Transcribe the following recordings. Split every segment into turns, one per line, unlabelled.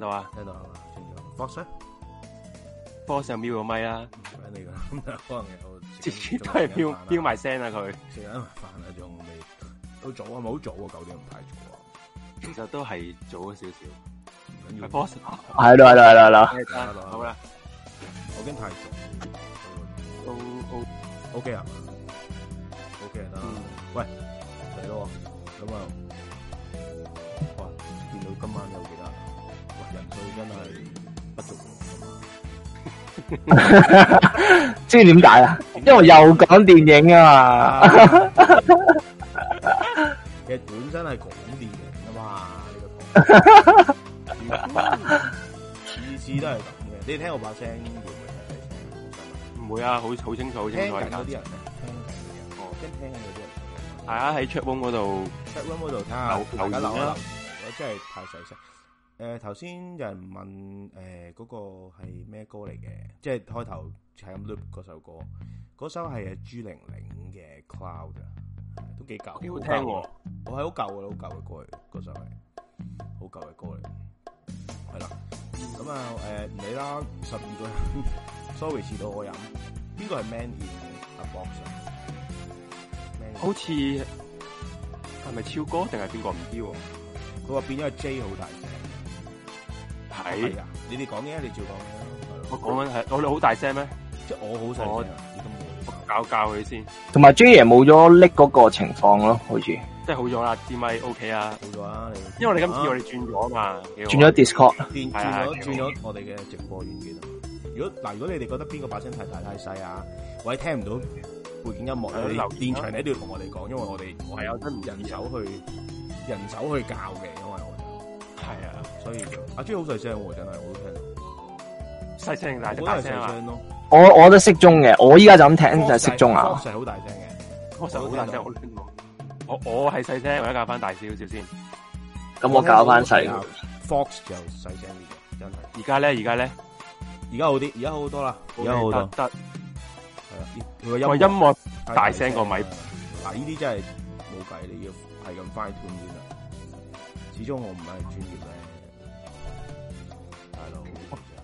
聽到啊，聽到係嘛？Boss，Boss，瞄個麥啦。
唔係你個，可能我自己都係飆飆
埋聲啊！佢食緊飯啊，仲
未。
好早啊，唔好早啊，九點唔太早啊。 其實都係早少少，
唔緊要。Boss，係咯，係咯，係咯，好啦。我驚太早。O O O K 啊。
知點解啊？因為又講電影啊嘛，
其實、啊、 本身係講電、這個、電影啊嘛，呢個同次次都係咁嘅。你聽我把聲 會唔會太細聲？
唔會啊，好好清楚，好清楚。聽緊嗰啲人
咧，聽緊嗰啲人，人哦，聽緊嗰啲人。
係啊，喺 Chatroom 嗰度，Chatroom 嗰度睇下留言啦、啊。我
真係太細聲。誒、呃，頭先有人問誒，嗰、呃那個係咩歌嚟嘅？即係開頭踩 loop 嗰首歌，嗰首係朱玲玲嘅《Cloud、嗯》，都幾舊，幾好聽喎、哦！我係好舊嘅，好舊嘅歌，嗰首係好舊嘅歌嚟。係啦，咁啊，誒、呃，你啦，十二個人 ，sorry 遲到我
飲，邊個係 Man in a Box？
好
似係咪超哥定係邊個唔知？佢話變咗 J 好大。係，你哋講嘅，你照講嘅。我講緊係，我哋好大聲咩？即係我好細聲。我教教佢先。
同埋 J 爺冇咗匿嗰個情況咯，好似。
即係好咗啦，電咪 OK 啊，好咗啦。因為你今次我哋轉咗嘛，
轉咗 Discord，轉轉咗
轉咗我哋嘅直播軟件。如果嗱，如果你哋覺得邊個把聲太大太細啊，或者聽唔到背景音樂，你留電場你都要同我哋講，因為我哋我係有得人手去人手去教嘅，因為我。係啊， 所以阿 J 好細聲，真係我都聽細聲，但大聲咯。我
我都適中嘅，我依家就咁聽就係適中啊。我成
日好大聲嘅，我成日好大聲。我我係細聲，我，啊啊、我，我，我，我搞一搞翻大少少先。
咁我搞翻細、啊。
Fox 就細聲啲，
真
係。而家咧，而家咧，而家好啲，而家好多好多啦，
而家好多
得音啊。佢個音樂大聲過咪。嗱，呢啲真係冇計，你要係咁快斷斷。始終我唔係專業。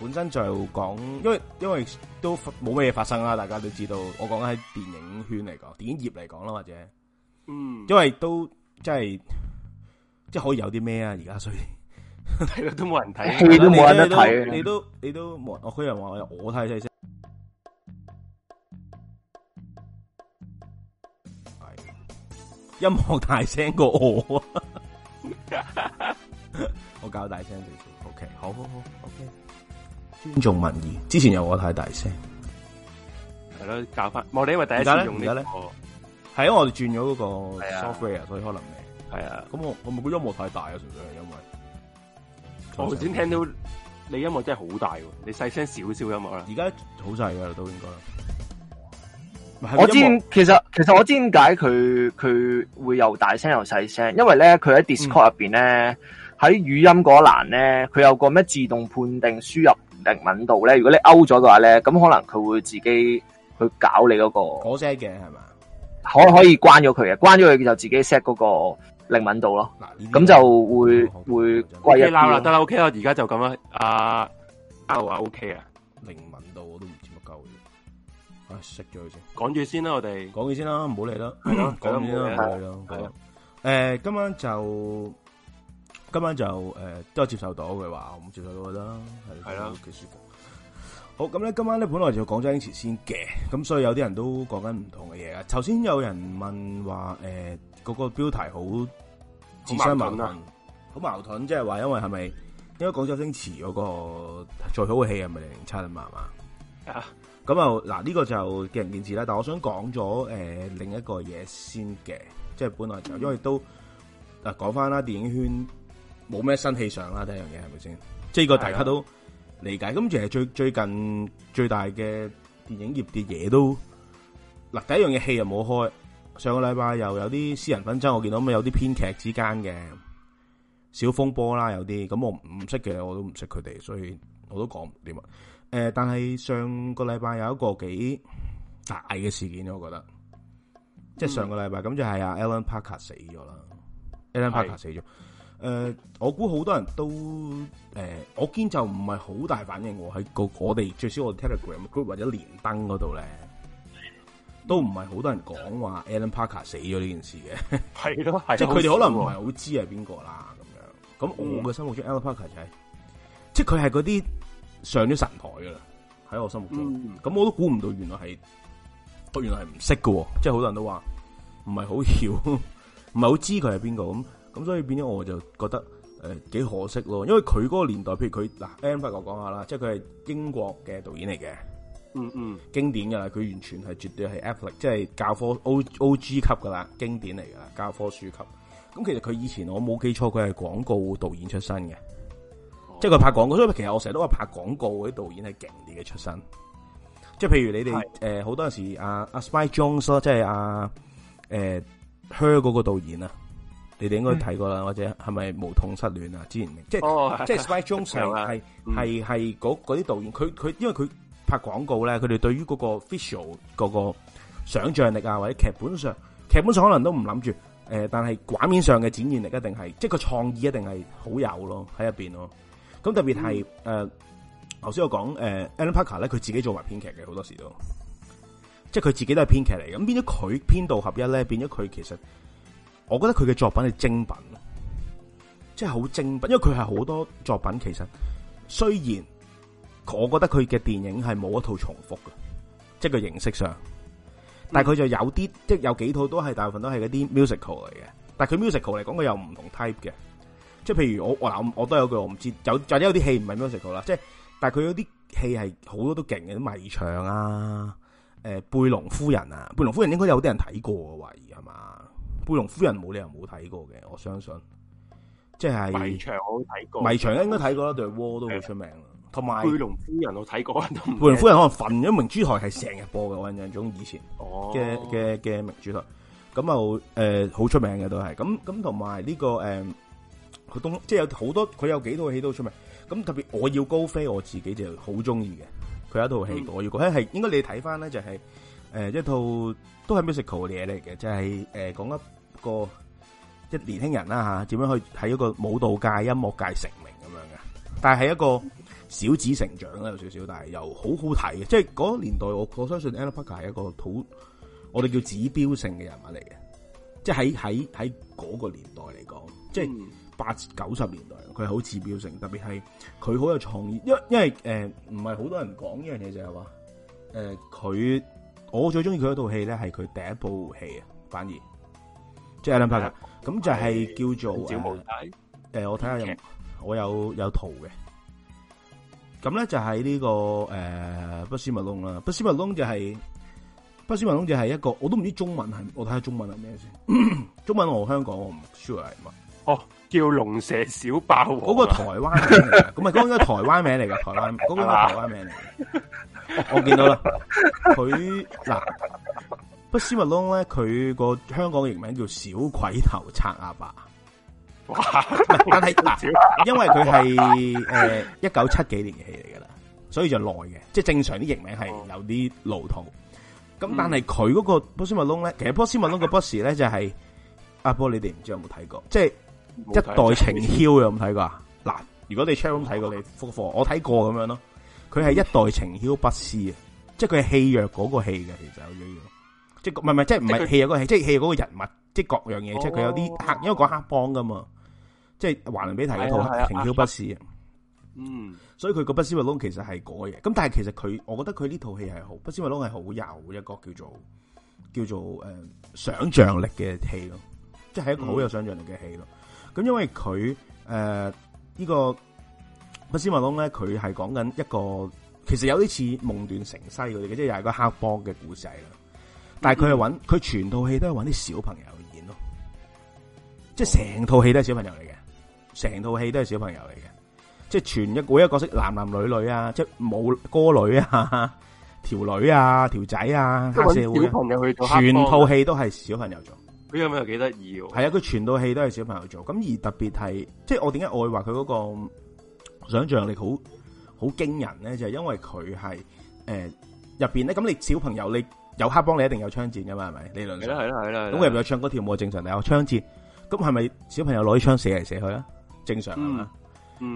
本身就講，因為因為都冇咩嘢發生啦，大家都知道。我講緊喺電影圈嚟講，電影業嚟講啦，或者，嗯，
因為
都即係，即係可以有啲咩啊？而家所以
睇到 都冇人睇，你都冇人得睇。你都
你都冇，我聽人話我太細聲，音樂大聲過我， 我搞大聲少少。OK，好好好。尊重民意，之前有我太大聲，係咯，教翻。我哋因為第一次用個呢個，
係、oh. 因為我哋轉咗嗰個 software，所以可能係啊。咁我我咪覺得音樂太大啊，純粹係因為我頭先聽到你音樂真係好大，你細聲少少音樂啦。而家好細噶，都應該。我
知，其實其實我知點解佢佢會又大聲又細聲，因為咧佢喺 Discord 入邊咧。嗯喺語音嗰欄咧，佢有個咩自動判定輸入靈敏度咧？如果你勾咗嘅話咧，咁可能佢會自己去搞你嗰個。嗰些嘅係咪？可可以關咗佢嘅，關咗佢就自己 set 嗰個靈敏度咯。嗱，咁就會會貴一啲。得
啦，OK 啦，而家就咁啦。啊，阿華 OK 啊？靈敏度我都唔知乜鳩嘅，唉，熄咗佢先。講住先啦，我哋講住先啦，唔好
理啦。講住先啦，唔理啦。係啊。誒，今晚就。今晚就誒都，呃、接受到佢話，我唔接受到啦，係係啦，幾舒服。好咁咧，那今晚咧本來就講周星馳先嘅，咁所以有啲人都講緊唔同嘅嘢啊。頭先有人問話誒嗰個標題好自相矛盾，好矛盾，啊、矛盾，即係話因為係咪，嗯？因為講周星馳嗰個最好嘅戲係咪《零零七》啊嘛，係，呃、嘛？啊咁啊，嗱呢個就見仁見智啦。但係我想講咗誒另一個嘢先嘅，即、就、係、是、本來就，嗯、因為都嗱講翻啦，電影圈。冇咩新戲上啦，第一樣嘢係咪先？即係、就是、個大家都理解。咁其實最最近最大嘅電影業嘅嘢都嗱第一樣嘢，戲又冇開。上個禮拜又有啲私人紛爭，我見到咁有啲編劇之間嘅小風波啦，有啲咁我唔識嘅，我都唔識佢哋，所以我都講唔掂啊。誒、呃，但係上個禮拜有一個幾大嘅事件，我覺得即係、就是、上個禮拜咁就係、是、阿 Alan Parker 死咗啦，Alan Parker 死咗。誒、呃，我估好多人都誒、呃，我見就唔係好大反應喎，喺個我哋最少我 Telegram group 或者連登嗰度咧，都唔係好多人講話 Alan Parker 死咗呢件事嘅。係咯，即係佢哋可能唔係好知係邊個啦咁樣。咁我嘅心目中，嗯、Alan Parker 就係、是，即係佢係嗰啲上咗神台噶啦，喺我心目中。咁、嗯、我都估唔到，原來係，我原來係唔識噶，即係好多人都話唔係好曉，唔係好知佢係邊個咁。咁所以變咗我就覺得誒幾、呃、可惜咯，因為佢嗰個年代，譬如佢嗱 Alan Parker 講下啦，即係佢係英國嘅導演嚟嘅，嗯嗯，經典噶啦，佢完全係絕對係 a p 即係教科 O O G 級噶啦，經典嚟噶啦，教科書級。咁、嗯、其實佢以前我冇記錯，佢係廣告導演出身嘅、嗯，即係佢拍廣告。所以其實我成日都話拍廣告嗰啲導演係勁啲嘅出身。即係譬如你哋誒好多時阿阿 Spike Jonze 咯，即係阿誒 Her 嗰個導演啊。你哋應該睇過啦，或者係咪無痛失戀啊？之前即、哦、即 Spike Jonze 係係係嗰啲導演，佢佢因為佢拍廣告咧，佢哋對於嗰個 visual 嗰、嗰個想像力啊，或者劇本上劇本上可能都唔諗住誒，但係畫面上嘅展現力一定係即個創意一定係好有咯喺入邊咯。咁特別係誒，頭、嗯、先、呃、我講、呃、Alan Parker 咧，佢自己做埋編劇嘅好多時都，即佢自己都係編劇嚟嘅。咁變咗佢編導合一咧，變咗佢其實。我覺得佢嘅作品係精品，即係好精品，因為佢係好多作品。其實雖然我覺得佢嘅電影係冇一套重複嘅，即係個形式上，但係佢就有啲，嗯、即係有幾套都係大部分都係嗰啲 musical 嚟嘅。但係佢 musical 嚟講，佢有唔同 type 嘅，即係譬如我我我都有句我唔知有或者有啲戲唔係 musical 啦。即係但係佢有啲戲係好多都勁嘅，啲迷牆啊，誒貝隆夫人啊，貝龍夫人應該有啲人睇過懷疑係嘛？貝隆夫人冇理由冇睇過嘅，我相信，即係迷牆我睇過，迷牆應該睇過啦，對窩都好出名，同埋貝隆夫人我睇過，貝隆夫人可能瞓咗 明珠台係成日播嘅，我印象中以前嘅嘅嘅明珠台，咁又誒好出名嘅都係，咁咁同埋呢個誒，佢、呃、東即係有好多，佢有幾套戲都出名，咁特別我要高飛，我自己就好中意嘅，佢有一套戲，嗯，我要講，係應該你睇翻咧就係、是。誒、嗯、一套都係 musical 嘅嘢嚟嘅，就係、是、誒、呃、講一個一年輕人啦，點樣去睇一個舞蹈界、音樂界成名咁樣嘅。但係一個小子成長啦，有少少，但係又好好睇嘅。即係嗰個年代，我我相信 Alan Parker 係一個好，我哋叫指標性嘅人物嚟嘅。即係喺喺喺嗰個年代嚟講，即係八九十年代，佢係好指標性，特別係佢好有創意。因為因為誒唔係好多人講呢樣嘢，就係話誒佢。我最中意佢套戲咧，係佢第一部戲啊，反而。即係 Alan Parker 咁就係、是啊、叫做誒、呃，我睇下有，我有有圖嘅。咁咧就喺呢個誒《不思密龍》啦，《不思密龍》就係、是這個《不思密龍》Bugsy Malone, Bugsy Malone 就係、是、一個，我都唔知中文係，我睇下中文係咩先。中文我香港我唔 sure 係乜，
哦叫龍蛇
小霸王嗰、啊那個是台灣嘅，咁啊嗰個應該台灣名嚟噶，台灣嗰、那個應該是台灣名嚟。啊 我見到啦，佢嗱，波斯麥隆咧，佢個香港嘅譯名叫小鬼頭賊阿爸，哇！但係嗱，因為佢係誒一九七幾年嘅戲嚟噶啦，所以就耐嘅，即係正常啲譯名係有啲老套。
咁、嗯、但係
佢嗰個波斯麥隆咧，其實波斯麥隆個波士咧就係、是、阿、啊、波，你哋唔知有冇睇過？即係
一代情梟有
冇睇過啊？嗱，如果你 check 咁睇過，你復課我睇過咁樣咯。佢係一代情梟不思啊！即係佢係戲若嗰個戲嘅，其實有啲，即係唔係唔係，即係唔係戲藥嗰個戲，即係戲藥嗰個人物，即係各樣嘢，oh、即係佢有啲黑，因為講黑幫噶嘛，即係華倫比提嗰套情梟不思啊！嗯，所以佢、那個不思密窿其實係嗰嘢。咁但係其實佢，我覺得佢呢套戲係好不思密窿，係好有一個叫做叫做誒、呃、想象力嘅戲咯，
即係一個好有想
象力嘅戲咯。咁因為佢誒呢個。文呢《不思孟兇》咧，佢係講緊一個，其實有啲似《夢斷城西》嗰啲嘅，即係又係個黑幫嘅故事啦。但係佢係揾佢全套戲都係揾啲小朋友演咯，
即係成
套戲都係小朋友嚟嘅，成套戲都係小朋友嚟嘅，即係全一，每一個角色男男女女啊，即係冇歌女啊，條女啊，條女啊，條仔啊，黑社會、啊、揾小朋友去做黑幫、啊、全套戲都係小朋友做。
佢有咩幾得意？
係啊，佢全套戲都係小朋友做。咁而特別係，即係我點解愛話佢嗰個。想象力好好驚人咧，就係、是、因為佢係誒入邊咧，咁、呃、你小朋友你有黑幫，你一定有槍戰噶嘛，係咪？理論上係啦係啦係啦，咁
入邊有唱歌跳舞
正常，、哦、是是捨捨正常，你有槍戰，咁係咪小朋友攞啲槍射嚟射去啊？正常
係嘛？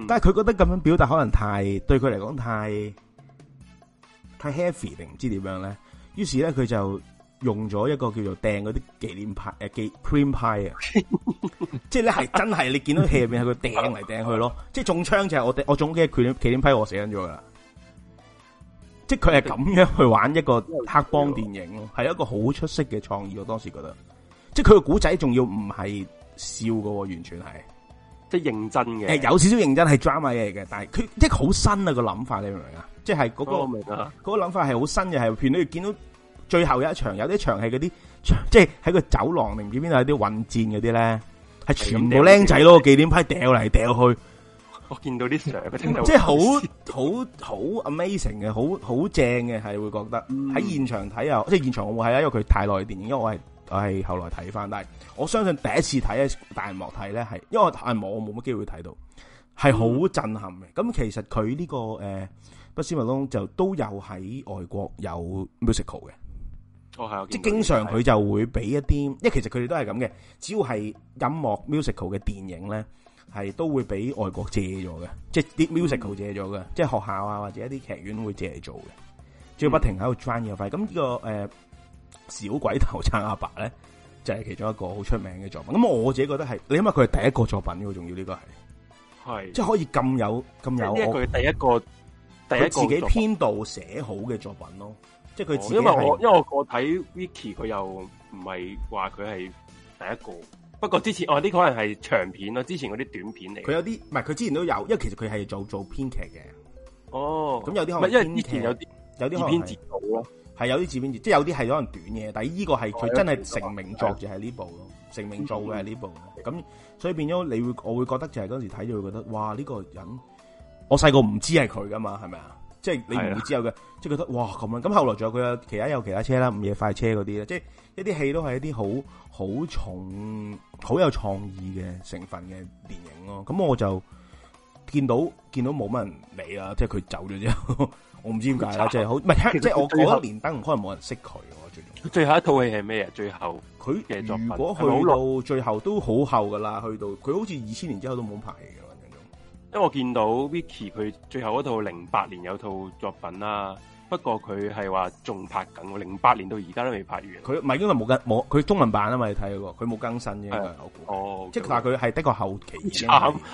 但係佢
覺得咁樣表達可能太對佢嚟講太太 heavy 定唔知點樣咧，於是咧佢就。用咗一個叫做掟嗰啲紀念牌誒記 cream 啊，Cream Pie 即係咧係真係你見到戲入邊係佢掟嚟掟去咯， 即係中槍就係我我中嘅紀念牌我寫緊咗噶啦，即係佢係咁樣去玩一個黑幫電影咯，係一個好出色嘅創意，我當時覺得，即係佢個古仔仲要唔係笑噶，完全係即係認真嘅、呃，有少少認真係揸埋嘢嘅，但係佢即係好新啊，嗰個諗法，你明唔明啊？即係嗰、嗰個嗰、嗰個諗法係好新嘅，係到見到。最後有一場有啲場戲嗰啲，即係喺個走廊唔知邊度有啲混戰嗰啲咧，係全部僆仔咯，忌廉批掉嚟掉去。我見到啲相，即係好好好 amazing 嘅，好好正嘅，係會覺得喺現場睇又、嗯、即係現場我冇睇啊，因為佢太耐電影，因為我係我係後來睇翻，但係我相信第一次睇咧，大銀幕睇咧係，因為大銀幕我冇乜機會睇到，係好震撼嘅。咁、嗯嗯、其實佢呢、呢個誒《Bugsy Malone》就都有喺外國有 musical 嘅。
哦、即係經常佢
就會俾一啲，因為其實佢哋都係咁嘅，只要係音樂 musical 嘅電影咧，係都會俾外國借咗嘅，即係啲 musical 借咗嘅，嗯，即係學校啊或者一啲劇院會借嚟做嘅，仲要不停喺度賺嘢費。咁、嗯、呢、這個誒、呃、小鬼頭撐阿伯咧就係、是、其中一個好出名嘅作品。咁我自己覺得係你諗下佢係第一個作品好重要個，呢個係係即係可以咁有咁有，佢第一
個，第一個自己編
導寫好嘅作品咯。
即係佢自己、哦、因為我因為我我睇 Vicky 佢又唔係話佢係第一個，不過之前哦呢、這個可能係長片啦，之前嗰啲短片嚟。佢有啲
唔係，佢之前都有，因為其實佢係做做編劇嘅。哦，
咁有啲唔係，因為呢段有啲
有啲改編自係有啲改編即係有啲係可能，自自自自可能短嘢，但係呢個係佢真係成名作就係呢部咯，成名作嘅係呢部。咁 所以變咗你會，我會覺得就係嗰時睇咗會覺得，哇呢、這個人，我細個唔知係佢噶嘛，係咪啊？即係你唔會知道嘅，是即係覺得哇咁樣咁。後來仲有佢有其他有其他車啦，午夜快車嗰啲啦。即係一啲戲都係一啲好好重、好有創意嘅成分嘅電影咯。咁我就見到見到冇乜人理啦，即係佢走咗之後，我唔知點解啦，即係好即係我覺得連登可能，冇人識佢。我
最最後一套戲係咩啊？最後佢
如果去到最後是是都好後噶啦，去到佢好似二千年之後都冇拍戲。
因為我見到 Vicky 佢最後一套零八年有套作品啦，不過佢係話仲拍緊，零八年到而家都未拍完。佢
唔係因為冇更新，佢中文版啊嘛，你睇過佢冇更新啫、哎。哦，即係、okay、但係佢係的確後期。慘，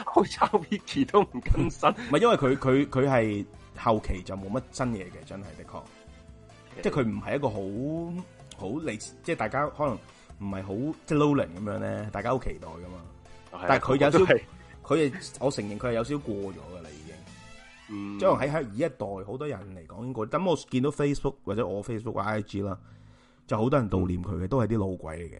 好慘，Vicky 都唔更新。唔係因為佢佢佢係後期就冇乜新嘢嘅，真係的確、okay.。即係佢唔係一個好好歷史，即係大家可能唔係好即係 low 零咁樣咧，大家好期待噶嘛。哦、但係佢有少。佢哋，我承認佢係有少少過咗噶啦，已、嗯、經。即係喺喺而一代，好多人嚟講過。咁我見到 Facebook 或者我 Facebook IG 啦，就好多人悼念佢嘅，嗯，都係啲老鬼嚟嘅，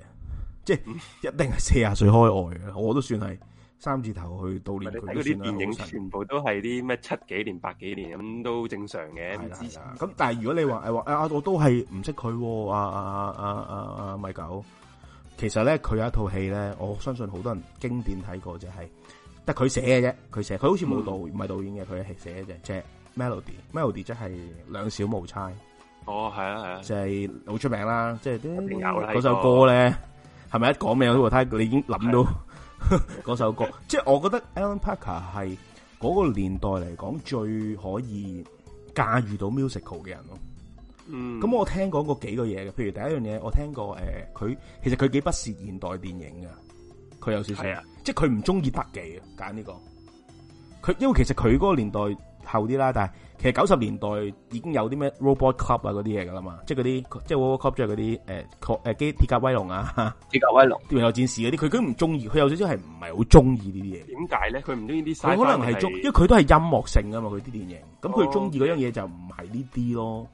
即係、嗯、一定係四十歲開外嘅。我都算係三字頭去悼念佢。睇啲電影是全部
都係啲咩七幾年、八幾年咁都正常嘅。
咁但係如果你話誒話誒，我都係唔識佢阿阿阿阿阿米狗，其實咧，佢有一套戲咧，我相信好多人經典睇過，就係、是。得佢寫嘅啫，佢寫，佢好似冇導，唔係導演嘅，佢係寫嘅啫。即、就是、Melody，Melody、嗯、即係兩小無猜。
哦，係啊，係啊，
即係好出名啦。即係啲嗰首歌咧，係咪一講名我都話睇，你已經諗到嗰、啊、 首歌。即、就、係、是、我覺得 Alan Parker 係嗰個年代嚟講最可以駕馭到 musical 嘅人咯。
咁、
嗯、我聽講過個幾個嘢嘅，譬如第一樣嘢，我聽過誒，佢、呃、其實佢幾不屑現代電影噶。佢有少少係啊，即係佢唔中意特技嘅，揀呢、這個。佢因為其實佢嗰個年代後啲啦，但係其實九十年代已經有啲咩 Robot Club 啊嗰啲嘢噶啦嘛，即係嗰啲即係 Robot Club 即係嗰啲誒，誒機鐵甲威龍啊，鐵甲威龍、鐵甲戰士嗰啲，佢都唔中意，佢有少少係唔係好中意呢啲嘢。點解咧？佢唔
中意啲，佢可能係中，因為佢
都係音樂性啊嘛，佢啲電影，咁佢中意嗰樣嘢就唔係呢啲咯，哦、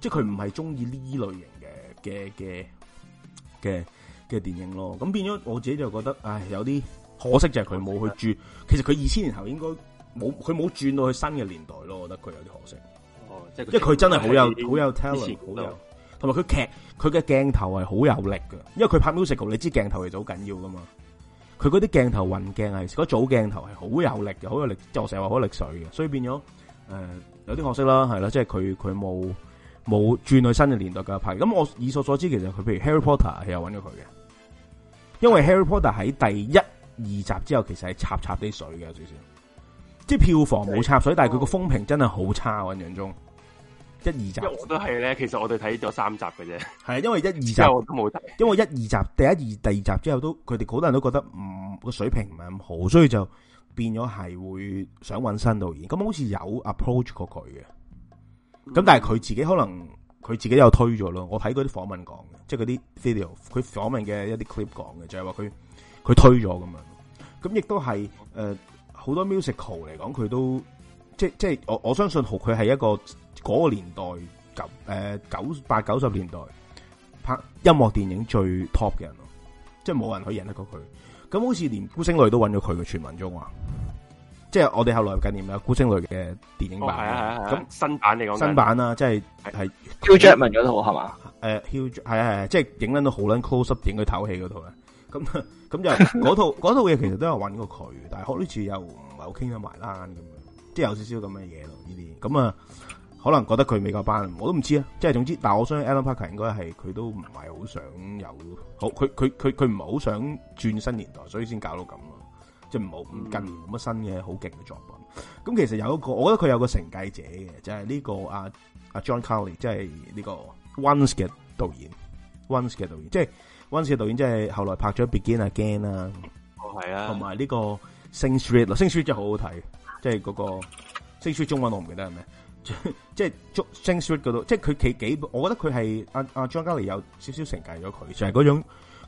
即係佢唔係中意呢類型嘅嘅嘅嘅嘅電影咯，咁變咗我自己就覺得，唉，有啲可惜就係佢冇去轉、啊。其實佢二千年後應該冇，佢冇轉到去新嘅年代咯。我覺得佢有啲可惜。哦，即因為佢真係好有好有 talent，好有，同埋佢劇佢嘅鏡頭係好有力㗎，因為佢、啊啊啊啊、拍 musical，你知鏡頭係好緊要噶嘛。佢嗰啲鏡頭運鏡係嗰組鏡頭係好有力嘅，好有力，即我成日話好力水嘅。所以變咗、呃，有啲可惜啦，係啦，即係佢佢冇冇轉去新嘅年代嘅拍。咁我以所所知，其實佢譬如 Harry Potter 係有搵咗佢嘅。因為 Harry Potter 喺第一、二集之後，其實係插插啲水嘅少少，即係票房冇插水，嗯、但係佢個風評真係好差，我印象中。一
二集，我都係咧。其實我哋睇咗三集嘅啫。係啊，因為一二集，我都冇睇。
因為一二集第一、二第二集之後，都佢哋好多人都覺得唔個、嗯、水平唔係咁好，所以就變咗係會想揾新導演。咁好似有 approach 過佢嘅，
咁、嗯、
但係佢自己可能。佢自己又推咗咯，我睇嗰啲訪問講嘅，即係嗰啲 video，佢訪問嘅一啲 clip 講嘅，就係話佢佢推咗咁樣，咁亦都係誒好多 musical 嚟講，佢都即即係我我相信，何佢係一個嗰個年代九誒、呃、九八九十年代拍音樂電影最 top 嘅人咯，即係冇人可以贏得過佢。咁好似連孤星淚都揾咗佢嘅傳聞中話。即係我哋後來近年啦，孤星淚嘅電影版、哦。咁
新版嚟講，新版
啦、啊，即係係 Hugh Jackman 嗰套係嘛？啊即係影緊到好撚 close 影佢唞氣嗰套咧。咁咁就嗰套嗰套嘢其實都有揾過佢，但係好似又唔係好傾得埋啦咁樣，即係有少少咁嘅嘢咯。呢啲咁啊，可能覺得佢未夠班，我都唔知啊。即係總之，但係我相信 Alan Parker 應該係佢都唔係好想有，好佢佢佢佢唔係好想轉身年代，所以先搞到咁。即係冇，咁近年冇乜新嘅好勁嘅作品。咁其實有一個，我覺得佢有個承繼者嘅，就係呢個阿阿 John Carney，即係呢個 Once 嘅導演。Once 嘅導演，即係 Once 嘅導演，即係後來拍咗 Begin Again 啦，哦係啊，同埋呢個 Sing Street 啦，Sing Street 真係好好睇，即係嗰個 Sing Street 中文我唔記得係咩，即係足 Sing Street 嗰度，即係佢企幾，我覺得佢係阿阿 John Carney 有少少承繼咗佢，就係嗰種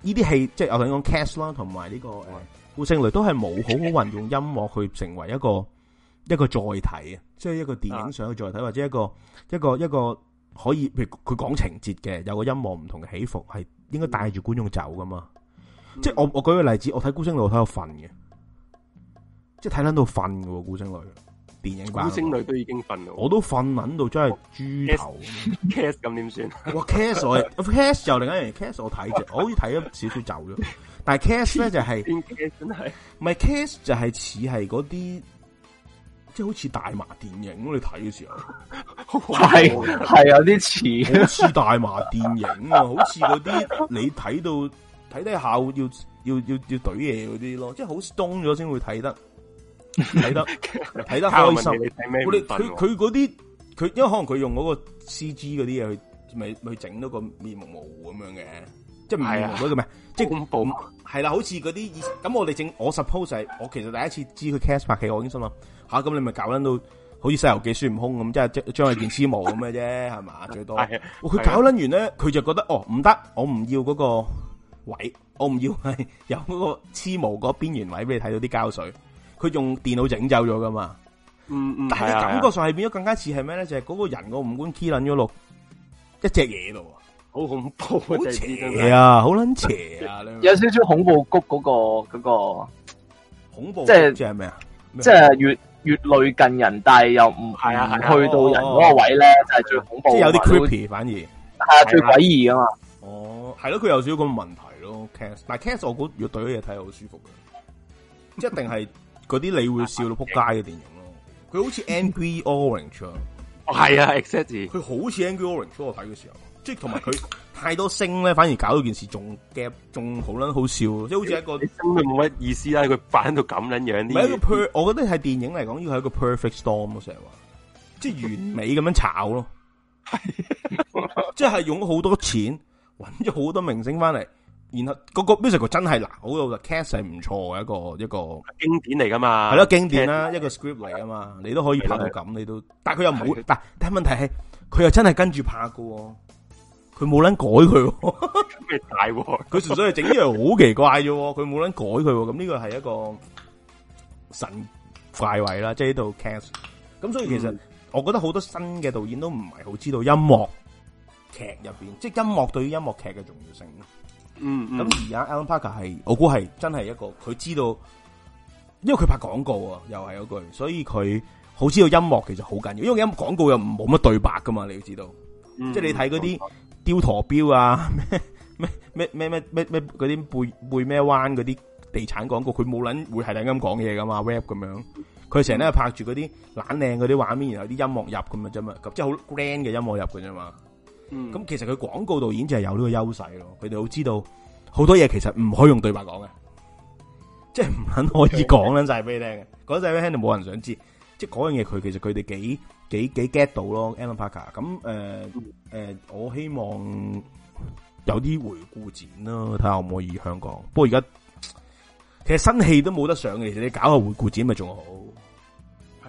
呢啲戲即係我想講 cast 啦、這個，同埋呢個誒《孤星淚》都係冇好好運用音樂去成為一個一個載體啊，即係一個電影上嘅載體，或者一個一個一個可以譬如佢講情節嘅，有個音樂唔同嘅起伏，係應該帶住觀眾走噶嘛。嗯、即係我我舉個例子，我睇《孤星淚》我睇到瞓嘅，即係睇捻到瞓喎，孤星淚》。古星
女都已經瞓，我都
瞓撚到真係豬頭。
cast 咁
點算？cast 我 cast 又另一樣。cast 我睇着，好似睇咗少少走咗。但係 cast 咧，就係、是，真係唔係 cast 就係似係嗰啲，即係好似大麻電影你睇嘅時候，
係係有啲
似，好似大麻電影啊， 好似嗰啲你睇到睇睇下要要要要懟嘢嗰啲咯，即係好似 stone 咗先會睇得。睇 看得睇 得開心，佢佢佢嗰啲，佢因為可能佢用嗰個 C G 嗰啲嘢去咪去整到個面目模糊咁樣嘅，即係面目模糊個咩？即係恐怖毛係啦，好似嗰啲咁。咁我哋整，我 suppose 係我其實第一次知佢 cast 拍戲，我已經心諗吓，咁、啊、你咪搞捻到好似西遊記孫悟空咁，即係將將佢變黐毛咁嘅啫，係 嘛？最多佢搞捻完咧，佢就覺得哦唔得，我唔要嗰個位，我唔要係 有嗰個黐毛個邊緣位俾你睇到啲膠水。佢用電腦整走咗噶嘛？嗯
嗯，是啊、但係感覺
上係變咗更加似係咩咧？就係、是、嗰個人個五官 k 黐捻咗落一隻嘢度，啊，
好恐怖，好邪啊，好捻邪啊！有少少恐怖谷嗰、嗰個、嗰個恐怖，即係即係咩啊？即係越越類近人，但係又唔係啊？去到人嗰個位咧，就係、
是、最恐怖，即係有啲 creepy
反而係啊，
最詭異噶嘛。哦，係咯，佢有少少咁問題咯。cast，但 cast 我估如果對咗嘢睇，好舒服嘅，一定係。 嗰啲你會笑到撲街嘅電影咯，佢好似《Angry Orange》 Angry Orange 哦、是啊，係啊 exactly 佢好似《Angry Orange》我睇嘅時候，即係同埋佢太多星咧，反而搞到件事仲夾仲好撚好笑，即係好似一個真
冇乜意思啦、啊，佢扮到咁撚樣,樣。唔係一個 per
我覺得係電影嚟講，依個係一個 perfect storm 咯，成日話，即係完美咁樣炒咯，係， 即係用咗好多錢揾咗好多明星翻嚟。然後嗰、嗰個 musical 真係難，好有 cast 係唔錯嘅一個一個，一個
經典嚟噶嘛，係咯經典啦，一個 script 嚟
㗎嘛，啊、你都可以拍到咁、嗯，你都但係佢又唔好，但係問題係佢又真係跟住拍喎。佢冇撚改
佢咁
大，佢純、啊、粹係整呢樣好奇怪啫，佢冇撚改佢，咁、嗯、呢個係一個神怪位啦，即係呢套 cast。咁所以其實我覺得好多新嘅導演都唔係好知道音樂劇入邊，即係音樂對於音樂劇嘅重要性。嗯，咁、嗯、而家 Alan Parker 係，我估係真係一個佢知道，因為佢拍廣告啊，又係嗰句，所以佢好知道音樂其實好緊要，因為而家廣告又冇乜對白噶嘛，你要知道，嗯、即係你睇嗰啲雕陀標啊，咩咩咩咩咩咩嗰啲背背咩彎嗰啲地產廣告，佢冇捻會係咁講嘢噶嘛 rap 咁樣，佢成日都係拍住嗰啲冷靚嗰啲畫面，然後啲音樂入咁啊啫嘛，即係好 grand 嘅音樂入嘅啫嘛。咁、嗯、其實佢廣告導演就係有呢個優勢咯，佢哋好知道好多嘢，其實唔可以用對白講嘅，即係唔肯可以講咧，就係俾你聽。嗰啲就俾你聽就冇人想知，即係嗰樣嘢佢其實佢哋幾幾幾 get 到咯。Alan Parker 咁，誒誒，我希望有啲回顧展啦，睇下可唔可以香港。不過而家其實新戲都冇得上嘅，其實你搞個回顧展咪仲好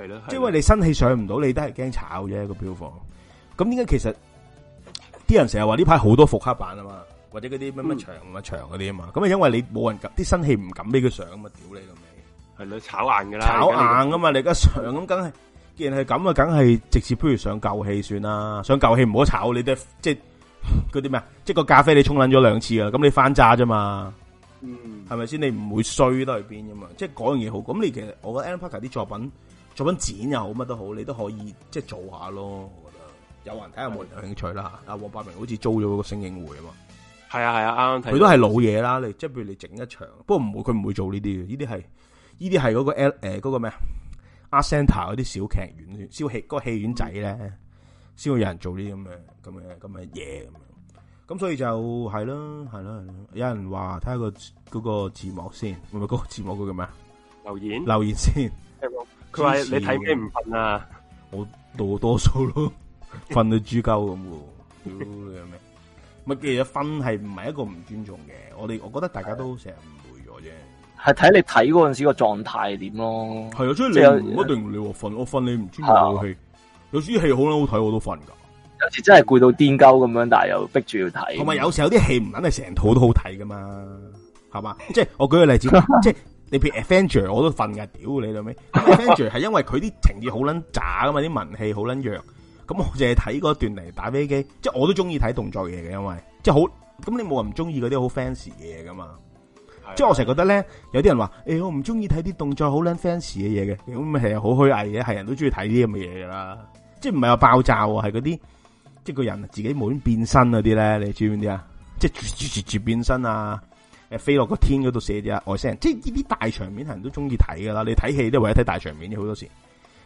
係咯。
即係因為你新
戲上唔到，你都係驚炒啫，那個票房。咁點解其實？啲人成日話呢排好多復刻版啊嘛，或者嗰啲乜乜長啊長嗰啲啊嘛，咁、嗯、啊因為你冇人啲新戲唔敢俾佢上
啊嘛，屌你老味，係咯，炒硬噶啦，炒硬
啊嘛！你而家上咁梗係，既然係咁啊，梗係直接不如上舊戲算啦，上舊戲唔好炒你啲，即係嗰啲咩啊，即係個咖啡你沖撚咗兩次啊，咁你翻炸啫嘛，係咪先？你唔會衰都去邊噶嘛？即係嗰樣嘢好，咁你其實我覺得 Alan Parker 啲作品，作品剪又好乜都好，你都可以即係做下咯。有人睇下冇人有興趣啦，阿黃百鳴好似租咗個星影會啊嘛，
係啊係啊，啱啱睇，佢都係老
嘢啦。你即係譬如你整一場，不過唔會，佢唔會做呢啲，嘅。呢啲係呢啲係嗰個誒、呃嗰個咩啊，阿 Center 嗰啲小劇院，小戲嗰、嗰個戲院仔咧，先、嗯、會有人做呢啲咁嘅咁嘅咁嘅嘢咁樣。咁、yeah, 所以就係咯係咯，有人話睇下個個字幕先，係咪嗰個字幕叫咩啊？留言留言先，佢話你睇咩唔瞓啊？
我，到
我多多數咯。瞓到豬鳩咁喎，屌你老咩？咪 其實瞓係唔係一個唔尊重嘅，我哋我覺得大家都成日誤會咗
啫。係睇你睇嗰陣時個狀態點咯。係啊，所以你唔一定你話瞓，我瞓你唔尊重我戲。有啲戲好捻好睇，我都瞓噶。有時真係攰到癲鳩咁樣，但係又逼
住要睇。同埋有時候有啲戲唔捻係成套都好睇噶嘛，係 嘛？即係我舉個例子， 即係你譬如 Avenger，我都瞓噶。屌你老咩？Avenger 係因為佢啲情節好捻渣噶嘛，啲 文戲好捻弱。咁我淨係睇嗰段嚟打飛機，即係我都中意睇動作嘢嘅，因為即係好，咁你冇人唔中意嗰啲好 fancy 嘅嘢噶嘛？即係我成日覺得咧，有啲人話誒、欸，我唔中意睇啲動作好卵 fancy 嘅嘢嘅，咁係好虛偽嘅，係人都中意睇啲咁嘅嘢噶啦，即係唔係話爆炸，係嗰啲即係個人自己冇變變身嗰啲咧，你知唔知？啊？即係變變身啊，誒，飛落個天嗰度寫啲外星人，即係呢啲大場面，係人都中意睇噶啦。你睇戲都為咗睇大場面，好多時。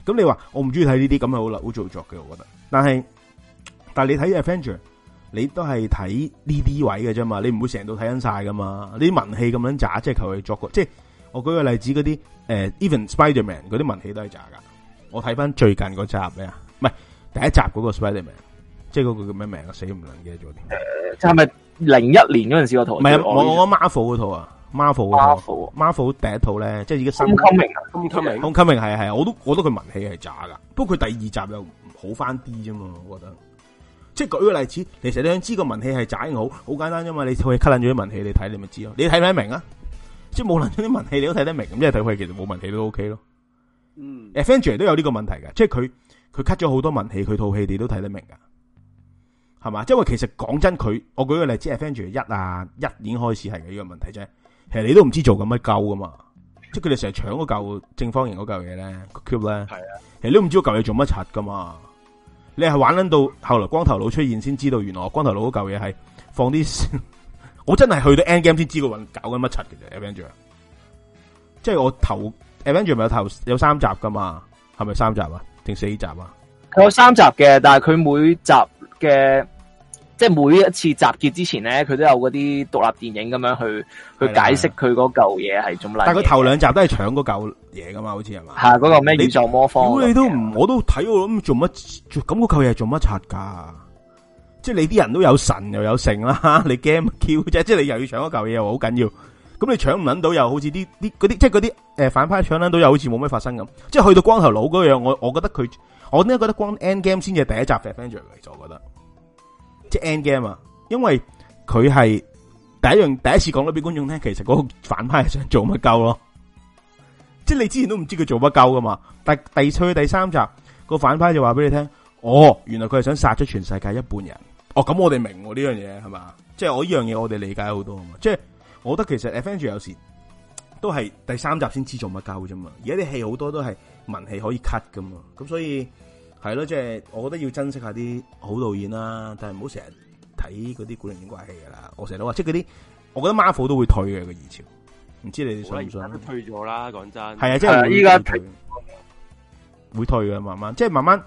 咁、嗯、你話我唔中意睇呢啲咁係好啦，好做作嘅，我覺得。但係但係你睇《Avenger》，你都係睇呢啲位嘅啫嘛，你唔會成日都睇緊晒噶嘛。啲文戲咁樣渣，即係求佢作過。即係我舉個例子，嗰啲誒，even、呃、Spiderman 嗰啲文戲都係渣噶。我睇翻最近嗰集咩啊？唔係第一集嗰個 Spiderman，即係嗰個叫咩名我、呃、是是我啊？死唔撚記得咗啲即
係咪零一年嗰陣時個唔係我我
Marvel 嗰套啊。Marvel Marvel 第一套咧，即係已經 Homecoming，Homecoming，Homecoming 係啊係啊，我都我覺得佢文氣係渣噶，不過佢第二集又好翻啲啫嘛，我覺得。即係舉個例子，其實你想知個文氣係渣定好，好簡單啫嘛，你套戲 cut 咗啲文氣，你睇你咪知咯，你睇得明啊？即係冇 cut 啲文氣，你都睇得明，即係佢其實冇文氣都 OK 咯。嗯 Avengers 都有呢個問題嘅，即係佢佢 cut 咗好多文氣，佢套戲你都睇得明噶，係嘛？即係其實講真，佢我舉個例子 Avengers 一啊，一年開始係呢、這個問題啫、就是。其實你都唔知做緊乜鳩噶嘛，即係佢哋成日搶嗰嚿正方形嗰嚿嘢咧，cube 咧，其實你都唔知嗰嚿嘢做乜柒噶嘛。你係玩捻到後來光頭佬出現先知道，原來光頭佬嗰嚿嘢係放啲。 我真係去到 Endgame 先知佢搵搞緊乜柒嘅啫。Avengers，即係我頭 Avengers 咪有頭有三集噶嘛？係咪三集啊？定四
集啊？佢有三集嘅，但係佢每集嘅。即係每一次集結之前咧，佢都有嗰啲獨立電影咁樣去去解釋佢嗰嚿嘢係種嚟。但係佢
頭兩集都係搶嗰嚿
嘢噶嘛，好似係
嘛？係、那、嗰個咩宇宙魔方？如果你都唔，我都睇我諗做乜？咁嗰嚿嘢做乜拆噶？即係你啲人都有神又有城啦， 你 game Q 啫，即係你又要搶嗰嚿嘢又好緊要。咁你搶唔捻到又好似啲啲即係嗰啲誒反派搶捻到又好似冇咩發生咁。即係去到光頭佬嗰樣，我我覺得佢，我點解覺得光 Endgame 先至係第一集《嘅？嚟，就我覺得。即 end game 啊，因為佢係第一樣第一次講到俾觀眾聽，其實嗰個反派係想做乜鳩咯。即係你之前都唔知佢做乜鳩噶嘛，但係第二第三集嗰個反派就話俾你聽，哦，原來佢係想殺出全世界一半人。哦，咁我哋明呢樣嘢係嘛，即係我呢樣嘢我哋理解好多啊嘛。即係我覺得其實《Avengers》有時都係第三集先知做乜鳩啫嘛。而家啲戲好多都係文戲可以 cut 噶嘛，咁所以。係咯，即係我覺得要珍惜下啲好導演啦，但係唔好成日睇嗰啲古靈精怪戲噶啦。我成日都話，即係嗰啲，我覺得 Marvel 都會退嘅個熱潮，唔知你哋想唔想？都
退咗啦，講真。係啊，即係依家
會退嘅，慢慢，即係慢慢，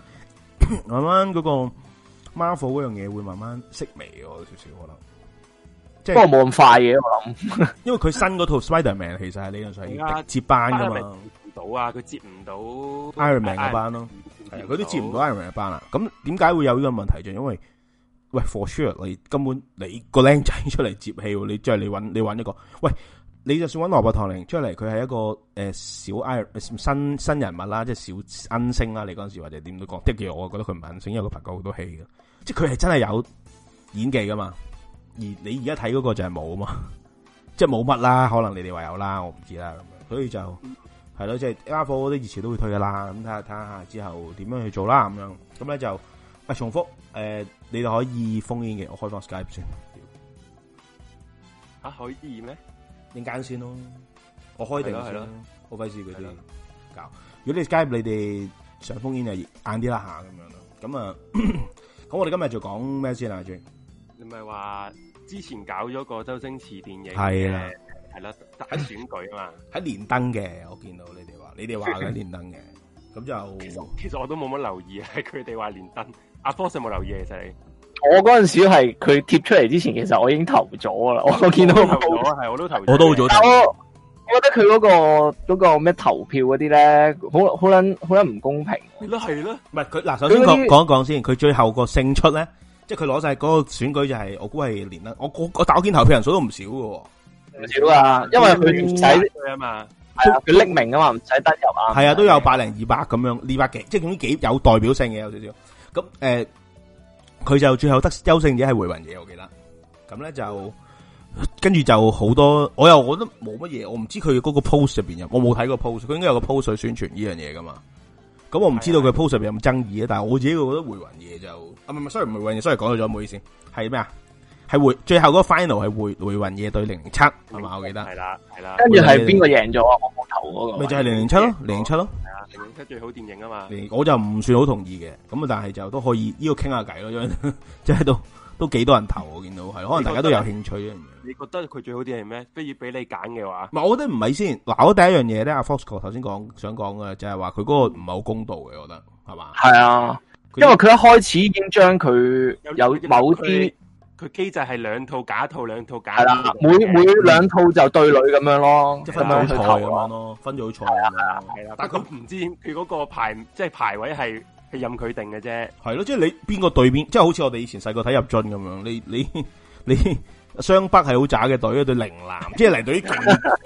慢慢嗰個 Marvel 嗰樣嘢會慢慢式微嘅，少少
可能。即係不過冇
咁快嘅，我諗。因為佢新嗰套 Spider-Man 其實係呢樣就係接班噶嘛，接唔
到啊，佢接唔到 Iron-Man 嘅班咯，啊。係，佢都接唔到
Iron Man 嘅班啦。咁點解會有呢個問題？就因為喂，For sure，你根本你個僆仔出嚟接戲，你即係你揾，你揾一個喂，你就算揾羅伯唐寧出嚟，佢係一個誒、呃、小 Iron 新新人物啦，即係小新星啦。你嗰陣時或者點都講，的確我覺得佢唔係新星，因為佢拍過好多戲嘅，即係佢係真係有演技噶嘛。而你而家睇嗰個就係冇啊嘛，即係冇乜啦。可能你哋話有啦，我唔知啦咁樣，所以就。係咯，即係啱貨嗰啲以前都會退噶啦，咁睇下睇下之後點樣去做啦，咁樣，咁咧就啊重複，誒、呃，你哋可以 phone in 嘅，我開放 skype 先。
啊可以咩？陣間先咯，
我開定啦好費事嗰啲搞。如果你 skype 你哋上 phone in 就硬啲啦吓，咁樣咯。咁啊，咁 我哋今日就講咩先啊？J，
你咪話話之前搞咗個周星馳電影係啦。係啦，喺選舉啊嘛，喺連登嘅，我見到你哋話，你哋話喺連登嘅，咁 就其實，其實我都冇乜留意，係佢哋話連登。阿波先冇留意啊，就係、
是、我嗰陣時係佢貼出嚟之前，其實我已經投咗啦。我見到投係
我都投，我都好早投。我
我覺得佢嗰、那個、那個咩投票嗰啲咧，好好捻好捻唔公平。
係咯，係咯，
唔係佢嗱。首先講講一講先，佢最後個勝出咧，即係佢攞晒嗰個選舉就係、是、我估係連登。我我我睇我見投票人數都唔少噶。
唔少啊，因為佢唔使佢啊嘛，佢匿名啊嘛，唔使登
入啊，係啊，都有百零二百咁樣二百幾，即係總之幾有代表性嘅有少少。咁誒，佢、呃、就最後得優勝者係回魂夜，我記得。咁咧就跟住就好多，我又我都冇乜嘢，我唔知佢嗰個 post 入邊有，我冇睇過 post，佢應該有個 post 去宣傳呢樣嘢噶嘛。咁我唔知道佢 post 入邊有冇爭議啊，但係我自己覺得回魂夜就，啊唔係唔係，sorry 唔係回魂夜，sorry 講到咗唔好意思，係咩啊？係回最後嗰個 final 係回回魂夜，對零零七係嘛？我記得係啦係啦，跟住係邊個贏咗啊？我
冇投嗰個咪就係零零七咯，零零七咯，零零七最好的電影啊嘛！我就
唔算好同意嘅，咁啊但係就都可以呢個傾下偈咯，因為即係都都幾多人投、嗯、我見到係，可能大家都有興趣。你覺得
佢最好啲係咩？不如俾你揀嘅話，我覺得唔
係先嗱。我第一樣嘢咧，阿 Fox 哥頭先講想講嘅就係話佢嗰個唔係好公道嘅，我覺得
係嘛？
係啊佢，因為佢一開始已經將佢有某啲。
佢機
制係兩套假一套，兩套假。係啦，每每
兩套就對壘咁樣咯，即分組賽咁樣
咯，分組好啊，係啊，但佢唔知佢嗰個排即係排位係係任佢定嘅啫。
係咯，即係你邊個對邊，即係好似我哋以前細個睇入進咁樣。你你你雙北係好渣嘅隊，對嶺南，即係嚟到啲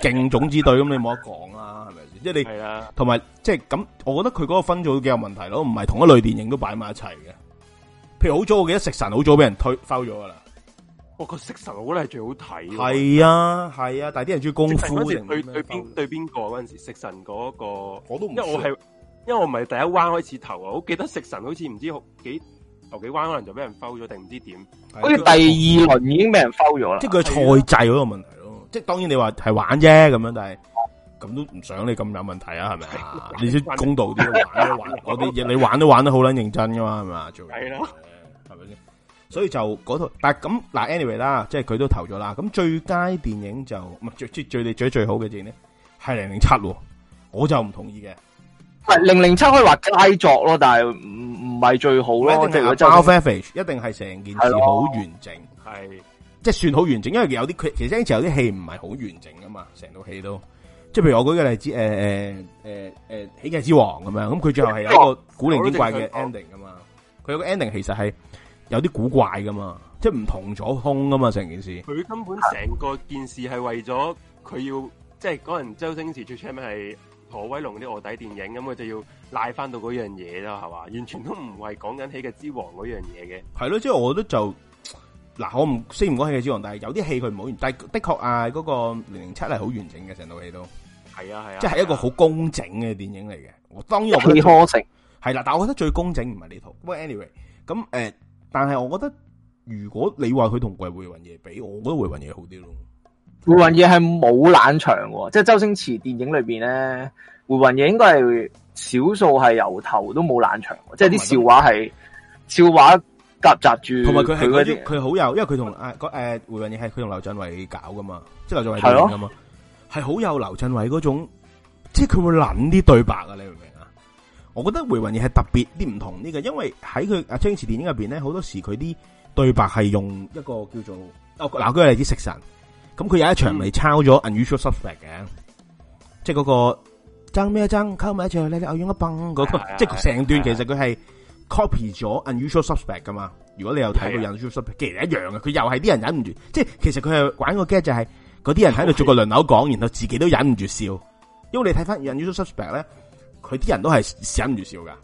勁勁種子隊咁，你冇得講啦，係咪先？即係你係啊，同埋即係咁，我覺得佢嗰個分組幾有問題咯，唔係同一類電影都擺埋一齊嘅。譬如好早，我記得食神好早俾人推翻咗噶啦。
我、哦、個食神，我覺得係最好睇。係啊，
係啊，但係啲人中意功夫嘅。對
對，邊對邊個？嗰陣時食神嗰、那個，我都唔。因為我係因為我唔係第一彎開始投啊，我記得食神好似唔知好幾頭幾彎，可能就俾人摟咗定唔知點。好似、啊就是、第二輪已
經俾人摟咗啦，即係佢賽制嗰個問題咯。即係、啊、當然你話係玩啫咁樣，但係咁都唔想你咁有問題啊，係咪？ 你先公道啲玩一 玩，你玩 你玩都玩得好撚認真㗎嘛，係嘛？做係咯。所以就嗰套，但係咁嗱，anyway 啦，即係佢都投咗啦。咁最佳電影就唔係最最最最最好嘅電影咧，係零零七，我就唔同意嘅。零零七可以話佳作咯，但係唔唔係最好咯。包 feature 一定係成件事好完整，係即係算好完整，因為有啲佢其實以前有啲戲唔係好完整噶嘛，成套戲都即係譬如我舉個例子，誒誒誒誒《喜劇之王》咁樣，咁佢最後係有一個古靈精怪嘅 ending 噶嘛，佢有個 ending 其實係。有啲古怪噶嘛，即係唔同咗空噶嘛。成件事
佢根本成個件事係為咗佢要即係嗰陣周星馳最出名係《何威龍》嗰啲卧底電影，咁佢就要賴翻到嗰樣嘢啦，係嘛？完全都唔係講緊《喜劇之王》嗰樣嘢嘅，
係咯。即係我覺得就嗱，我唔雖然講《喜劇之王》，但係有啲戲佢唔好完，但係的確啊，嗰個零零七係好完整嘅
成套戲都
係啊，係啊，即係
一個好工整嘅電影嚟嘅。我當然有啲可惜係啦，但係我覺得最工整唔係呢套。喂，Anyway，咁誒。但係我覺得，如果你話佢同《
回魂夜》比，我覺得會好《回魂夜》好啲咯。《回魂夜》係冇冷場嘅，即係周星馳電影裏邊咧，《回魂夜》應該係少數係由頭都冇冷場，即係啲笑話係笑話夾雜住。同埋佢係啲，
佢好有，因為佢同誒，誒、啊，《回魂夜》係佢同劉鎮偉搞噶嘛，即係劉鎮偉導演嘛，係好有劉鎮偉嗰種，即係佢會諗啲對白啊，你明唔明？我覺得《回魂夜》係特別啲唔同呢嘅，因為喺佢阿周星馳電影入邊咧，好多時佢啲對白係用一個叫做，嗱舉個例子，係啲《食神》咁佢有一場咪抄咗《Unusual Suspect》嘅、嗯那個那個啊，即係嗰個爭咩爭，溝埋一齊咧，你偶用一蹦嗰個，即係成段其實佢係 copy 咗《Unusual Suspect》噶嘛。如果你有睇《Unusual Suspect》，其實一樣嘅，佢又係啲人忍唔住，即係其實佢係玩個 game 就係嗰啲人喺度做個輪流講，然後自己都忍唔住笑。因為你睇翻《Unusual Suspect》咧。佢啲人都係忍唔住笑噶，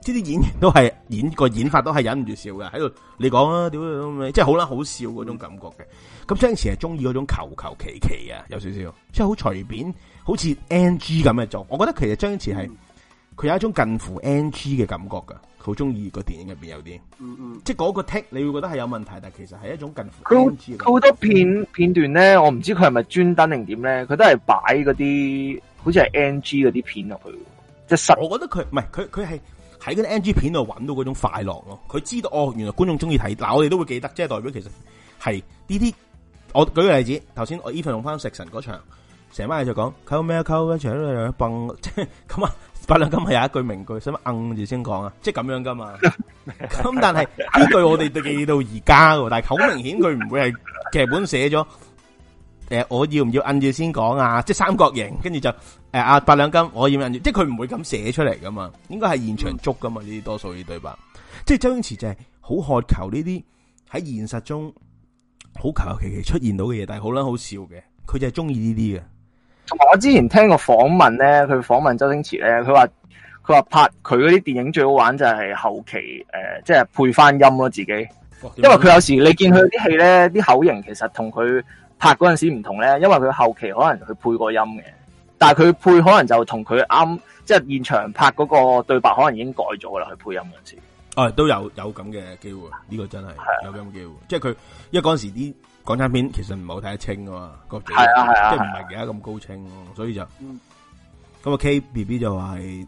即係啲演員都係演個演法都係忍唔住笑噶，喺度你講啊，屌你，即係好啦，好笑嗰種感覺嘅。咁張宇慈係中意嗰種求求其其啊，有少少，即係好隨便，好似 N G 咁嘅做。我覺得其實張宇慈係佢有一種近乎 N G 嘅感
覺噶，佢好中意個電影入邊有啲、嗯嗯，
即
係嗰個 take 你會覺得係有問題，但其實係一種近
乎 N G。好多片片段咧，我唔知佢係咪專登定點咧，佢都係擺嗰啲。好似係 N G 嗰啲片入去，即係實。我覺得佢唔係佢佢係喺嗰
啲 N G 片度揾到嗰種快樂咯。佢知道哦，原來觀眾中意睇，嗱、啊、我哋都會記得，即係代表其實係呢啲。我舉個例子，頭先我 e v 用翻食神嗰場，成晚就講，溝咩啊溝啊，全部都嚟嚟蹦，即係咁啊。八兩金係有一句名句，使乜硬住先講啊，即係咁樣噶嘛。
咁但係呢 句我哋都記
到而家噶，但係好明顯佢唔會係劇本寫咗。誒、呃，我要唔要摁住先講啊？即係三角形，跟住就誒啊、呃、八兩金，我要唔要摁住？即係佢唔會咁寫出嚟噶嘛，應該係現場捉噶嘛。呢啲多數呢啲對白，嗯、即係周星馳就係好渴求呢啲喺現實中
好求其其出現到嘅嘢，但係好捻好笑嘅，佢就係中意呢啲嘅。同埋我之前聽過訪問咧，佢訪問周星馳咧，佢話佢話拍佢嗰啲電影最好玩就係後期誒、呃，即係配翻音咯自己，哦、
因為佢有時你見佢啲戲咧，
啲口型其實同佢。拍嗰陣時唔同咧，因為佢後期可能去配個音嘅，但係佢配可能就同佢啱，即係現場拍嗰個對白可能已經改咗啦，去配音嗰陣時
候。哦、啊，都有有咁嘅機會，呢個真係有咁嘅機會，即係佢，因為嗰陣時啲港產片其實唔係好睇得清噶嘛，個字即係唔係而家咁高清，所以就咁啊。嗯、K B B 就話係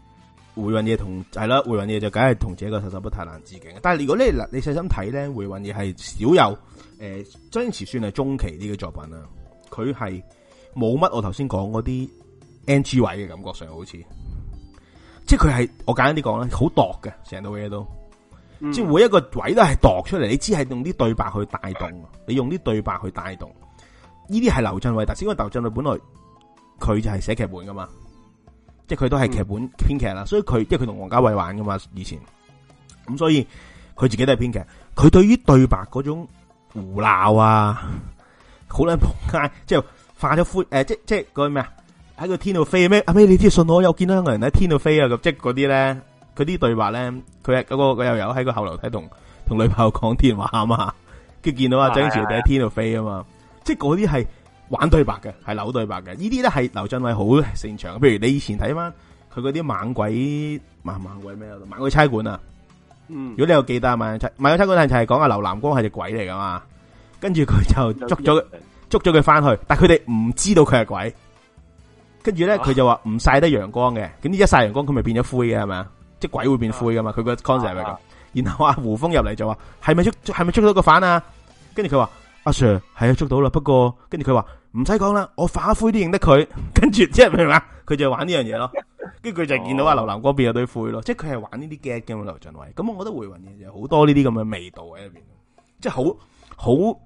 回魂夜同係啦，回魂夜就梗係同自己個《殺手不太冷致敬》。但係如果你嗱，你細心睇咧，回魂夜係少有。誒、呃，周星馳算係中期啲嘅作品啦。佢係冇乜我頭先講嗰啲 NG 位嘅感覺上，好似即係佢係我簡單啲講啦，好度嘅成套嘢，都即係每一個位都係度出嚟。你只係用啲對白去帶動，你用啲對白去帶動。呢啲係劉鎮偉，但係因為劉鎮偉本來佢就係寫劇本噶嘛，即係佢都係劇本編劇啦。所以佢因為佢同王家衛玩噶嘛，以前咁，所以佢自己都係編劇。佢對於對白嗰種。胡鬧啊！好撚撲街，即係化咗灰，誒！即即嗰啲咩啊？喺個天度飛咩？阿咩？你啲信我？又見到有人喺天度飛啊！即係嗰啲咧，佢啲對白咧，佢係個佢又有喺個後樓梯同同女朋友講電話啊嘛，佢見到阿張學友就喺天度飛啊嘛，是的即係嗰啲係玩對白嘅，係扭對白嘅。呢啲咧係劉鎮偉好擅長嘅。譬如你以前睇返佢嗰啲猛鬼、猛猛鬼咩猛鬼差館啊。如果你有記得，萬有七萬有七嗰陣就係講阿劉南光係隻鬼嚟噶嘛，跟住佢就捉咗佢捉咗佢翻去，但係佢哋唔知道佢係鬼。跟住咧，佢就話唔曬得陽光嘅，咁呢一曬陽光佢咪變咗灰嘅係咪？即係鬼會變灰噶嘛？佢個 concept 係咁。然後阿胡楓入嚟就話，係咪捉係咪捉到個犯啊？跟住佢話，阿 Sir 係啊，捉到啦，不過，跟住佢話唔使講啦，我化灰都認得佢。跟住即係咩啊？佢就玩呢樣嘢咯。跟住佢就見到阿劉南嗰邊有堆灰咯，oh. 即係佢係玩呢啲 gag 嘅嘛，劉俊偉。咁我覺得回魂夜有好多呢啲咁嘅味道喺入邊，即係好好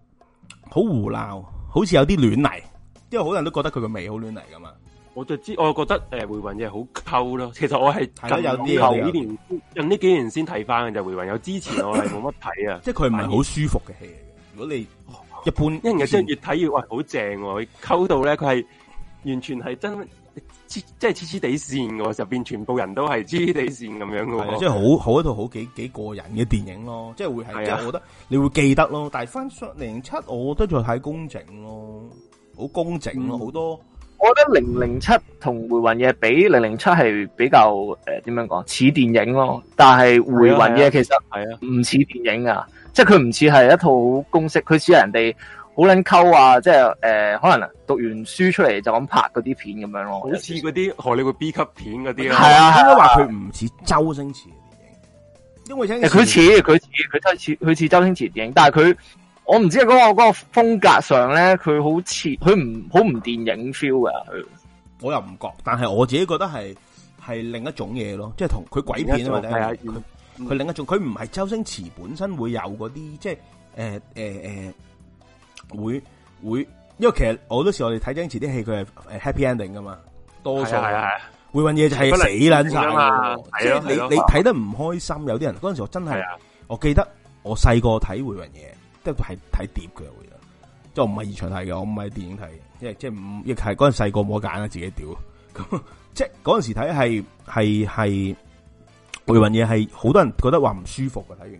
好胡鬧，好似有啲亂嚟，因
為好多人都覺得佢個味好亂嚟噶嘛。我就知，我覺得誒、呃，回魂夜好溝咯。其實我係睇後幾年，近呢幾年先睇翻嘅就回魂。有之前我係冇乜睇啊，即係佢唔係好舒服嘅戲嚟嘅。如果你一般，因、哦、為真係越睇越哇，好正、哦，佢溝到咧，佢係完全係真。即係黐黐地線嘅，入邊全部人都係黐黐地線咁樣嘅，即係好
好一套好幾幾過癮嘅電影
咯，即係會係啊，我覺得你
會記得咯。但
係翻《零零
七》
我，嗯、我覺得就太工整咯，好工整咯，好多。我覺得《零零七》同《回魂夜》比《零零七》係比較誒點、呃、樣講？似電影咯，但係《回魂夜》其實係啊，唔似電影啊，即係佢唔似係一套公式，佢似人哋。好撚溝啊！即係誒、呃，可能讀完書出嚟就咁拍嗰啲片咁樣咯。好似嗰啲荷里活 B 級片嗰啲咯。係啊，應該話佢唔似周星馳嘅電
影，因為佢似
佢似佢真似佢似周星馳電影，但係佢我唔知嗰個嗰個風格上咧，佢好似佢唔好唔電影 feel 噶。我
又唔覺，但係我自己覺得係係另一種嘢咯，即係同佢鬼片啊嘛係佢佢另一種，佢唔係周星馳本身會有嗰啲即係誒誒誒。就是呃呃呃會會，因為其實好多時我哋睇星馳啲戲，佢係 happy ending 噶嘛，
多數係啊。回魂、啊啊啊、夜就係、是、死撚晒、就是，你你睇
得唔開心，有啲人嗰陣、啊啊啊、時我真係、啊，我記得我細個睇回魂夜即係睇碟嘅，我即係唔係現場睇嘅，我唔係電影睇嘅，即係即係唔亦係嗰陣細個冇得揀啦，自己屌， 即係嗰陣時睇係係係回魂夜係好多人覺得話唔舒服嘅睇完。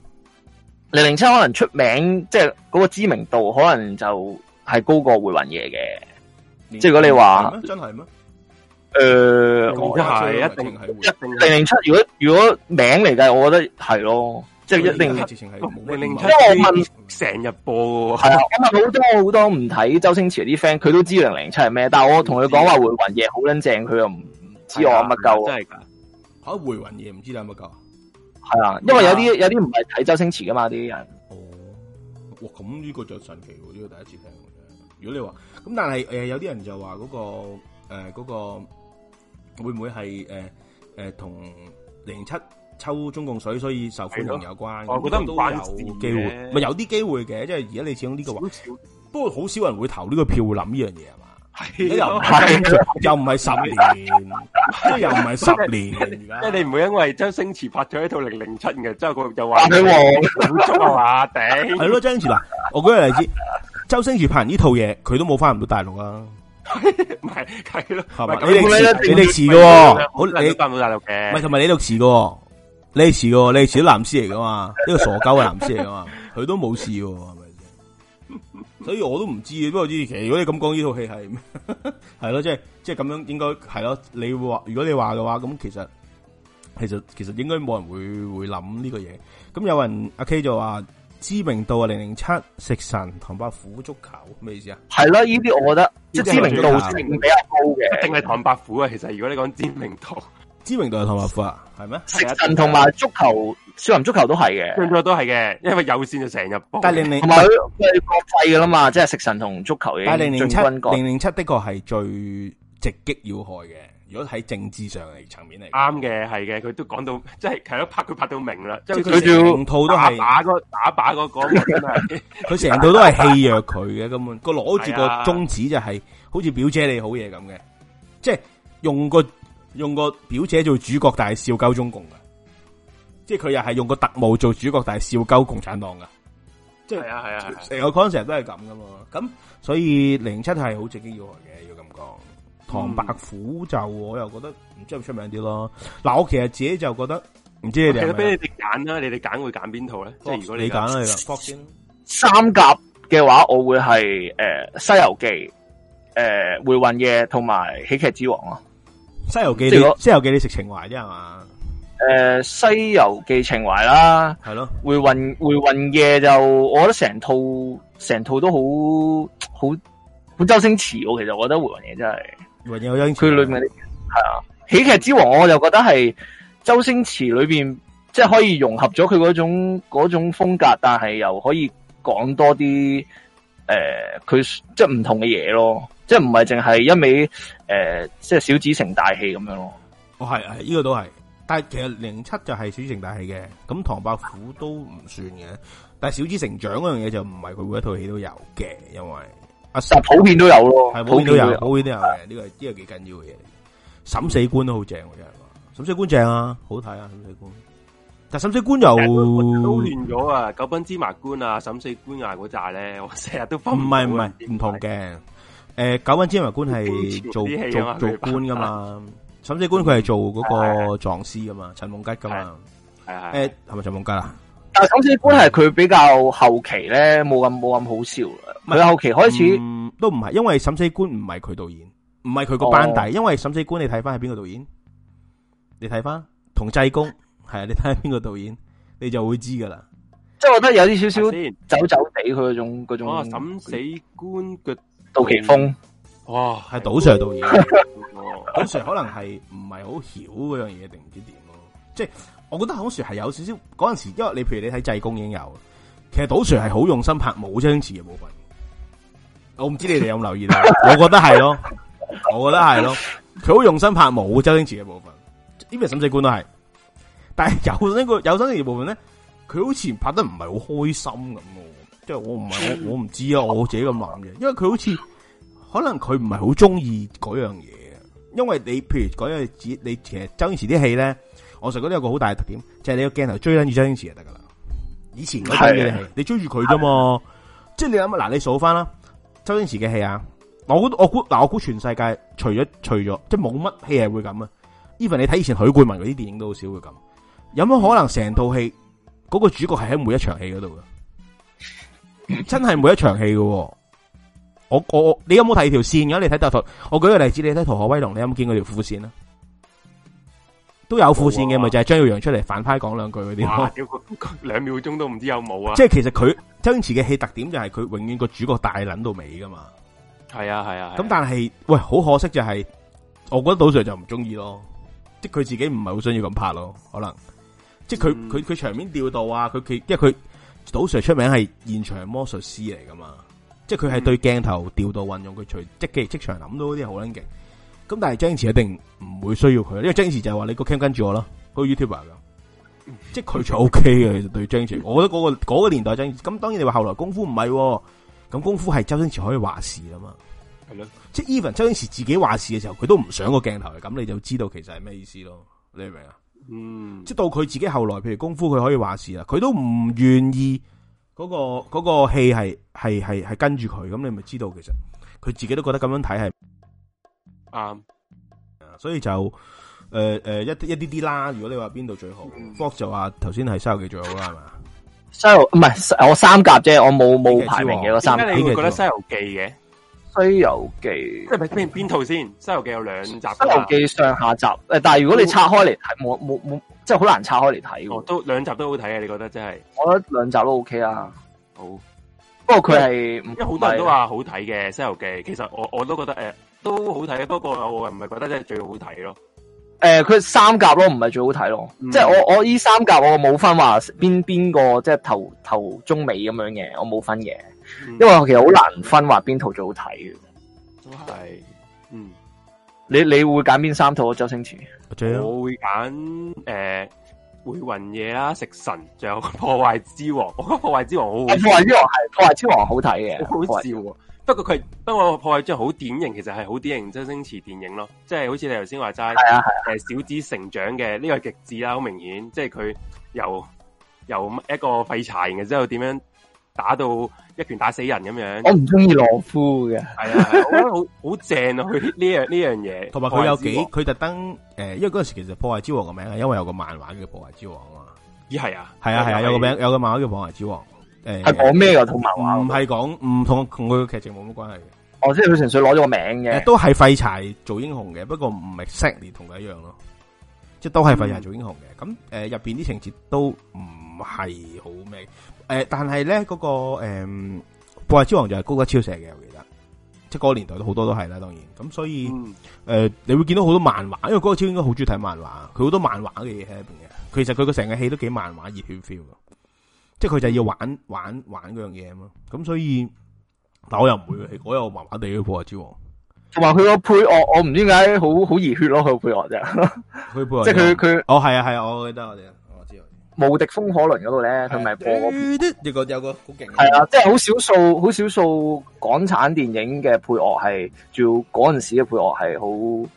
零零七可能出名，即係嗰個知名度可能就係高過回魂夜嘅。即係如果你話，真係咩？誒、呃，一係一定係一
定零零七。如果
如果名嚟嘅，我覺得係咯。即係一定係。係零零七。因為我問成日播，係啊。咁啊，好多好多唔睇周星馳啲 friend，佢都知零零七係咩。但係我同佢講話回魂夜好撚正，佢又唔知我有乜鳩、啊啊。
真係噶？吓、啊、回魂夜唔知有乜鳩？
係啊，因為有啲有啲唔係睇周星馳噶嘛，啲
人哦，哇咁呢個就神奇喎，呢個第一次聽。如果你話咁，但係誒、呃、有啲人就話嗰、嗰個誒嗰、呃嗰個會唔會係誒誒同零七抽中共水，所以受歡迎有關？我、哎、覺得都有機會，咪有啲機會嘅。即係而家你始終呢、呢個好少，不過好少人會投呢個票這件事，會諗呢樣嘢係嘛。是又唔係，又唔係十年，
是又唔係十年。即
係你唔會因為周星馳拍咗一套零零七嘅，之後佢就 你說 你好話冇錯啊，頂。係咯，張星馳嗱，我舉個例子，
周星馳拍完呢套嘢，佢都冇翻唔到大陸
啊。唔 係，係咯，係咪？你你你你辭嘅，好你翻到大陸嘅，唔係
同埋你讀辭嘅，你辭嘅，你辭啲 男司嚟噶嘛？呢、這個傻鳩嘅男司嚟噶嘛？佢都冇事。所以我都唔知嘅，不過其實如果你咁講呢套戲係係咯，即係即係咁樣應該，應該係咯。你話如果你話嘅話，咁其實其實其實應該冇人會會諗呢個嘢。咁有人阿 K 就話知名度啊，零零七、食神、唐伯
虎、足球咩意思啊？係
咯，呢啲我覺得即、係、知名度知名度比較
高嘅，一定係唐伯虎啊。其實如果你講知名度，
知名度係唐伯虎啊，
係咩？食神同埋足球。
少林足球都係嘅，
上個都係嘅，因為有線就成日播。但係零零同埋佢係國
際噶啦嘛，即係食神同足球已經進軍國。零零七的確係最直擊要害
嘅，
如果喺政治上嚟層面嚟，啱嘅係嘅，佢都講到，即係係一拍佢拍到明啦，即係佢成套都係打靶打打靶講嘅，真係
佢成套都係戲弱佢嘅根本，個攞住個宗旨就係好似表姐你好嘢咁嘅，即係用個用個表姐做主角，但係笑鳩中共嘅。即係佢又係用個特務做主角，但係笑鳩共產黨噶，即係啊係啊，成、啊啊啊啊、個 Concert 都係咁噶嘛。咁所以零七係好值得要學嘅，要咁講。唐伯虎就我又覺得唔知咁出名啲咯。嗱，我其實自己就覺得唔知你哋係咪。其實俾你
哋
揀啦，你哋揀會揀邊套咧？即係如果你揀啦，你，你三甲嘅話，我會係誒、呃《西遊記》誒、呃《回魂夜》同埋《喜劇之王》《西
遊記》，你《西遊記》你食情懷啫係嘛？
誒，《西遊記》情懷啦，係咯，《回魂》《回魂夜》就，我覺得成套成套都好好好周星馳。我其實我覺得回魂夜真《回魂夜》真係，回有因。佢裏邊係啊，《喜劇之王》我就覺得係周星馳裏邊，即、就、係、是、可以融合咗佢嗰種嗰種風格，但係又可以講多啲誒，佢、呃、即係唔同嘅嘢咯，即係唔係淨係一味誒、呃，即係小子成大器咁樣咯。
哦係，係呢個都係。但係其實零七就係小志成大戲嘅，咁唐伯虎都唔算嘅，但係小志成長嗰樣嘢就唔係佢每一套戲都有嘅，因為啊，普遍都有咯，係普遍都有，普遍都有，呢個呢個幾緊要嘅嘢。審死官都好正，真係嘛？審死官正啊，
好睇啊，審死官。
但審死官又都
亂咗啊！九品芝麻官啊，審死官啊嗰紮咧，我成日都分唔係唔係唔同嘅。
誒，九品芝麻官係做做做官噶嘛？審死官佢係做嗰個狀師噶嘛，陳夢吉噶嘛，係誒係咪陳夢吉啊？但審
死官係佢比較後期咧，冇咁冇咁好笑，
咪後期開始、嗯、都唔係，因為審死官唔係佢導演，唔係佢個班底，哦、因為審死官你睇翻係邊個導演，你睇翻同濟公係啊， 你睇下邊個導演，
你就會知噶啦。
即係我覺得有啲少少走走地佢嗰種嗰種審
死、哦、官嘅。杜琪峰。哇，係杜 Sir 導
演，杜 Sir 可能係唔係好曉嗰樣嘢，定唔知點咯？即係我覺得杜 Sir 係有少少嗰陣時，因為你譬如你睇《濟公》已經有，其實杜 Sir 係好用心拍冇周星馳嘅部分。我唔知你哋有冇留意啦，我覺得係咯，我覺得係咯，佢好用心拍冇周星馳嘅部分。呢邊審死官都係，但係有呢個有星馳嘅部分咧，佢好似拍得唔係好開心咁，即係我唔係我我唔知啊，我自己咁諗嘅，因為佢好似。可能佢唔係好中意嗰樣嘢，因為你譬如嗰樣嘢，你其實周星馳啲戲咧，我就覺得有一個好大嘅特點，就係、是、你個鏡頭追緊住周星馳就得噶啦。以前嗰陣嘅戲，你追住佢啫嘛。即係你諗下，嗱，你數翻啦，周星馳嘅戲啊，我我估嗱，我估全世界除咗除咗，即係冇乜戲係會咁啊。even 你睇以前許冠文嗰啲電影都好少會咁。有乜可能成套戲嗰個主角係喺每一場戲嗰度噶？真係每一場戲噶？我我你有冇睇條線？如果你睇《大破》，我舉個例子，你睇《逃學威龍》，你有冇見過條副線啊？都有副線嘅，咪就係、是、張耀揚出嚟反派講兩句嗰啲咯。
兩秒鐘都唔知有冇啊！即係其實
佢周星馳嘅戲特點就係佢永遠個主角大捻到尾噶嘛。
係啊係啊，咁、啊啊、
但係喂，好可惜就係、是，我覺得杜 Sir 就唔中意咯，即係佢自己唔係好想要咁拍咯，可能即係佢佢佢場面調度啊，佢佢，因為佢杜 Sir 出名係現場魔術師嚟噶嘛。即係佢係對鏡頭調度運用，佢除，即即場諗到嗰啲好撚勁。咁但係張英慈一定唔會需要佢，因為張英慈就係話你個 cam 跟住我咯，佢 YouTuber 嘅，
即係佢就 O K
嘅。對張英慈， 我覺得嗰、嗰個、嗰個年代張，咁當然你話後來功夫唔係，咁功夫係周星馳可以話事啊嘛。係咯，即係 even 周星馳自己話事嘅時候，佢都唔想個鏡頭，咁你就知道其實係咩意思咯。你明唔明啊？嗯，即係到佢自己後來，譬如功夫佢可以話事啊，佢都唔願意。嗰、那個嗰、那個戲係係係係跟住佢，咁你咪知道其實佢自己都覺得咁樣睇係啱，所以就誒誒、呃呃、一一啲啲啦。如果你話邊度最好、嗯，Fox 就話頭先係《
西遊記》最好啦，係嘛？《西遊》唔係我三集啫，我冇冇排名嘅，我三。點解你會覺得《西遊記》嘅《西遊記》？
即係邊邊套先？《西遊記》有兩集，《西遊記》
上下集。誒，但係如果你拆開嚟睇，冇冇冇。即係好難拆開嚟睇嘅。都兩集都好睇嘅。啊，你覺得真係？我覺得兩集都 OK 啊。好。不過佢係，因為好多人都話
好睇嘅《西遊記》，其實我我都覺得誒、呃，都好睇不過我唔係覺得真係最好睇、
呃、咯。誒，佢三集咯，唔係最好睇咯。即係我我呢三集我冇分話邊邊個即係頭頭中尾咁樣嘅，我冇分嘅、嗯。
因為我其實好
難分話邊套最好睇嘅。係。嗯。你你會揀邊三套啊？周星馳？我
會揀誒、呃，回魂夜啦，食神，仲有破壞之王。我覺得破壞之王好，睇 好笑、哦，破壞之
王係破壞之王好
睇嘅，好笑。不過佢不過破壞之王好典型，其實係好典型周星馳電影咯。即係好似你頭先話齋，誒、啊啊呃，小子成長嘅呢個極致啦，好明顯。即係佢由由一個廢柴然之後點樣？打到一拳打死人咁樣，我唔
中意羅夫嘅，係啊，
我覺得好好正啊，佢呢樣呢樣嘢，同埋
佢有幾，佢特登誒，因為嗰陣時其實破壞之王個名係因為有個漫畫叫《破壞之王》啊，咦係啊，
係啊係啊，有個
名有個漫畫叫《破壞之王》，誒係講咩啊套漫畫？唔係講唔同，同佢嘅劇情冇乜關係嘅。哦，即係佢純粹攞咗個名嘅，呃，都係廢柴做英雄嘅，不過唔係塞尼同佢一樣咯，即係都係廢柴做英雄嘅。咁誒入邊啲情節都唔係好咩。誒、呃，但係咧嗰個誒《破壞之王》就係高德超寫嘅，我記得，即係嗰個年代都好多都係啦，當然。咁所以誒、嗯呃、你會見到好多漫畫，因為高德超應該好中意睇漫畫，佢好多漫畫嘅嘢喺入邊嘅。其實佢個成個戲都幾漫畫熱血 feel 嘅，即係佢就要玩玩玩嗰樣嘢啊嘛。咁所以，
但我又
唔會，我又麻麻地《破壞之王》，
同埋佢個配樂，我唔知點解好好熱血咯，佢配樂啫，佢 配合即係佢佢，哦係啊係啊，我記得我哋無敵風火輪嗰度咧，佢咪播？有個有個
好勁。係啊，即係好少
數，好少數港產電影嘅配樂係，做嗰陣時嘅配樂係好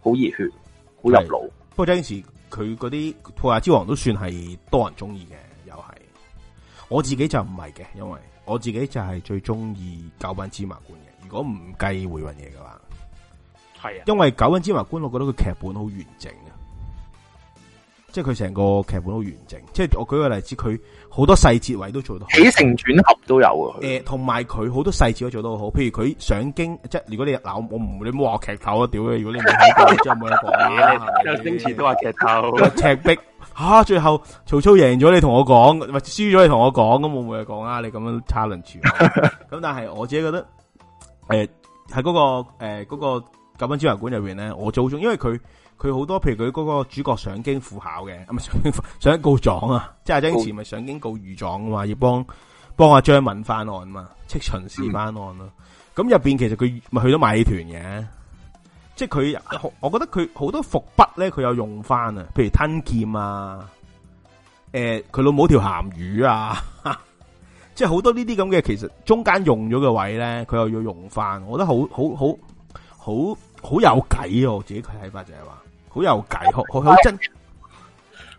好熱血，好入腦，
啊。不過張敬佢嗰啲《破壞之王》都算係多人中意嘅，又係我自己就唔係嘅，因為我自己就係最中意《九品芝麻官》嘅。如果唔計回魂夜嘅話，
係啊，因
為《九品芝麻官》我覺得佢劇本好完整。即係佢成個劇本好完整，即係我舉個例子，佢好多細節位都做得好，起承轉合都有喎。誒、呃，同埋佢好多細節都做得好好，譬如佢上京，即係如果你嗱、啊，我唔你冇話劇透啊，屌 如果你唔睇過，之後冇得講嘢。周
星馳都話劇透、
赤壁吓，最後曹操贏咗，你同我講，唔係輸咗，你同我講，咁會唔會講啊？你咁樣 challenge 咁但係我自己覺得，誒、呃，喺嗰、那個誒嗰、呃那個革命紀念館入邊咧，我做中，因為佢。佢好多，譬如佢嗰個主角上京赴考嘅，咁啊上京上一告狀啊，即係阿英慈咪上京告御狀噶嘛，要幫幫阿張敏翻案嘛，戚秦氏翻案咯。咁入邊其實佢咪去咗馬戲團嘅，即係佢，我覺得佢好多伏筆咧，佢有用翻啊，譬如吞劍啊，誒、呃，佢老母條咸魚啊，哈哈即係好多呢啲咁嘅，其實中間用咗嘅位咧，佢又要用翻，我覺得好好好好好有計啊，我自己嘅睇法
就係話。好有計好好真。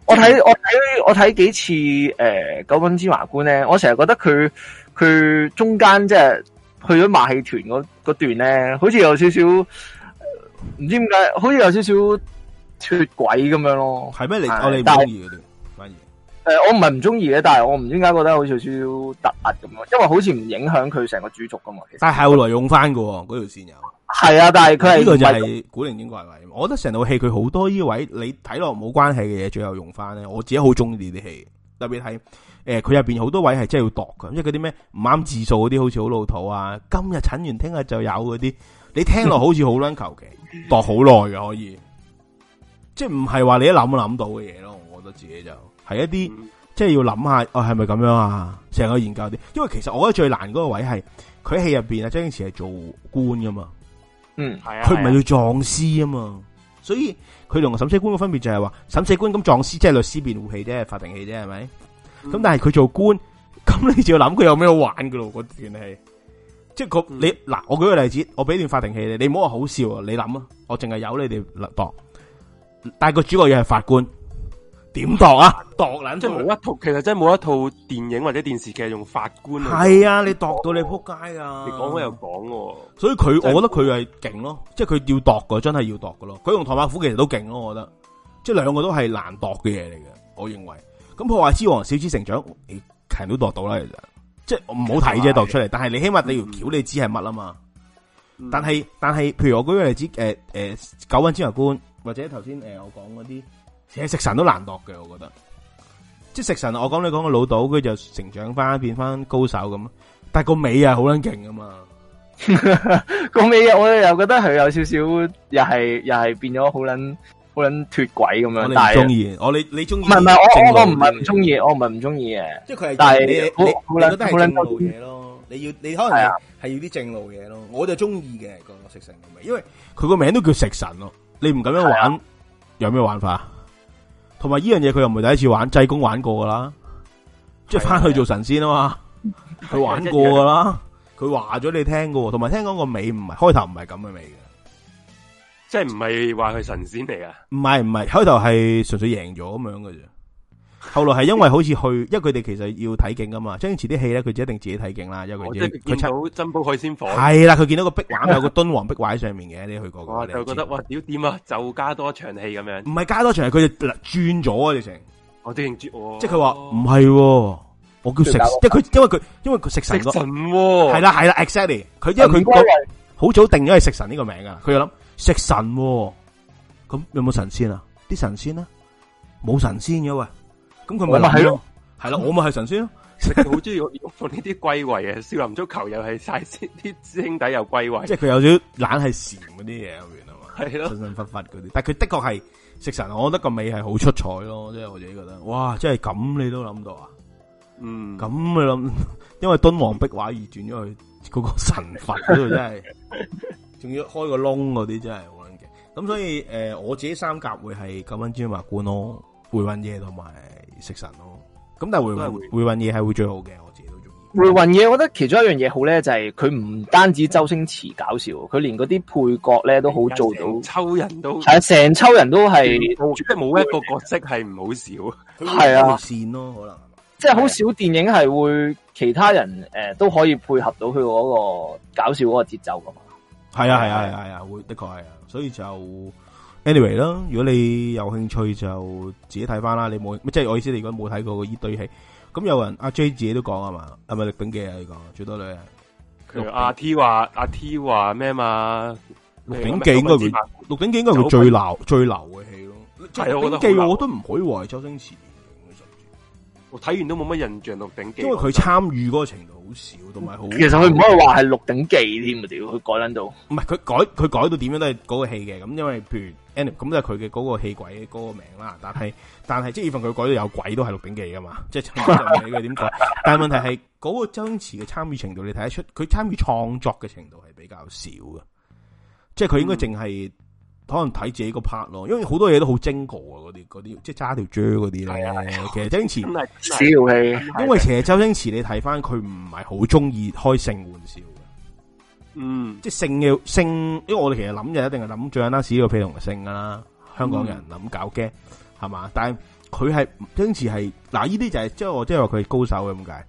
我睇我睇我睇幾次誒、呃《九品芝麻官》咧，我成日覺得佢佢中間即係去咗馬戲團嗰段咧，好似有少少唔知點解，好似有少少脫軌咁樣咯。係咩？你我哋唔中意嗰段。反而誒、呃，我唔係唔中意嘅，但係我唔知點解覺得好似少少突兀咁樣，因為好似唔影響佢成個主軸噶嘛。其實
但係後來用翻噶喎，嗰條線有。係啊，但係佢係呢個就係古靈精怪嚟，我覺得成套戲佢好多呢位你睇落冇關係嘅嘢，最後用翻咧。我自己好鍾意呢啲戲，特別係誒，佢入邊好多位係真係要度噶，因為嗰啲咩唔啱字數嗰啲，好似好老土啊。今日診完，聽日就有嗰啲，你聽落好似好撚求其， 度好耐嘅可以，即係唔係話你一諗就諗到嘅嘢咯。我覺得自己就係一啲即係要諗下，哦係咪咁樣啊？成個研究啲，因為其實我覺得最難嗰個位係佢喺戲入邊啊，張敬慈係做官噶嘛。嗯，係啊，佢唔係做狀師啊嘛，所以佢同審死官嘅分別就係話，審死官咁狀師即係律師辯護器啫，法庭戲啫係咪？咁、嗯、但係佢做官，咁你就要諗佢有咩好玩噶咯？嗰段戲，即係佢你嗱，我舉個例子，我俾段法庭戲你，你唔好話好笑啊，你諗啊，我淨係由你哋立駁，但係個主角又係法官。點度啊！
度捻即係冇一套，其實真係冇一套電影或者電視劇用法官係啊！你度到你撲街啊！你
講開又講，所以佢、就是、我覺得佢係勁咯，即係佢要度嘅，真係要度嘅咯。佢用唐伯虎其實都勁咯，我覺得即係兩個都係難度嘅嘢嚟嘅。我認為咁破壞之王、小子成長，你人都度到啦，其實即係我唔好睇啫，度、就是、出嚟。但係你起碼你條橋、嗯，你知係乜啊嘛？
但係
但係，譬如我舉個例子，誒誒，九品芝麻官或者頭先誒，我講嗰啲。其實食神都難落嘅，我覺得即係食神。我講你講個老豆，佢就成長翻，變翻高手咁。但係個尾啊，好捻勁噶嘛。
個尾我又覺得佢有少少，又係又係變咗好捻好捻脫軌咁樣。你唔中意，我你你中意唔係唔係我我我唔係唔中意，我唔係唔中意嘅。即係
佢係但係你你好捻好捻
老嘢咯。你要你可能係係
要啲正路嘢咯。我就中意嘅個食神個尾，因為佢個名都叫食神咯。你唔咁樣玩，有咩玩法啊？同埋呢樣嘢佢又唔係第一次玩，濟公玩過噶啦，即係返去做神仙啊嘛，
佢玩過噶啦，
佢話咗你聽噶，同埋聽講個尾唔係開頭唔係咁
嘅尾嘅，即係唔係話佢神仙嚟啊？
唔係唔係開頭係純粹贏
咗咁樣嘅啫。
後來係因為好似去，因為佢哋其實要睇景噶嘛。張英慈啲戲咧，佢就一定自己睇景啦。因為佢佢見
到珍寶海鮮舫係啦，佢見到個壁畫有個
敦煌壁畫喺上面嘅。
你去過？哇！就覺得哇，屌點啊？就加多場戲咁樣？
唔係加多場，佢就嗱轉咗啊！直情
哦，直情轉哦，即係佢話
唔係，我叫食神，即係佢因為佢因為佢食神食神係啦係啦，exactly 佢因為佢個好早定咗係食神呢個名啊。佢又諗食神咁有冇神仙啊？啲神仙咧冇神仙嘅喂。
咁佢咪係咯，
係啦，我咪係神仙咯，食神好中意用呢啲歸位啊！少林足球又係晒啲師兄弟又歸位，即係佢有少
少懶係禪
嗰啲嘢入面啊嘛，神神佛佛嗰啲。
但係佢的確係食神，我覺得個尾係好出彩咯，即係我自己覺得。哇，真係咁你都諗到啊？嗯，咁你諗，因為敦煌壁畫而轉咗去嗰個神佛嗰度，真係，仲要開個窿嗰啲，真係好捻嘅。咁所以誒，我自己三甲會係九品芝麻官咯。回魂夜同埋食神咯，咁但係回係回魂夜係會最好嘅，我自己都
中意、嗯。回魂夜，我覺得其中一樣嘢好咧，就係佢唔單止周星馳搞笑，佢連嗰啲配角咧都好做到。抽人都係成抽人都係，即係冇一個角色係唔好笑。係啊，線咯、啊、可能，即係好少電影係會其他人誒、呃、都可以配合到佢嗰個搞笑嗰個節奏噶嘛。
係啊係啊係啊係啊，會、啊啊啊啊啊啊啊啊、的確係啊，所以就。anyway 啦，如果你有興趣就自己睇翻啦。你冇，即係我意思，你如果冇睇過嗰一堆戲，咁有人阿 J 自己都講啊嘛，係咪《鹿鼎記》啊？你講最多女你，
阿
T 話阿 T 話咩嘛？六《鹿鼎記》應該鹿《鹿
鼎記》應該係最流最流
嘅戲咯。即是《鹿鼎記》我，得我都
唔可以話係周星馳。
我睇完都冇乜印象《鹿鼎記》，因為佢
參與嗰個程
度。好少，同埋好。其實佢唔可以話係《鹿
鼎
記》添啊屌，佢改捻到。
唔係佢改，佢改到點樣都係嗰個戲嘅。咁因為譬如《Animal》，咁就係佢嘅嗰個戲鬼嗰個名啦。但係但係，即係，無論佢改到有鬼，都係《鹿鼎記》噶嘛。即係冇嘢佢點改。但係問題係嗰個周星馳嘅參與程度，你睇得出佢參與創作嘅程度係比較少嘅。即係佢應該淨係。可能睇自己個 part 咯，因為好多嘢都好精過啊。啲嗰啲，即係揸條 J 嗰啲咧。其實周星馳真係笑，因為其實周星馳你睇翻佢唔係好中意開性玩笑嘅。
嗯，
即係性嘅性，因為我哋其實諗就是、一定係諗最緊啦，屎尿屁同性噶啦。香港人諗搞驚係嘛，但係佢係周星馳係嗱，呢啲就係、是、即係我即係話佢係高手嘅咁解。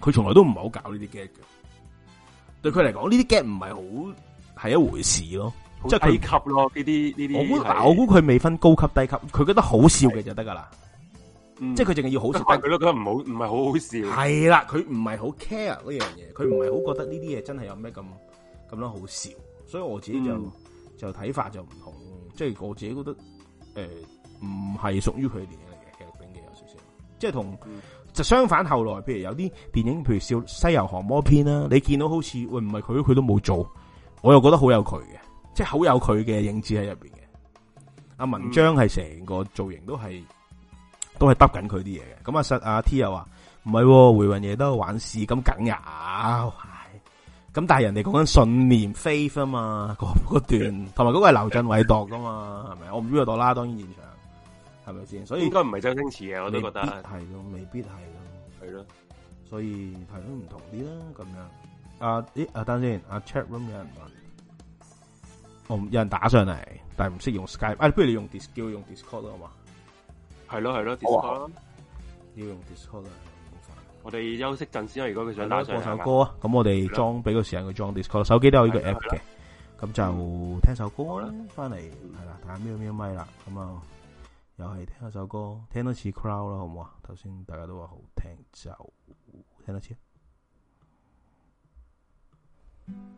佢從來都唔係好搞呢啲 gag 嘅，對佢嚟講呢啲 gag 唔係好
係一回事
咯。即係低級咯、啊，呢啲呢啲。我估，但我估佢未分高級低級，佢覺得好笑嘅就得噶啦。即係佢淨係要好笑，但佢
都覺得唔好，唔係好好笑。
係啦，佢唔係好 care 呢樣嘢，佢唔係好覺得呢啲嘢真係有咩咁咁樣好笑。所以我自己就、嗯、就睇法就唔同。即、就、係、是、我自己覺得，誒、呃，唔係屬於佢嘅電影嚟嘅。其實嘅有少少，即係同、嗯、就相反。後來譬如有啲電影，譬如笑《西遊降魔篇》啦，你見到好似喂，唔係佢，佢都冇做，我又覺得好有佢嘅。即係好有佢嘅影子喺入邊嘅，阿、嗯、文章係成個造型都係都係得緊佢啲嘢嘅。咁啊實阿 T 又話唔係回魂夜都係玩事，咁梗有。咁但係人哋講緊信念 faith 啊 嘛，嗰段同埋嗰個係劉鎮偉度噶嘛，係咪？我唔知度啦，當然現場係咪先？
所以應該唔係周星馳嘅，我都覺得係咯，未必係咯，係咯。所以睇唔同啲啦，咁樣。
阿、啊、咦，阿、啊、等先，阿、啊、chat room 有人問。我、哦、唔有人打上嚟，但係唔識用 Skype、啊、不如你用
Disc，o 叫用 Discord 好嘛？係咯係咯，Discord，好、啊、要用 Discord 啦。我哋休息陣先啦，如果佢想打上嚟，播首歌咁我哋
裝，俾個時間佢裝 Discord，手機都有呢個 app 嘅。咁就聽首歌
啦，翻嚟係啦，打下
喵喵咪啦，咁啊，又係聽首歌，聽多次 Crow 啦，好唔好啊？頭先大家都話好聽，就聽多次。嗯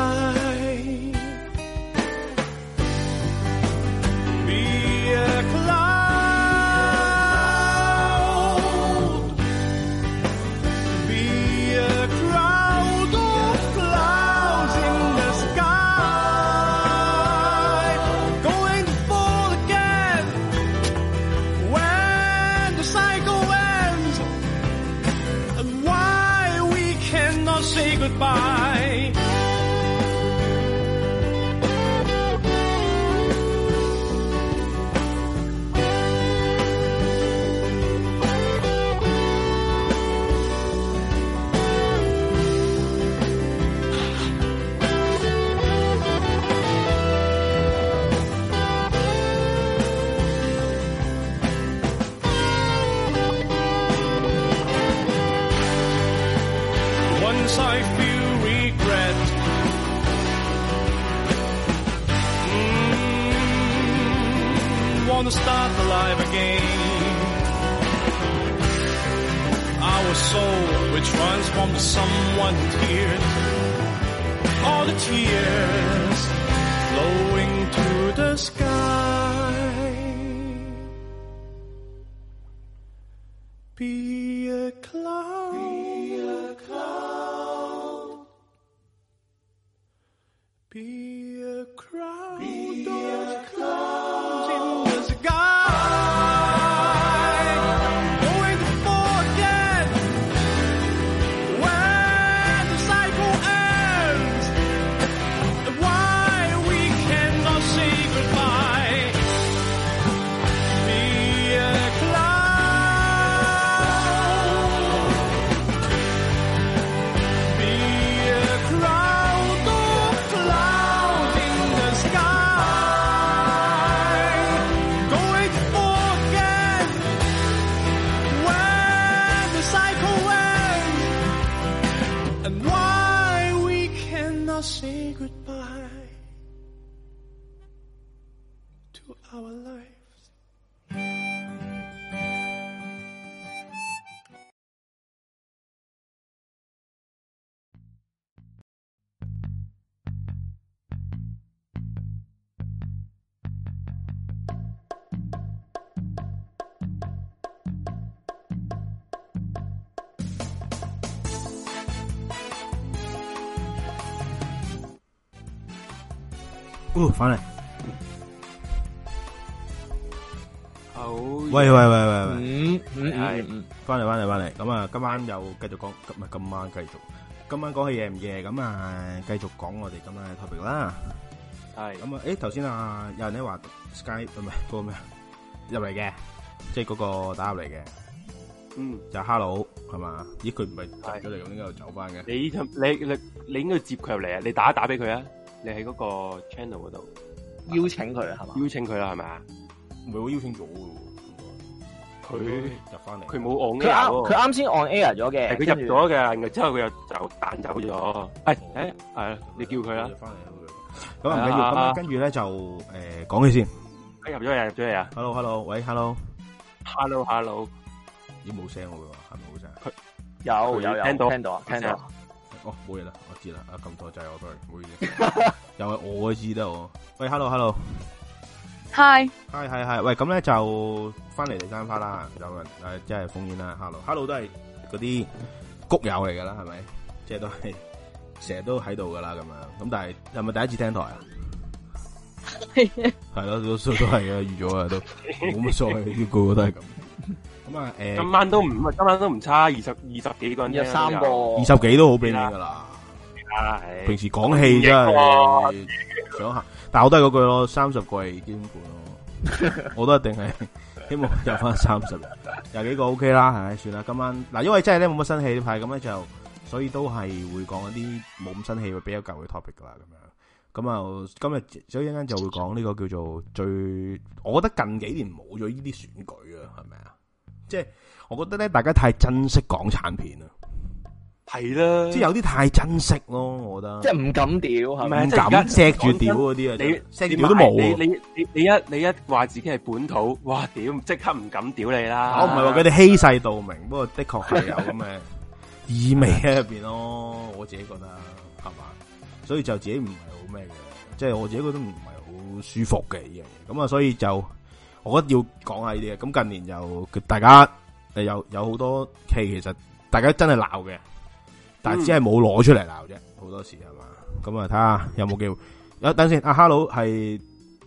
翻嚟，
好，喂喂喂喂喂，嗯嗯係，
翻嚟翻嚟翻嚟，咁啊今晚又繼續講，咁啊今晚繼續，今晚講戲夜唔夜，咁啊繼續講我哋今晚嘅 topic 啦，係，咁啊誒頭先啊有人咧話 skype 唔係嗰個咩入嚟嘅，即係嗰個打入嚟嘅，嗯
就 hello 係嘛，咦佢唔係入咗嚟，咁點解又走翻嘅？你你你你應該接佢入嚟啊，你打一打俾佢啊。你喺嗰個 channel 嗰度邀請佢係嘛？邀請佢啦係咪啊？我邀請咗嘅，佢入翻嚟，佢冇 on air。佢啱
先 on air 咗嘅，係佢入咗
嘅，然之後佢又走彈走咗。係、哦、啊、哎哎嗯嗯哎嗯嗯嗯，你叫佢啦。翻嚟咁
唔緊要，跟住咧就誒講嘢先。入咗入咗嚟。啊！Hello hello，喂 hello，hello hello，, hello, hello 已經有冇聲喎？係咪冇聲？有有有，聽到聽到啊，聽到。哦冇嘢啦。咁多啊，咁多就係我對，意思 又係我，我知道。喂，hello，hello，hi，hi 係係，喂，咁咧就翻嚟第三花啦，有人誒，真、啊、係、就是、烽煙啦，hello，hello，Hello 都係嗰啲谷友嚟噶、就是、啦，係咪？即係都係成日都喺度噶啦，咁樣。咁但係係咪第一次聽台啊？係 咯，都都係預預咗啊，都冇乜所謂，個 個都係咁。咁啊，誒、欸，今晚都唔，今晚都唔差，二十二十幾個人，一
三個，二十幾都好俾你噶啦。
平時講戲真
係想行，
但係我都係嗰句咯，三十季兼顧咯， 我都一定係希望入翻三十廿幾個 OK 啦，係咪算啦？今晚嗱，因為真係咧冇乜新戲係咁咧就，所以都係會講一啲冇咁新戲，比較舊嘅 topic 噶啦，咁樣咁啊，今日所以一陣間就會講呢個叫做最，我覺得近幾年冇咗呢啲選舉啊，係咪啊？即係我覺得咧，大家太珍惜港產片啦。係啦，即係有啲太珍惜咯，我覺得即係唔敢屌吓，唔係即係而家錫住屌嗰啲啊，你錫住屌都冇。你你
你一你一話自己係本土，哇屌，即刻唔敢屌你啦。我唔係話佢哋欺世盜名，不過的確係有咁嘅
意味喺入
邊咯。我自己覺得
係嘛，所以就自己唔係好咩嘅，即係我自己覺得唔係好舒服嘅呢樣嘢。咁啊，所以就我覺得要講下呢啲嘅。咁近年就大家誒有有好多戲，其實大家真係鬧嘅。但只係冇攞出嚟鬧啫，好多時係嘛，咁啊睇下有冇機會。啊等先，啊 Hello 係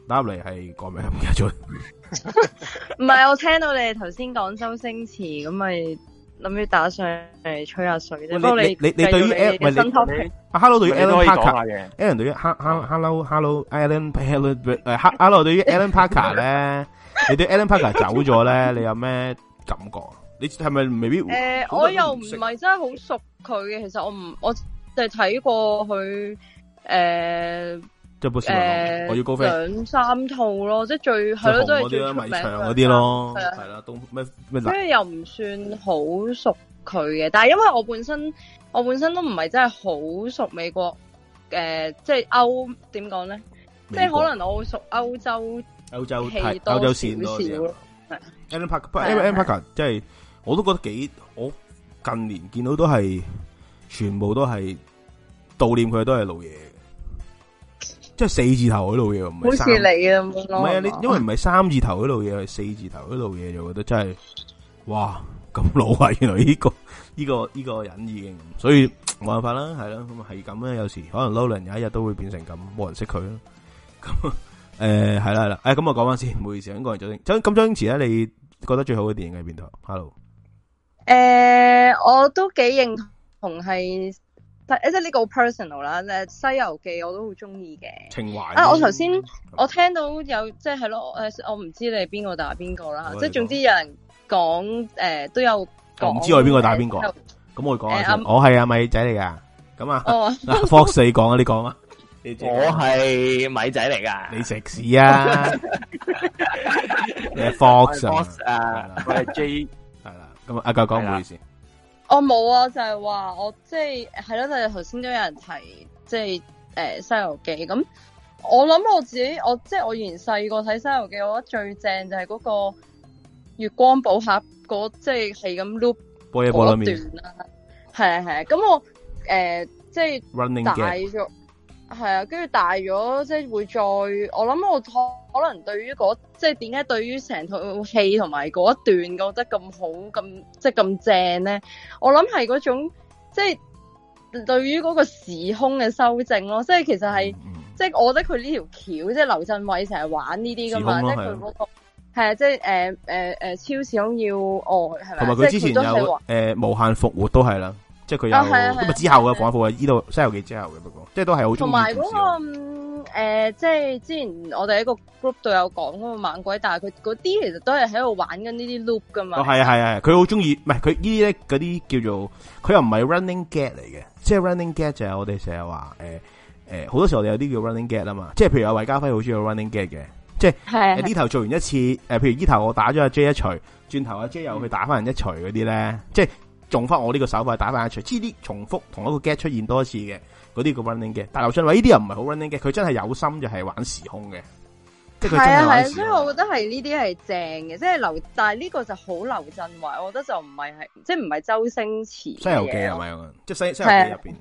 打嚟係講咩嘢？唔
係，我聽到你頭先講周星馳，咁咪諗住打上嚟吹下水啫。你你你對於 Alan，唔係你。啊 Hello 對於 Alan Parker，Alan
對於哈哈 Hello Hello Alan Hello，誒哈 Hello 對於 Alan Parker 咧，你對 Alan Parker 走咗咧，你有咩感覺？你係咪未必？誒，
我又唔係真係好熟佢嘅。其實我唔，我就睇過佢誒，
一部誒，我要高飛兩
三套咯，即係最係咯，都係最出名嗰啲咯，係啦，東咩
咩，跟住
又唔算好熟佢嘅。但係因為我本身，我本身都唔係真係好熟美國，誒，即係歐，點講咧？即係可能我會熟歐洲，
歐洲戲多少少，Alan Parker，Alan Parker 即係。我都覺得幾，我近年見到都係全部都係悼念佢都係老嘢，即係四字頭嗰老嘢唔係好似你呀，
唔係啊，你因為
唔係三字頭嗰老嘢，係四字頭嗰老嘢就覺得真係，哇咁老啊！原來呢、這個呢、這個呢、這個人已經，所以冇辦法啦，係啦，咁係咁啦。有時可能 l o 有一日都會變成咁，冇人識佢啦。咁誒係啦係啦，誒咁我講翻先，唔好意思，咁講就咁周星馳咧，你覺得最好嘅電影喺邊度？Hello。
誒、呃，我都幾認同係，誒即係呢個好 personal 啦。誒《西遊記》我都好中意嘅。
情懷啊！我頭
先我聽到有即係係咯，誒我唔知你係邊個打邊個啦，即係總之有人講誒、呃，都有講。唔知我係邊個打邊個？
咁我
講
下先。我
係啊、呃、米仔嚟噶。
咁啊？
哦、啊。Fox 講啊， 你講啊。
我係米仔嚟噶。你食屎啊！Fox 啊，我係 J。
咁阿教講，
唔好意思，我冇啊，就係、是、話我即係係咯，就係頭先都有人提，即係誒《西遊記》咁，我諗我自己，我即係、就是、我原細個睇《西遊記》，我覺得最正就係嗰個月光寶盒嗰即係係咁 loop 嗰段啦，係啊係啊，咁我誒即係大咗，係啊，跟住大咗即係會再，我諗我。可能對於嗰即係點解對於成套戲同埋嗰一段，我覺得咁好、咁即係咁正咧？我諗係嗰種即係對於嗰個時空嘅修正咯。即係其實係即係我覺得佢呢條橋，即係劉鎮偉成日玩呢啲㗎嘛，即係佢嗰個係啊，即係、呃呃、超時空誒超要哦，係咪？同埋佢之前有誒、
呃、無限復活都係啦。即係佢有，咁、哦、啊之後嘅講副係呢度《西遊記》之後嘅不過，即係都係好中意。
同埋嗰個誒，即係之前我哋喺個 group 度有講嗰個猛鬼，但係佢嗰啲其實都係喺度玩緊呢啲 loop 噶嘛。哦，係啊，係
啊，係，佢好中意，唔係佢呢啲咧嗰啲叫做，佢又唔係 running get 嚟嘅，即係 running get 就係我哋成日話誒誒，好、呃、多時候我哋有啲叫 running get 啊嘛，即係譬如阿韋家輝好中意 running get 嘅，即
係呢頭
做完一次誒、呃，譬如呢頭我打咗阿 J 一錘，轉頭阿 J 又去打返人一錘嗰啲咧，即係。仲翻我呢個手法打翻一出，呢啲重複同一個 get 出現多一次嘅嗰啲嘅 running 嘅，但劉鎮偉呢啲又唔係好 running 嘅，佢真係有心就係玩時空嘅。即係佢啊係，所以我
覺得係呢啲係正嘅，即係劉，但係呢個就好劉鎮偉，我覺得就唔係係，即係唔係周星馳嘅。西遊記係咪
啊？即係西西遊記入邊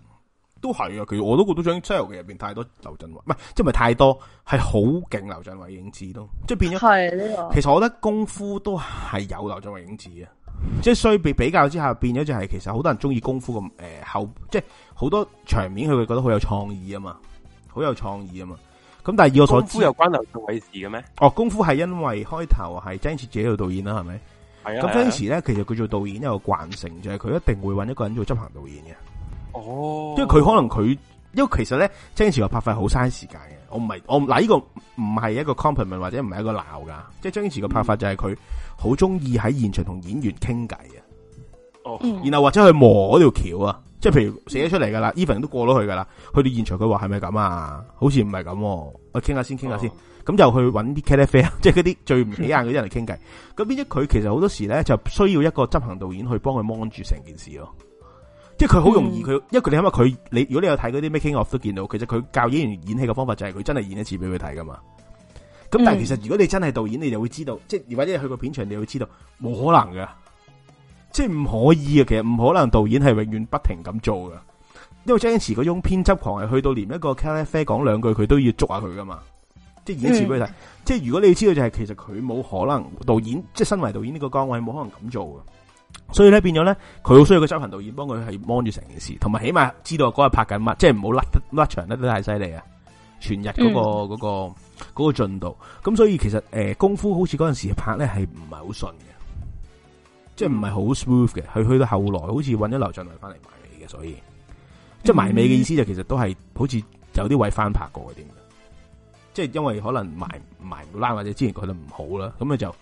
都係啊，其實我都覺得將西遊記入邊太多劉鎮偉，唔係即係唔係太多係好勁劉鎮偉影子咯，
即係變咗。係呢個。其
實我覺得功夫都係有劉鎮偉影子啊。即係所以比比較之下變咗就係其實好多人中意功夫咁誒、呃、後即係好多場面佢會覺得好有創意啊嘛，好有創意啊嘛。咁但係以我所知功夫有關劉鎮偉事嘅咩？哦，功夫係因為開頭係張徹自己導，啊啊啊、做導演啦，係咪？係啊。咁張徹咧其實佢做導演一個慣性就係佢一定會搵一個人做執行導演嘅。哦。
即係佢可能
佢因為其實咧張徹拍片好嘥時間嘅。我唔係我嗱，呢、這個唔係一個 comment 或者唔係一個鬧噶，即係張英慈個拍法就係佢好中意喺現場同演員傾偈啊。哦、嗯，然後或者去磨嗰條橋啊、嗯，即係譬如寫咗出嚟噶啦，even 都過咗去噶啦。去到現場佢話係咪咁啊？好似唔係咁，我傾下,一下、哦、先，傾下先。咁就去揾啲 catering 即係嗰啲最唔起眼嗰啲人嚟傾偈。咁變咗佢其實好多時咧就需要一個執行導演去幫佢 mon 住成件事咯。即係佢好容易，佢、嗯、因為佢你諗下佢你，如果你有睇嗰啲咩 making of 都見到，其實佢教演員演戲嘅方法就係佢真係演一次俾佢睇噶嘛。
咁、嗯、但係其
實如果你真係導演，你就會知道，即係或者你去過片場，你就會知道，冇可能嘅，即係唔可以嘅。其實唔可能導演係永遠不停咁做噶，因為張英慈嗰種偏執狂係去到連一個茄喱啡講兩句，佢都要捉下佢噶嘛。即係演一次俾佢睇。即係如果你要知道就係、是，其實佢冇可能導演，即係身為導演呢個崗位冇可能咁做噶。所以咧，變咗咧，佢好需要個執行導演幫佢係望住成件事，同埋起碼知道嗰日拍緊乜，即係唔好甩甩場甩得太犀利啊！全日嗰、那個嗰、那個嗰、那個進度，咁所以其實誒、呃、功夫好似嗰陣時拍咧係唔係好順嘅，即係唔係好 smooth 嘅。佢去到後來好似搵咗劉俊偉翻嚟埋尾嘅，所以、嗯、即係埋尾嘅意思就是、其實都係好似有啲位翻拍過啲點嘅？即係因為可能埋埋唔欄或者之前覺得唔好啦，咁佢就。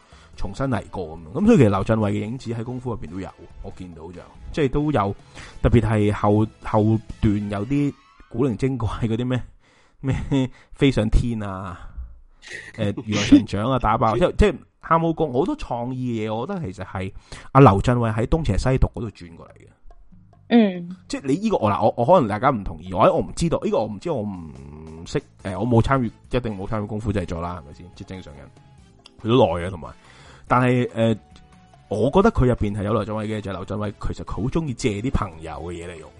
重新嚟過咁咁所以其實劉鎮偉嘅影子喺功夫入邊都有，我見到就即係都有特別係後後段有啲古靈精怪嗰啲咩咩飛上天啊，誒如來神掌呀，啊，打爆 即係即係喊武功好多創意嘢。我覺得其實係阿劉鎮偉喺東邪西毒嗰度轉過嚟嘅，嗯，即係你呢、這個我啦，我我,我可能大家唔同意，或者我唔知道呢、這個我唔知我唔識誒，我冇參與，一定冇參與功夫製作啦，係咪先？即係正常人佢都耐啊，同埋。但係誒、呃，我覺得佢入邊係有劉鎮偉嘅，就係劉鎮偉其實好中意借啲朋友嘅嘢嚟用。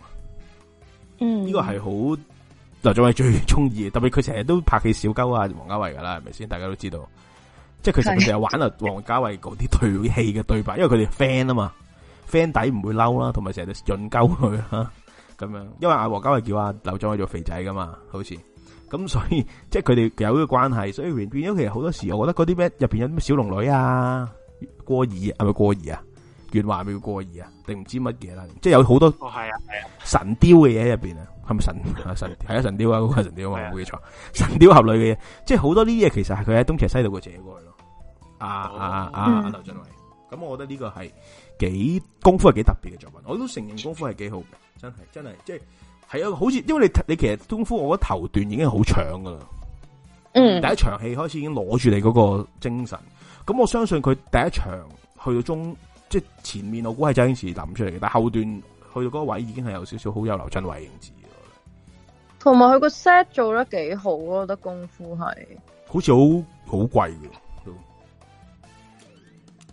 嗯，呢個係好劉鎮偉最中意嘅，特別佢成日都拍戲笑鳩啊，王家衛噶啦，係咪先？大家都知道，即係佢成日玩啊王家衛嗰啲對戲嘅對白，因為佢哋 friend 啊嘛，friend 底唔會嬲啦，同埋成日都潤鳩佢吓咁樣，因為阿王家衛叫阿劉鎮偉做肥仔噶嘛，好似。咁所以即係佢哋有呢個關係，所以完咗。其實好多時，我覺得嗰啲咩入邊有啲咩小龍女啊，過兒係、啊、咪過兒啊？袁華係咪叫過兒啊？定唔知乜嘢啦？即係有好多係啊係啊神鵰嘅嘢喺入邊啊，係咪神神係啊神鵰啊？神鵰啊冇記錯，神鵰俠侶嘅嘢，即係好多呢啲嘢，其實係佢喺東邪西毒嘅借過去咯、啊。啊啊啊！劉俊偉，咁、啊、我覺得呢個係幾功夫係幾特別嘅作品，我都承認功夫係幾好嘅，真係真係即係。係啊，好似因為你你其實功夫，我覺得頭段已經好搶噶啦。嗯，第一場戲開始已經攞住你嗰個精神，咁我相信佢第一場去到中，即係前面我估係周星馳諗出嚟嘅，但係後段去到嗰個位已經係有少少好有劉鎮偉影子。
同埋佢個 set 做得幾好咯，我覺得功夫係，
好似好好貴嘅。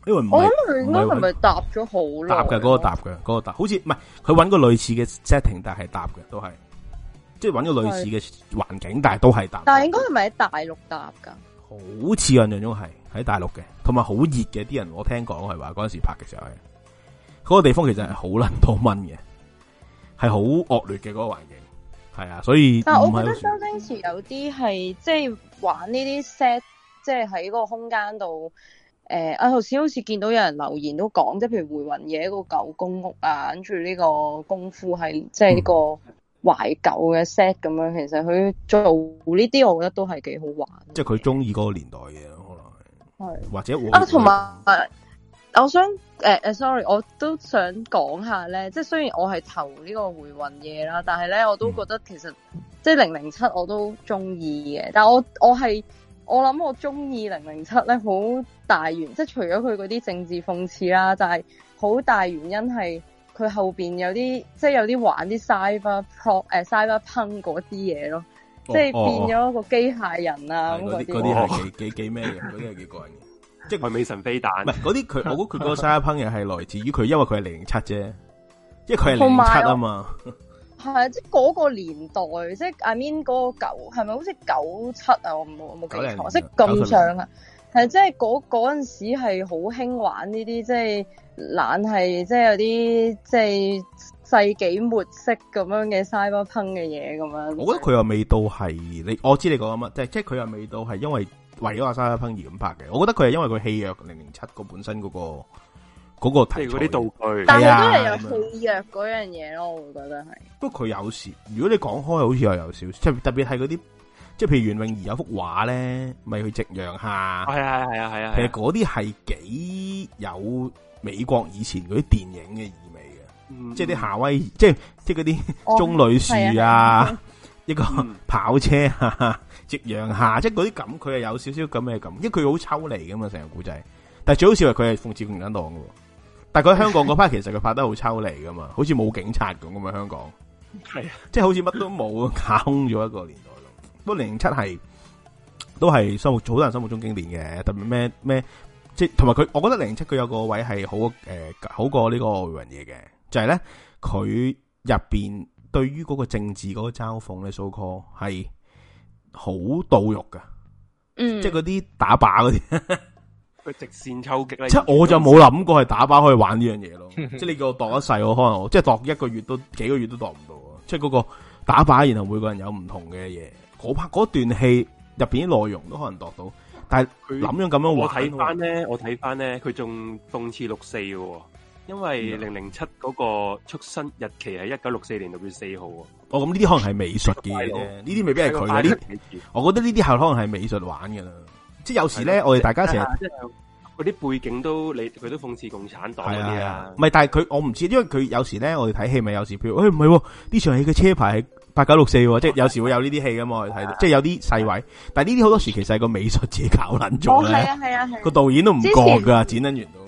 因為唔係唔係我諗佢應該係咪
搭咗好耐搭嘅嗰
個搭嘅嗰個搭，好似唔係佢揾個類似嘅 setting，但係搭嘅，都係即係揾個類似嘅環境，但係都係搭。但係
應該係咪喺大陸搭㗎？好
似印象中係喺大陸嘅，同埋好熱嘅。啲人我聽講係話嗰陣時拍嘅時候係嗰個地方，其實係好撚多蚊嘅，係好惡劣嘅嗰個環境。係啊，所以但係我,我覺得周
星馳有啲係即係玩呢啲 set，即係喺嗰個空間度。誒、呃，阿頭先好似見到有人留言都講，即係譬如回魂夜嗰個舊公屋啊，跟住呢個功夫係即係呢個懷舊嘅 set 咁樣，嗯、其實佢做呢啲，我覺得都係幾好玩。
即係佢中意嗰個年代嘅，可能
係或
者我
啊，同
埋我想誒誒、呃，sorry，我都想講下咧，即係雖然我係投呢個回魂夜啦，但係咧我都覺得其實即係零零七我都中意嘅，但係我我係。我諗我中意零零七咧好大原，即係除咗佢嗰啲政治諷刺啦，就係好大原因係佢後邊有啲即係有啲玩啲 cyber 誒 cyberpunk 嗰啲嘢咯，即係、哦哦、變咗個機械人啊咁嗰啲。嗰啲係幾
幾幾咩人？嗰啲係
幾個
人嘅， 那些是個人 即係美神飛彈。
唔係嗰啲佢，我估佢嗰個 cyberpunk 係來自於佢，因為佢係零零七啫，因為佢係零零七啊嘛。
係，即係嗰個年代，即係阿 Min 嗰個九，係咪好似九七啊？我冇冇記錯，即係咁長啊！係即係嗰嗰陣時係好興玩呢啲，即係懶係即係有啲即係世紀末式咁樣嘅 cyberpunk 嘅嘢咁樣。我覺得
佢又未到係你，我知你講緊乜，即係即係佢又未到係因為為咗阿 cyberpunk 而咁拍嘅。我覺得佢係因為佢戲約零零七個本身嗰個。嗰、那、啲、個就是、道具，但係都係有脆
弱嗰樣嘢咯，我覺得係。
是不過佢有時，如果你講開，好似又有少，少，別特別係嗰啲，即係譬如，如袁詠儀有幅畫咧，咪去夕陽下，係啊係啊係啊係啊。其實嗰啲係幾有美國以前嗰啲電影嘅意味嘅，即係啲夏威夷，即係即係嗰啲棕櫚樹啊，一個跑車啊，夕、嗯、陽下，即係嗰啲咁，佢係有少少咁嘅感，因為佢好抽離噶嘛，成個古仔。但係最好笑係佢係諷刺共產黨噶。但佢香港嗰 part 其實佢拍得好抽離噶嘛好似冇警察咁咁喺香港，
係
啊，即係好似乜都冇，架空咗一個年代咯。不過零零七係都係生活好多人心目中經典嘅，特別咩咩，即係同埋佢，我覺得零零七佢有個位係好誒、呃，好過呢個外 u 嘢嘅，就係咧佢入邊對於嗰個政治嗰個嘲諷咧，蘇科係好到肉噶，嗯、
即係嗰啲
打靶嗰啲。
直線抽擊咧，即係我就冇諗
過係打靶可以玩呢樣嘢咯。 即係你叫我度一世，我可能即係度一個月都幾個月都度唔到。即係嗰個打靶，然後每個人有唔同嘅嘢。拍嗰段戲入邊啲內容都可能度到，但係諗樣咁樣玩。我睇
翻咧，我睇翻咧，佢仲諷刺六四喎。因為零零七嗰個出生日期係一九六四年六月四號
啊。我諗呢啲可能係美術嘅嘢。呢啲未必係佢嘅。呢，我覺得呢啲係可能係美術玩㗎啦。
即有時咧，我哋大家成日，嗰啲、就是、背景都你佢都諷刺共產黨嗰啲啊是。唔係，
但係佢我唔知，因為佢有時咧，我哋睇戲咪有時譬如，哎唔係喎，啲、啊、場戲嘅車牌係八九六四喎，即有時會有呢啲戲嘅嘛，我哋睇，即有啲細位。但係呢啲好多時其實係個美術自己搞撚咗嘅，係啊係啊係啊，個導演都唔過㗎，剪影員都。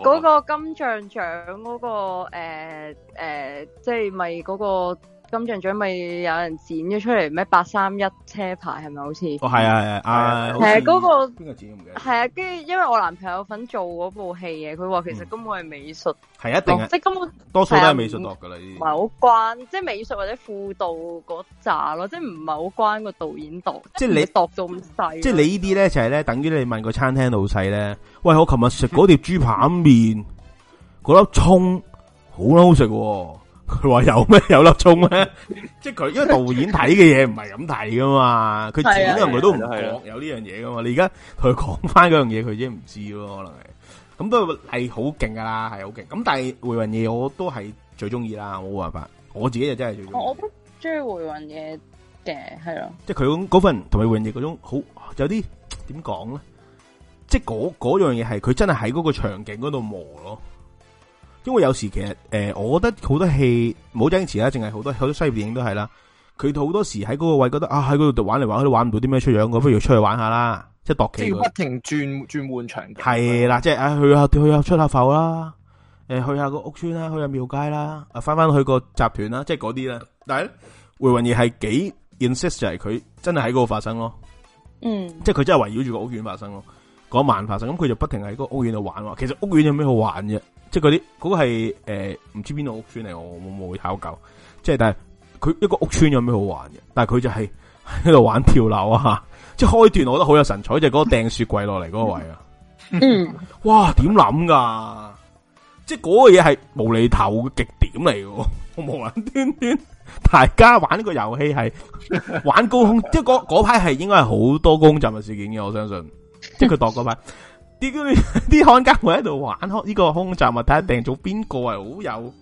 嗰、哦那個金像獎嗰、那個呃，誒、呃，即係咪嗰個？金像獎咪有人剪咗出嚟咩？八三一車牌係咪好似？哦係啊係啊，係啊，係嗰個邊個剪咁嘅？唔記得？係啊，跟、啊、住、啊那個啊、因為我男朋友有份做嗰部戲嘅，佢話其實根本係美術，係、嗯、一
定即係根本多數都係美術度噶啦，唔
係好關，即係美術或者副導嗰扎咯，即係唔係好關個導演度，即係你度到咁細，即係你呢
啲咧就係、是、咧等於你問個餐廳老細咧，喂，我琴日食嗰碟豬扒麵，嗰粒蔥好唔好食？佢話有咩有粒鐘咩？即係佢因為導演睇嘅嘢唔係咁睇噶嘛，佢自己佢都唔講有呢樣嘢噶嘛。你而家佢講翻嗰樣嘢，佢已經唔知咯，可能係咁都係好勁噶啦，係好勁。咁但係回魂夜我都係最中意啦，冇辦法，我自己就真係最中意。我我
都中意回魂夜嘅
係咯，即係佢嗰份同埋回魂夜嗰種好有啲點講咧，即係嗰嗰樣嘢係佢真係喺嗰個場景嗰度磨咯。因為有時其實誒、呃，我覺得好多戲冇張弛啦，淨係好多好多西片影都係啦。佢好多時喺嗰個位覺得啊，喺嗰度度玩嚟玩去都玩唔到啲咩出樣，我不如出去玩下啦，即係度企。不
停轉轉換場景。
係啦，即係啊去下去下出下埠啦，
誒、啊、去下個
屋村啦，去下廟街啦，啊翻翻去個集團啦，即係嗰啲啦。但係《回魂夜》係幾 insist 佢真係喺嗰度發生咯。嗯，即係佢真係圍繞住個屋苑發生咯，嗰晚發生。咁佢就不停喺個屋苑度玩喎。其實屋苑有咩好玩啫？即係嗰啲，嗰個係誒，唔知邊度屋村嚟，我我冇去考究。即係，但係佢一個屋村有咩好玩嘅？但係佢就係喺度玩跳樓啊！吓，即係開段，我覺得好有神采，就係嗰個掟雪櫃落嚟嗰個位啊！嗯，哇，點諗噶？即係嗰個嘢係無厘頭嘅極點嚟嘅，我冇諗端端。大家玩呢個遊戲係玩高空，即係嗰嗰排係應該係好多高空擲物事件嘅，我相信。即係佢度嗰排。啲 啲家奸喺度玩呢個空集物睇下定做邊個係好有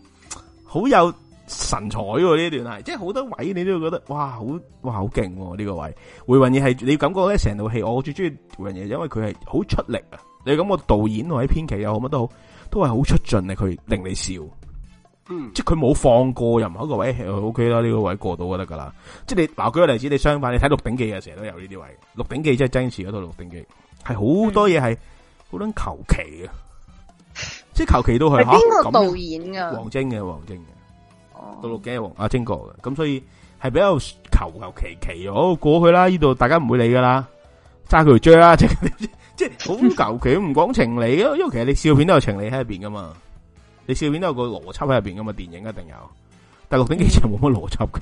好有神采喎？呢段係，即係好多位你都會覺得哇，好哇，好勁啊！呢、這個位，回魂夜係你感覺咧，成套戲我最中意回魂夜，因為佢係好出力啊！你感覺導演或者編劇又好乜都好，都係好出盡力佢令你笑，嗯、即係佢冇放過任何一個位，O、OK、K 啦，呢、這個位過到就得噶啦。即係你嗱，舉個例子，你相反你睇《鹿鼎記》啊，成日都有呢啲位，《鹿鼎記》即係真持嗰套《鹿鼎記》，係好多嘢係。好撚求其啊！即係求其都係吓，咁導演噶王晶嘅王晶嘅，到鹿鼎記係阿晶哥。嘅，咁所以係比較求求其其，好過去啦。呢度大家唔會理噶啦，揸佢追啦，即係即係好求其，唔 講情理咯。因為其實你笑片都有情理喺入邊噶嘛，你笑片都有個邏輯喺入邊噶嘛，電影一定有，但係鹿鼎記場冇乜邏輯嘅，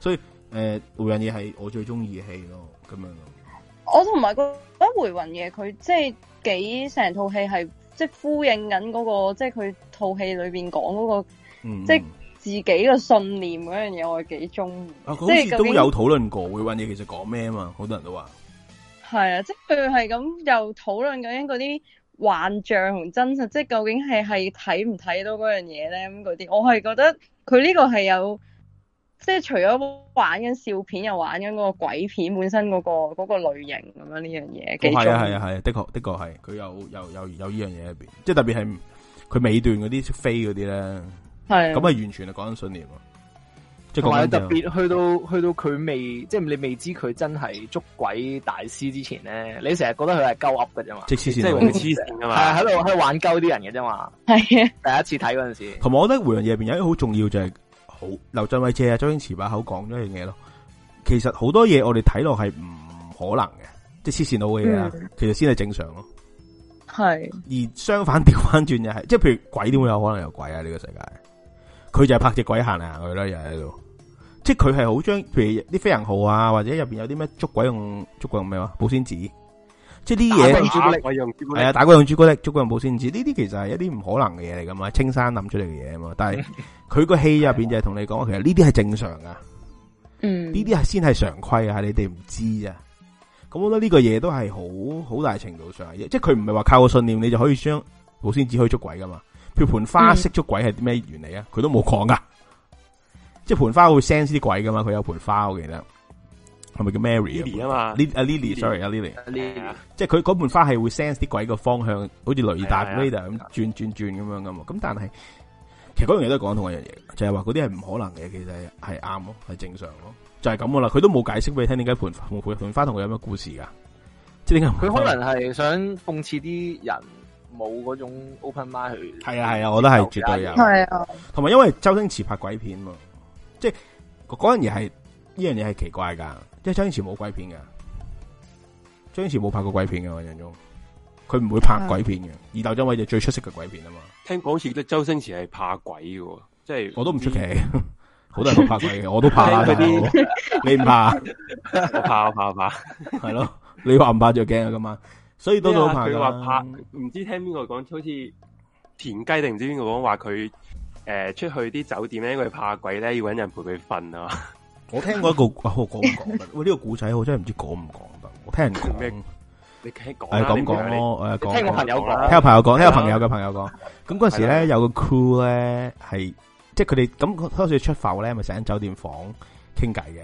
所以誒，嗰樣嘢係我最中意嘅戲咯，咁樣。
我同埋個嗰回魂嘢，佢即係幾成套戲係即係呼應緊嗰、嗰個，即係佢套戲裏邊講嗰個，即、嗯、
係、嗯、
自己嘅信念嗰樣嘢，我係幾中意。啊，佢好似都有
討論過回魂嘢，其實講咩啊嘛，好多人都話
係啊，即係佢係咁又討論緊嗰啲幻象同真實，即係究竟係係睇唔睇到嗰樣嘢咧咁嗰啲，我係覺得佢呢個係有。即係除咗玩緊笑片，又玩緊個個鬼片本身嗰、嗰個嗰、嗰個類型咁樣呢樣嘢。係、哦、啊係啊係啊，
的確的確係，佢有有有有呢樣嘢入邊，即係特別係佢尾段嗰啲飛嗰啲咧，係咁係完全係講緊信念喎。即係講緊同埋特別
去到去到佢未，即係你未知佢真係捉鬼大師之前咧，你成日覺得佢係鳩噏㗎啫嘛，即係黐線，黐線噶嘛，係喺度喺度玩鳩啲人嘅啫嘛。係、啊、第一次睇嗰陣時。
同埋我覺得《回魂夜》入邊有一個好重要就係、是。好，劉鎮偉借啊，周星馳把口講咗一樣嘢咯。其實好多嘢我哋睇落係唔可能嘅，即係痴線佬嘅嘢啊，其實先係正常咯。
係，
而相反調翻轉又係，即係譬如鬼點會有可能有鬼啊？呢個世界，佢就係拍隻鬼行嚟行去啦，又喺度。即係佢係好將譬如啲飛人號啊，或者入邊有啲咩捉鬼用捉鬼用咩話保鮮紙。即係啲嘢，係啊，打鬼用朱古力，捉、啊、鬼用保鮮紙，呢啲其實係一啲唔可能嘅嘢嚟噶嘛，青山諗出嚟嘅嘢嘛。但係佢個戲入邊就係同你講，其實呢啲係正常噶，嗯，
呢啲
係先係常規啊，你哋唔知啊。咁我覺得呢個嘢都係好好大程度上，即係佢唔係話靠個信念，你就可以將保鮮紙可以捉鬼噶嘛。譬如盆花識捉鬼係啲咩原理啊？佢、嗯、都冇講噶，即係盆花會 sense 啲鬼噶嘛？佢有盆花，我記得。係咪叫 Mary 啊嘛？Lily，sorry 阿 Lily，Lily，即係佢嗰盆花係會 sense 啲鬼個方向，好似雷達、雷達咁轉轉轉咁樣咁。咁但係其實嗰樣嘢都係講同一樣嘢，就係話嗰啲係唔可能嘅，其實係啱咯，係正常咯，就係咁噶啦。佢都冇解釋俾你聽點解盆盆花同佢有咩故事噶？即係
點
解佢可能係想諷刺啲人冇嗰種 open mind 去。係啊係啊，我覺得係絕對有。係
啊，同埋因為周星馳拍鬼片，嘛，即係嗰樣嘢係呢樣嘢
係奇怪噶。
即係張賢冇鬼片嘅，張賢冇拍過鬼片嘅，我印象中，佢唔會拍鬼片嘅。而劉鎮偉就最出色嘅鬼片啊嘛。
聽講好似得，周星馳係怕鬼嘅，即、就、係、是、我都唔出奇，好 多人都怕鬼嘅，我都怕啊 但是 你唔怕？我怕我怕我怕，係咯
你怕唔怕就驚啊今晚。所以多數都怕噶。佢話、
啊、怕，唔知聽邊個講，好似田雞定唔知邊個講話佢誒出去啲酒店咧，佢怕鬼咧，要搵人陪佢瞓。啊我
聽過一個，我講唔講？喂，呢個古仔我真係唔知講唔講得。我聽人
講咩？你聽講係講講咯，誒，聽我朋友講，聽我朋友講，聽我朋友嘅朋友講。
咁嗰陣時咧，有個 crew 咧係，即係佢哋咁開始出埠咧，咪成間酒店房傾偈嘅。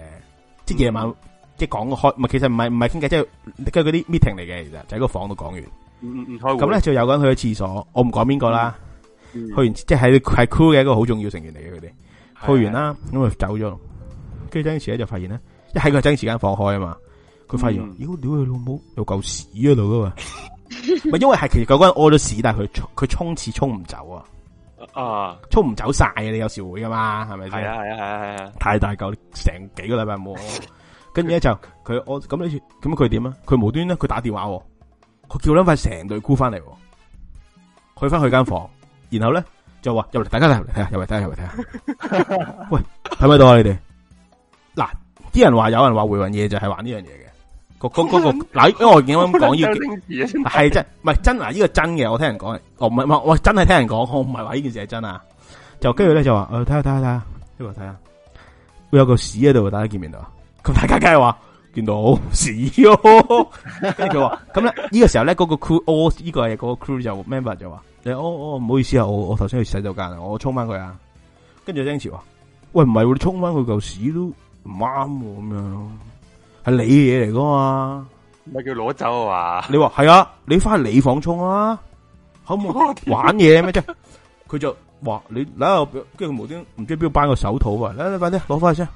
即係夜晚，即係講開，唔係其實唔係唔係傾偈，即係跟嗰啲 meeting 嚟嘅，其實就喺個房度講完。唔唔唔開。咁咧就有個人去咗廁所，我唔講邊個啦。去完即係係 crew 嘅一個好重要成員嚟嘅，佢哋去完啦，咁啊走咗。追真時咧就發現咧，一喺佢追時間房間開啊嘛，佢發現，妖屌佢老母有嚿屎喺度噶嘛， 因為係其實嗰個人屙咗屎，但係佢佢沖廁沖唔走
啊，啊
沖唔走晒啊，你有時會噶嘛，係咪先？係啊係啊係啊係啊，太大嚿成幾個禮拜冇，跟住咧就佢我咁呢，咁佢點啊？佢 無端咧佢打電話，佢叫翻翻成隊姑翻嚟，去翻佢間房，然後咧就話入嚟，大家睇下，入嚟睇下入嚟睇下，看看看看看看 喂，睇唔睇到啊你哋？啲人話，有人話回魂夜就係玩呢樣嘢嘅嗰嗰嗰個嗱，因為我而家咁講呢，係真唔係真嗱？呢個真嘅，我聽人講，我唔係唔我真係聽人講，我唔係話呢件事係真啊。就跟住咧就話，誒、呃，睇下睇下睇下，呢個睇下，會有嚿屎喺度，大家見唔見到啊？咁大家梗係話見到屎咯，哦。跟住佢話咁咧呢個時候咧，嗰個 crew 哦，呢、這個係嗰個 crew 就 member 就話誒，哦哦，唔好意思啊，我我頭先去洗手間啦，我沖翻佢啊。
跟住張潮話
喂，唔係你沖翻佢嚿屎都。唔啱喎，咁樣係你嘢嚟噶嘛？
唔、啊、叫攞走啊？你話
係啊？你翻去你房沖啦，
好冇玩嘢咩啫？佢、啊、就
話你嗱，跟住無端唔知邊度扳個手套啊？嗱，你快啲攞翻去先。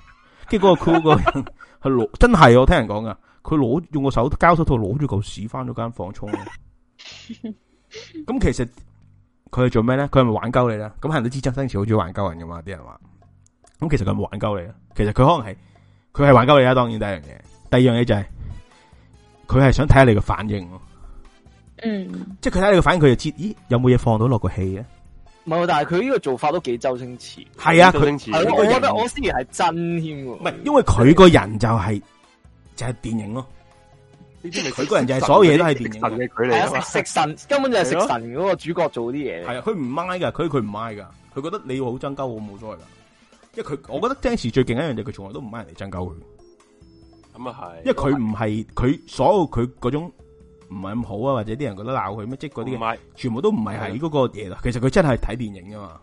跟住嗰個 cool 個人係攞， 真係我聽人講噶，佢攞用個手膠手套攞住嚿屎翻咗間房沖、啊。咁 其實佢係做咩咧？佢係咪玩鳩你咧？咁係人都知周星馳好中意玩鳩人噶嘛？啲人話。咁其實佢係玩鳩你咯，其實佢可能係佢係玩鳩你啦。當然第一樣嘢，第二樣嘢就係佢係想睇下你個反應咯。嗯，
即係佢睇下你個反應，佢就
知，咦，有冇嘢放到落個戲呀？
唔係，但係佢呢個做法都幾周星馳，係啊，周星馳，我覺得我，我思疑係真添，唔係因為佢個人就係、是、就係電影咯。佢個人就係所有嘢都
係電影，食神佢食神，啊，神根本就係食神嗰個主角做啲嘢。係啊，佢唔 mind 噶，佢佢唔 mind 噶，佢覺得你好憎鳩，我冇所謂噶。因為佢，我覺得 James 最勁一樣嘢，佢從來都唔揾人嚟爭救佢。
咁啊係，因為佢唔
係佢所有佢嗰種唔係咁好啊，或者
啲人覺得鬧佢咩？即係嗰啲嘅，同
埋全部都唔係係嗰個嘢啦。其實佢真係睇電影噶嘛。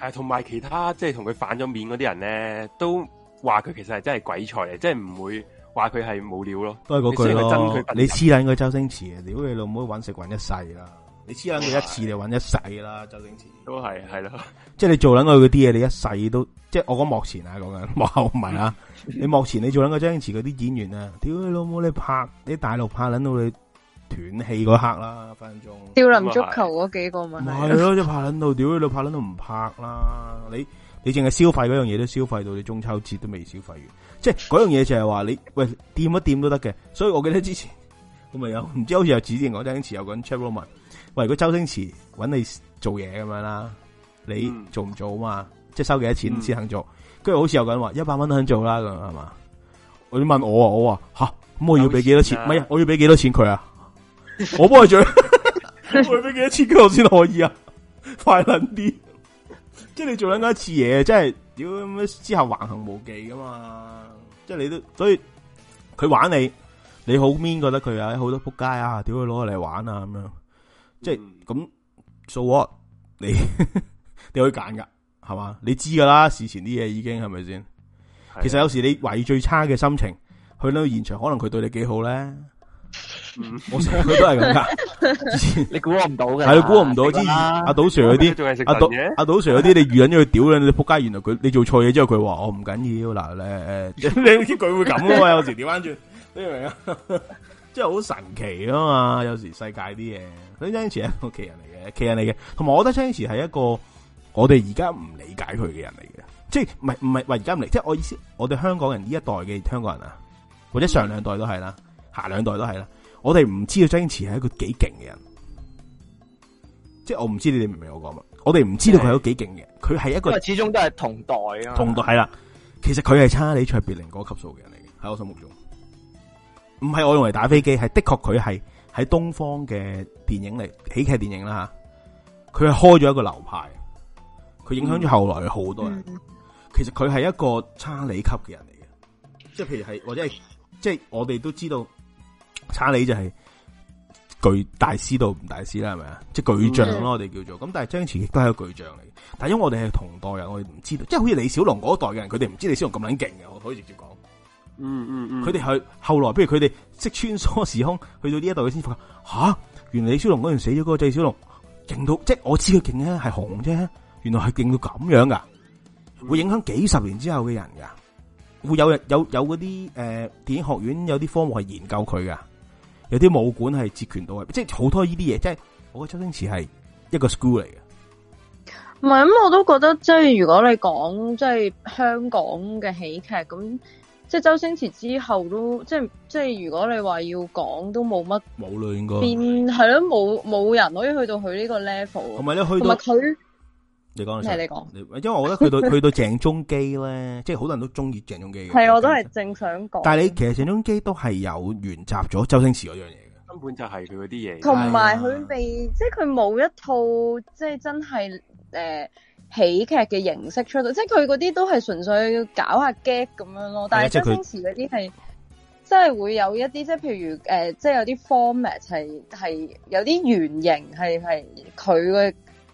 誒，同埋其他即係同佢反咗面嗰啲人咧，都話佢其實係真係鬼才嚟，即係唔會話佢係冇料咯。都係嗰句咯，
你黐捻個周星馳啊，屌你老母，揾食揾一世啦！
你黐捻佢一次就揾一世啦，周星馳都係係
咯，即係你做捻佢嗰啲嘢，你一世都即係我講幕前啊，講緊幕後唔係啦， 你幕前你做捻個周星馳嗰啲演員啊，屌 你老母你拍你大陸拍捻到你斷氣嗰刻啦，分分
鐘，
少林足球
嗰幾個咪係咯，
即 拍捻到屌你拍捻到唔拍啦，你你淨係消費嗰樣嘢都消費到你中秋節都未消費完，即係嗰樣嘢就係話你喂掂一掂都得嘅，所以我記得之前咁咪 有唔知好似有指定講周星馳有講 check 喂，如果周星馳搵你做嘢咁樣啦，你做唔做啊？嘛、嗯，即係收幾多錢先、嗯、肯做。跟住好似有個人話一百蚊都肯做啦，咁係嘛？我要問我我話吓，咁我要俾幾多錢？咪呀，我要俾幾多錢佢啊？ 我幫佢他做，我俾幾多錢我先可以啊？ 快捻點啲點笑，即係你做捻咁一次嘢，即係屌之後橫行無忌噶嘛？即係你都所以佢玩你，你好 mean 覺得佢啊，好多仆街啊，屌佢攞嚟玩啊咁樣。即係咁，so what？你 你可以揀噶，係嘛？你知噶啦，事前啲嘢已經係咪先？其實有時你懷疑最差嘅心情去到現場，可能佢對你幾好咧。嗯、
我成佢都係咁噶。 之前你估我唔到嘅，係 你估我唔到。阿賭 Sir 嗰啲，阿賭阿賭 Sir 嗰啲，你
預緊咗佢屌你， 你仆街。原來佢你做錯嘢之後，佢話我唔緊要。嗱、哦，誒誒，你知佢會咁嘅嘛？呃、 有時調返轉， 回 你明啊白？ 即係好神奇啊嘛！有時世界啲嘢，張英慈係奇人嚟嘅，奇人嚟嘅。同埋，我覺得張英慈係一個我哋而家唔理解佢嘅人嚟嘅，即係唔係唔係話而家唔理解。即係我意思，我哋香港人呢一代嘅香港人啊，或者上兩代都係啦，下兩代都係啦，我哋唔知道張英慈係一個幾勁嘅人。即係我唔知你哋明唔明我講乜？我哋唔知道佢有幾勁嘅，佢係一個始終
都係同代啊，同
代係啦。其實佢係差利卓別靈嗰個級數嘅人嚟
嘅，喺我心目中。
唔係我用嚟打飛機，係的確佢係喺東方嘅電影嚟喜劇電影啦，佢係開咗一個流派，佢影響咗後來好多人。其實佢係一個差利級嘅人嚟嘅，即係譬如係或者係即係我哋都知道差利就係巨大師到唔大師啦，係咪啊？即係巨匠咯，我哋叫做。咁但係張徹亦都係一個巨匠嚟嘅。但係因為我哋係同代人，我哋唔知道。即係好似李小龍嗰一代嘅人，佢哋唔知李小龍咁捻勁嘅，我可以直接講。嗯嗯嗯，佢哋係後來，譬如佢哋識穿梭時空，去到呢一度，佢先發覺吓，原來李小龍嗰陣死咗嗰、那個鄭小龍，勁到即係我知佢勁咧，係紅啫，原來係勁到咁樣噶，會影響幾十年之後嘅人噶，會有有有嗰啲誒電影學院有啲科目係研究佢噶，有啲武館係截拳道，即係好多呢啲嘢，即係我覺得周星馳係一個 school 嚟
嘅。唔係咁，我都覺得即係如果你講即係香港嘅喜劇咁。那即係周星馳之後都，即係即係如果你話要講都冇乜冇
啦，應該變
係咯，冇冇人可以去到佢呢個 level。同埋你去到佢，你
講先，你講，因為我覺
得去到 去到
鄭中基咧，即係好多人都中意鄭中基嘅。係，我
都係正想講。但係你
其實鄭中基都係有沿襲咗周星馳嗰樣嘢嘅。
根本就係佢嗰啲嘢。
同埋
佢未，是啊、即係佢冇一套，即係真係誒。呃喜劇嘅形式出到，即係佢嗰啲都係純粹搞下 gag 咁樣咯。但係周星馳嗰啲係，即係會有一啲，呃，即係譬如，誒，即係有啲 format 係，係有啲原型係係佢嘅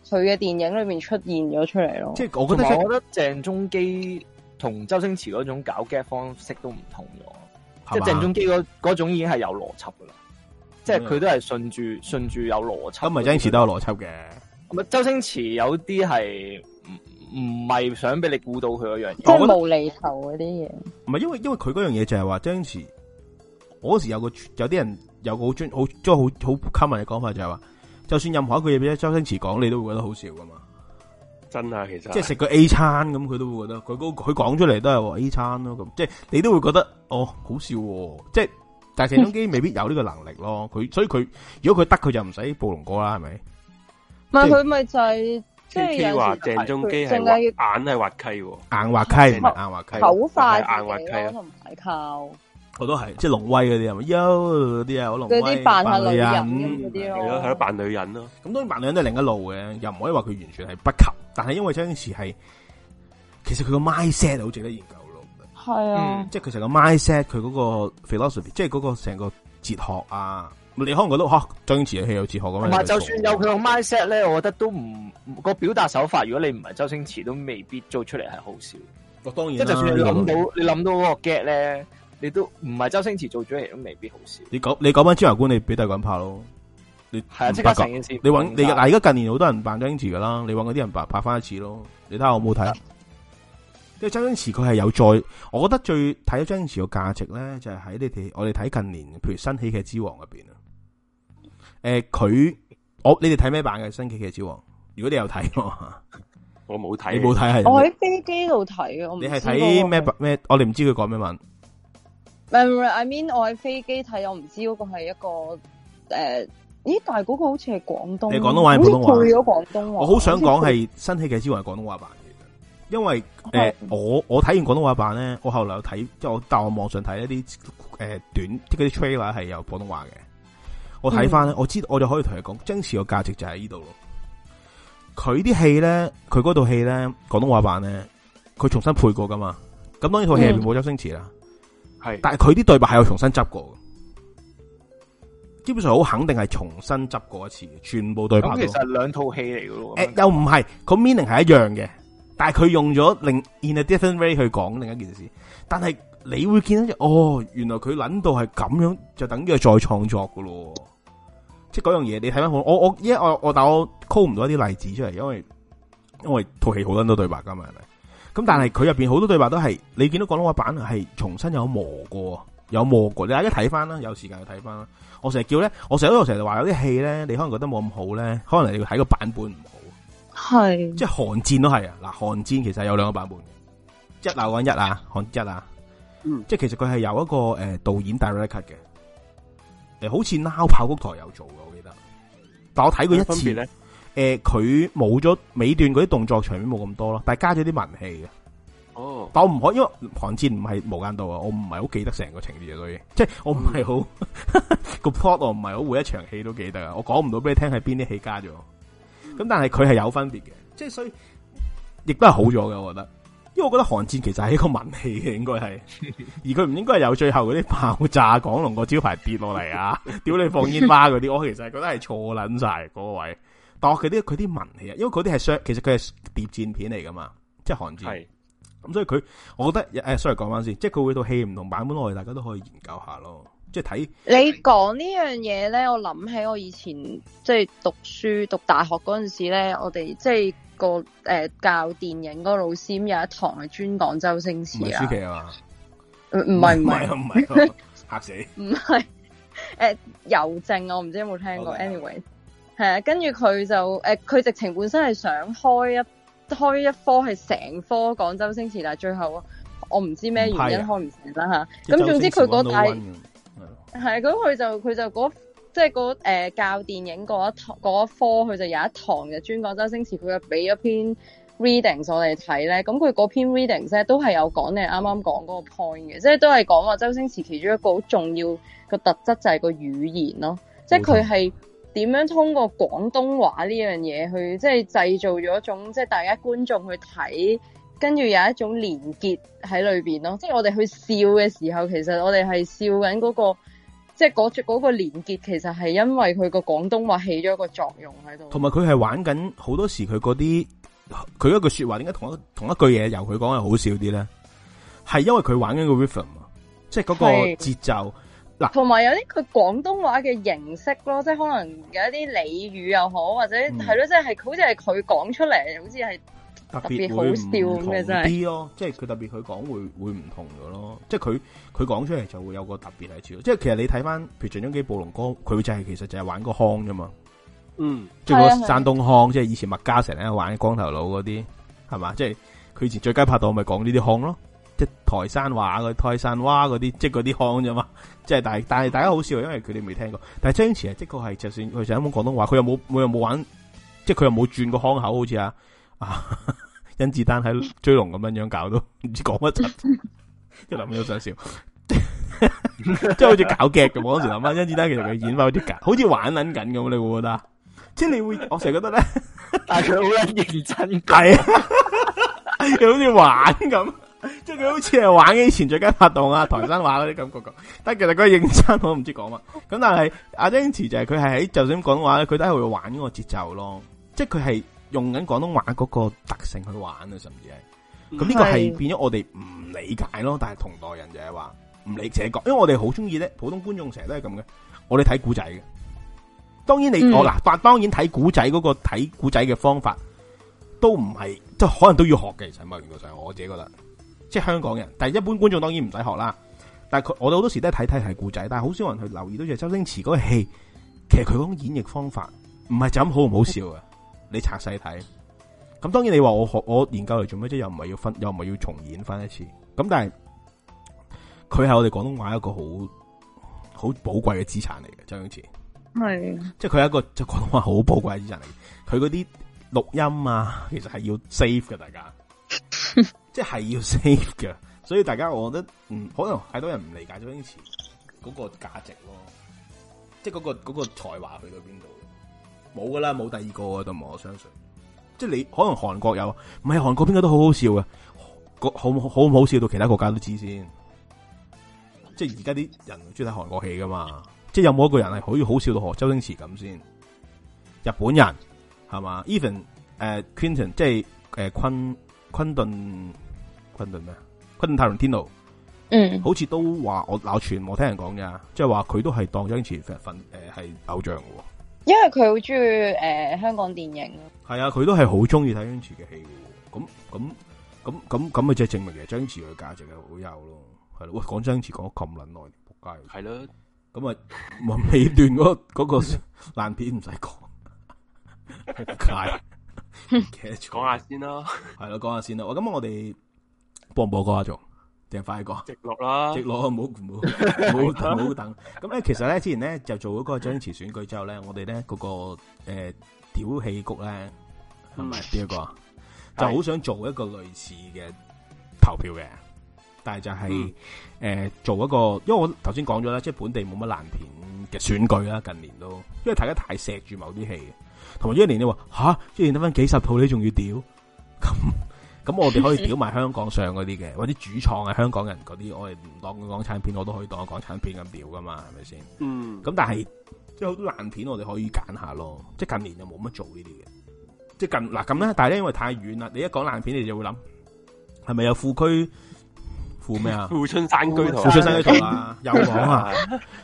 佢嘅電影裏面出現咗出嚟咯。即係我覺得我覺得
鄭中基同周星馳嗰種搞 gag 方式都唔同咗，即係鄭中基嗰種已經係有邏輯噶啦，即係佢都係順住順住有邏輯，嗯。咁啊，周星馳都有
邏輯嘅。
周星馳有啲係唔唔係想俾你估到佢嗰樣嘢，即係
無厘頭嗰啲
嘢。唔係因為因為佢嗰樣嘢就係話，周星馳嗰時有個有啲人有個好專好即係好好吸引嘅講法就係話，就算任何一句嘢俾周星馳講，你都會覺得好笑㗎嘛。
真啊，其實是即係食個
A 餐咁，佢都會覺得佢佢講出嚟都係話 A 餐咯咁，咁即係你都會覺得哦好笑哦，即係但係鄭中基未必有呢個能力咯。佢 所以佢如果佢得佢就唔使暴龍哥啦，係咪？唔係佢
咪就係、是，即係有、就是。鄭中基係
眼係滑稽，硬滑稽定眼滑稽？好快，硬滑稽啊，
同
埋靠。我都係，即係龍威嗰啲啊，有嗰啲啊，可能。嗰啲扮下女人嘅嗰啲咯。係咯，係咯，扮女人咯。咁當然扮女人都、啊、係另一路嘅，又唔可以話佢完全係不及。但係因為周星馳係，其實佢個 mindset 好值得研究咯。係啊，嗯、即係佢成個 mindset，佢嗰個 philosophy，即係嗰個成個哲學啊。你可能覺得吓，周星馳嘅戲有哲學咁。同埋就算
有佢個 mindset 咧，我覺得都唔、個表達手法，如果你唔係周星馳，都未必做出嚟係好笑。我、哦、當然，即就算你諗到你諗到個 get 咧，你，gap，你都唔係周星馳做咗嚟都未必好笑。你
講你講翻《芝麻官》，你俾第二個人拍咯。你係啊，即刻成件事。你嗱，而家近年好多人扮周星馳噶啦，你搵嗰啲人拍拍翻一次咯。你睇下我唔好睇？因為周星馳佢係有再，我覺得最睇咗周星馳個價值咧，就係喺你哋我哋睇近年，譬如新喜劇之王入邊誒、呃，佢我你哋睇咩版嘅新喜劇之王？如果你有睇，我冇睇，冇睇係。我喺
飛機度睇嘅，我你係睇咩
咩？我哋唔知佢講咩文。
唔係 I mean，我喺飛機睇，我唔知嗰個係一個誒、呃，咦？但係嗰個好似係廣東，係、呃、廣東話，普通話。咗廣東話，我好想講係
新喜劇之王係廣東話版嘅，因為誒、呃 okay.，我我睇完廣東話版咧，我後來有睇即係我但我網上睇一啲誒、呃、短啲嗰啲 trailer 係有普通話嘅。我睇翻咧，我知道我就可以同佢講，周星馳個價值就喺呢度咯。佢啲戲咧，佢嗰套戲咧，廣東話版咧，佢重新配過噶嘛？咁當然套戲係冇周星馳啦，
係、嗯。但係佢
啲對白係有重新執過，基本上好肯定係重新執過一次，全部對白。咁其實
兩套戲嚟噶
咯。誒、欸，又唔係，個 meaning 係一樣嘅，但係佢用咗另 in a different way 去講另一件事。但係你會見到哦，原來佢諗到係咁樣，就等於係再創作噶咯。即係嗰樣嘢，你睇翻我我，我，我，我，我，我，我，因為我我但我 call 唔到一啲例子出嚟，因為因為套戲好多人都對白噶嘛，咁但係佢入邊好多對白都係你見到廣東話版係重新有磨過，有磨過，你大家睇翻啦，有時間去睇翻啦。我成日叫咧，我成日都成日話有啲戲咧，你可能覺得冇咁好咧，可能你睇個版本唔好，
係即係寒
戰都係啊，嗱寒戰其實有兩個版本，一嗱嗰一啊寒一啊、嗯，即係其實佢係有一個誒、呃、導演 director's cut 嘅，誒、呃、好似 now 爆谷台有做。但我睇過一次咧，誒，佢冇咗尾段嗰啲動作場面冇咁多咯，但係加咗啲文戲嘅。哦，但係我唔可，因為寒戰唔係無間道啊，我唔係好記得成個情節，所以即係我唔係好個 plot，我唔係好每一場戲都記得啊，我講唔到俾你聽係邊啲戲加咗。咁但係佢係有分別嘅，即係所以亦都係好咗嘅，我覺得。因為我覺得《寒戰》其實係一個文戲嘅，應該係，而佢唔應該係有最後嗰啲爆炸、港龍個招牌跌落嚟啊、屌 你放煙花嗰啲，我其實係覺得係錯撚晒嗰位。但係佢啲佢啲文戲啊，因為佢啲係其實佢係諜戰片嚟噶嘛，即係《寒戰》。係、嗯，咁所以佢，我覺得誒，sorry，講翻先一下，即係佢會套戲唔同版本我哋大家都可以研究一下咯。即係睇
你講呢樣嘢咧，我諗起我以前即係、就是、讀書讀大學嗰陣時咧，我哋即係個誒、呃、教電影嗰個老師有一堂係專講周星馳啊。舒琪啊嘛？唔唔係唔係唔係吓死！唔係誒、郵、呃、政我唔知有冇聽過。Okay. Anyway，係、嗯、啊，跟住佢就誒，佢、呃、直情本身係想開一開一科係成科講周星馳，但係最後我唔知咩原因開唔成得吓。咁、啊啊、總之佢嗰屆。係，咁佢就佢就嗰即係嗰、呃、教電影嗰一堂嗰一科，佢就有一堂就專講周星馳。佢就俾咗篇 reading 我哋睇咧。咁佢嗰篇 reading 咧都係有講你啱啱講嗰個 point 嘅，即係都係講話周星馳其中一個好重要個特質就係個語言咯，即係佢係點樣通過廣東話呢樣嘢去即係製造咗一種即係大家觀眾去睇，跟住有一種連結喺裏面咯。即係我哋去笑嘅時候，其實我哋係笑緊嗰、嗰個。即係嗰隻嗰個連結，其實係因為佢個廣東話起咗一個作用喺度。
同埋佢係玩緊好多時佢嗰啲，佢嗰啲佢一句説話點解同一同一句嘢由佢講係好笑啲咧？係因為佢玩緊個 rhythm 啊，即係嗰個節奏
嗱。同埋有啲佢廣東話嘅形式咯，即係可能有一啲俚語又好，或者係咯，嗯、即係好似係佢講出嚟，好似係。特別會唔
同啲咯，即係佢特別佢講會會唔同嘅咯，即係佢佢講出嚟就會有個特別係處，即係其實你睇翻譬如鄭中基暴龍哥，佢就係、是、其實就係玩個腔啫嘛，嗯，
即係個山東
腔，即係以前麥嘉成日玩光頭佬嗰啲，係嘛，即係佢以前最佳拍檔咪講呢啲腔咯，即係台山話嘅台山話嗰啲，即係嗰啲腔啫嘛，即係但係但係大家好笑，因為佢哋未聽過，但係周星馳係的確係就算佢就咁講廣東話，佢又冇佢又冇玩，即係佢又冇轉個腔口，好似啊。啊！甄子丹喺追龍咁樣樣搞都唔知講乜，即一諗起都想笑，即係好似搞劇咁。我當時諗翻甄子丹其實佢演翻嗰啲架，好似玩撚緊咁。你會唔會覺得？即係你會，我成日覺得咧，但係佢好認真計，佢 是、啊、 好似玩咁，即係佢好似係玩以前《最佳拍檔》啊、台啊《台山話》嗰啲感覺咁、啊。但係其實佢認真，我唔知講乜。咁但係阿張馳就係佢係喺就算講話咧，佢都係會玩嗰個節奏咯，即係佢係。用緊廣東話嗰個特性去玩啊，甚至係咁，呢個係變咗我哋唔理解咯。但係同代人就係話唔理，成日講，因為我哋好中意咧。普通觀眾成日都係咁嘅，我哋睇古仔嘅。當然你我嗱、嗯哦，當然睇古仔嗰個睇古仔嘅方法，都唔係即係可能都要學嘅。其實原則上，就我自己覺得，即係香港人。但係一般觀眾當然唔使學啦。但係我哋好多時都係睇睇睇古仔，但係好少人去留意到，就係周星馳嗰個戲，其實佢嗰種演繹方法唔係就咁好唔好笑啊。你拆細睇，咁當然你話我學我研究嚟做咩啫？又唔係要分，又唔係要重演翻一次。咁但係佢係我哋廣東話一個好好寶貴嘅資產嚟嘅，張英
慈係，
即係佢係一個即係廣東話好寶貴嘅資產嚟。佢嗰啲錄音啊，其實係要 save 嘅，大家， 即係要 save 嘅。所以大家我覺得，唔、嗯、可能太多人唔理解張英慈嗰個價值咯，即係嗰個嗰、嗰個才華去到邊度？冇噶啦，冇第二個，我唔我相信。即係你可能韓國有，唔係韓國邊個都好好笑嘅，好好唔好笑到其他國家都知先。即係而家啲人鍾意睇韓國戲噶嘛，即係有冇一個人係可以好笑到學周星馳咁先？日本人係嘛？Even 誒、uh, Quentin 即係誒昆昆頓昆頓咩啊？昆頓泰倫天奴，嗯，好似都話我流傳，我聽人講咋，即係話佢都係當周星馳粉誒係偶像嘅。
因為佢好中意，誒香港電影
咯，係啊，佢都係好中意睇張徹嘅戲嘅，咁咁咁咁咁咁咪即係證明其實張徹嘅價值係好有咯，係咯，喂，講張徹講咗咁捻耐仆街，係咯，咁啊，未斷嗰嗰個爛片唔使講，仆街，講下先啦，係咯，講下先啦，我咁我哋播唔播歌下做？定快過，直落啦！直落啊！唔好唔好唔好等。咁咧，其實咧，之前咧就做嗰個張氏選舉之後咧，我哋咧嗰個誒屌戲局咧係咪？邊、呃、一個？就好想做一個類似嘅投票嘅，但係就係、是、誒、嗯呃、做一個，因為我頭先講咗啦，即係本地冇乜爛片嘅選舉啦、啊，近年都因為大家太錫住某啲戲，同埋呢一年你話吓，一年得翻幾十套你還，你仲要屌
咁？咁我哋可以屌埋
香港上嗰啲嘅，或者主創係香港人嗰啲，我哋唔當佢港產片，我都可以當港產片咁屌噶嘛，係咪先？嗯。咁但係即係好多爛片，我哋可以揀下咯。即係近年又冇乜做呢啲嘅，即係近嗱咁咧。但係咧，因為太遠啦。你一講爛片，你就會諗係咪有富區富咩啊？富春山居圖，富春山居圖啦，有講啊，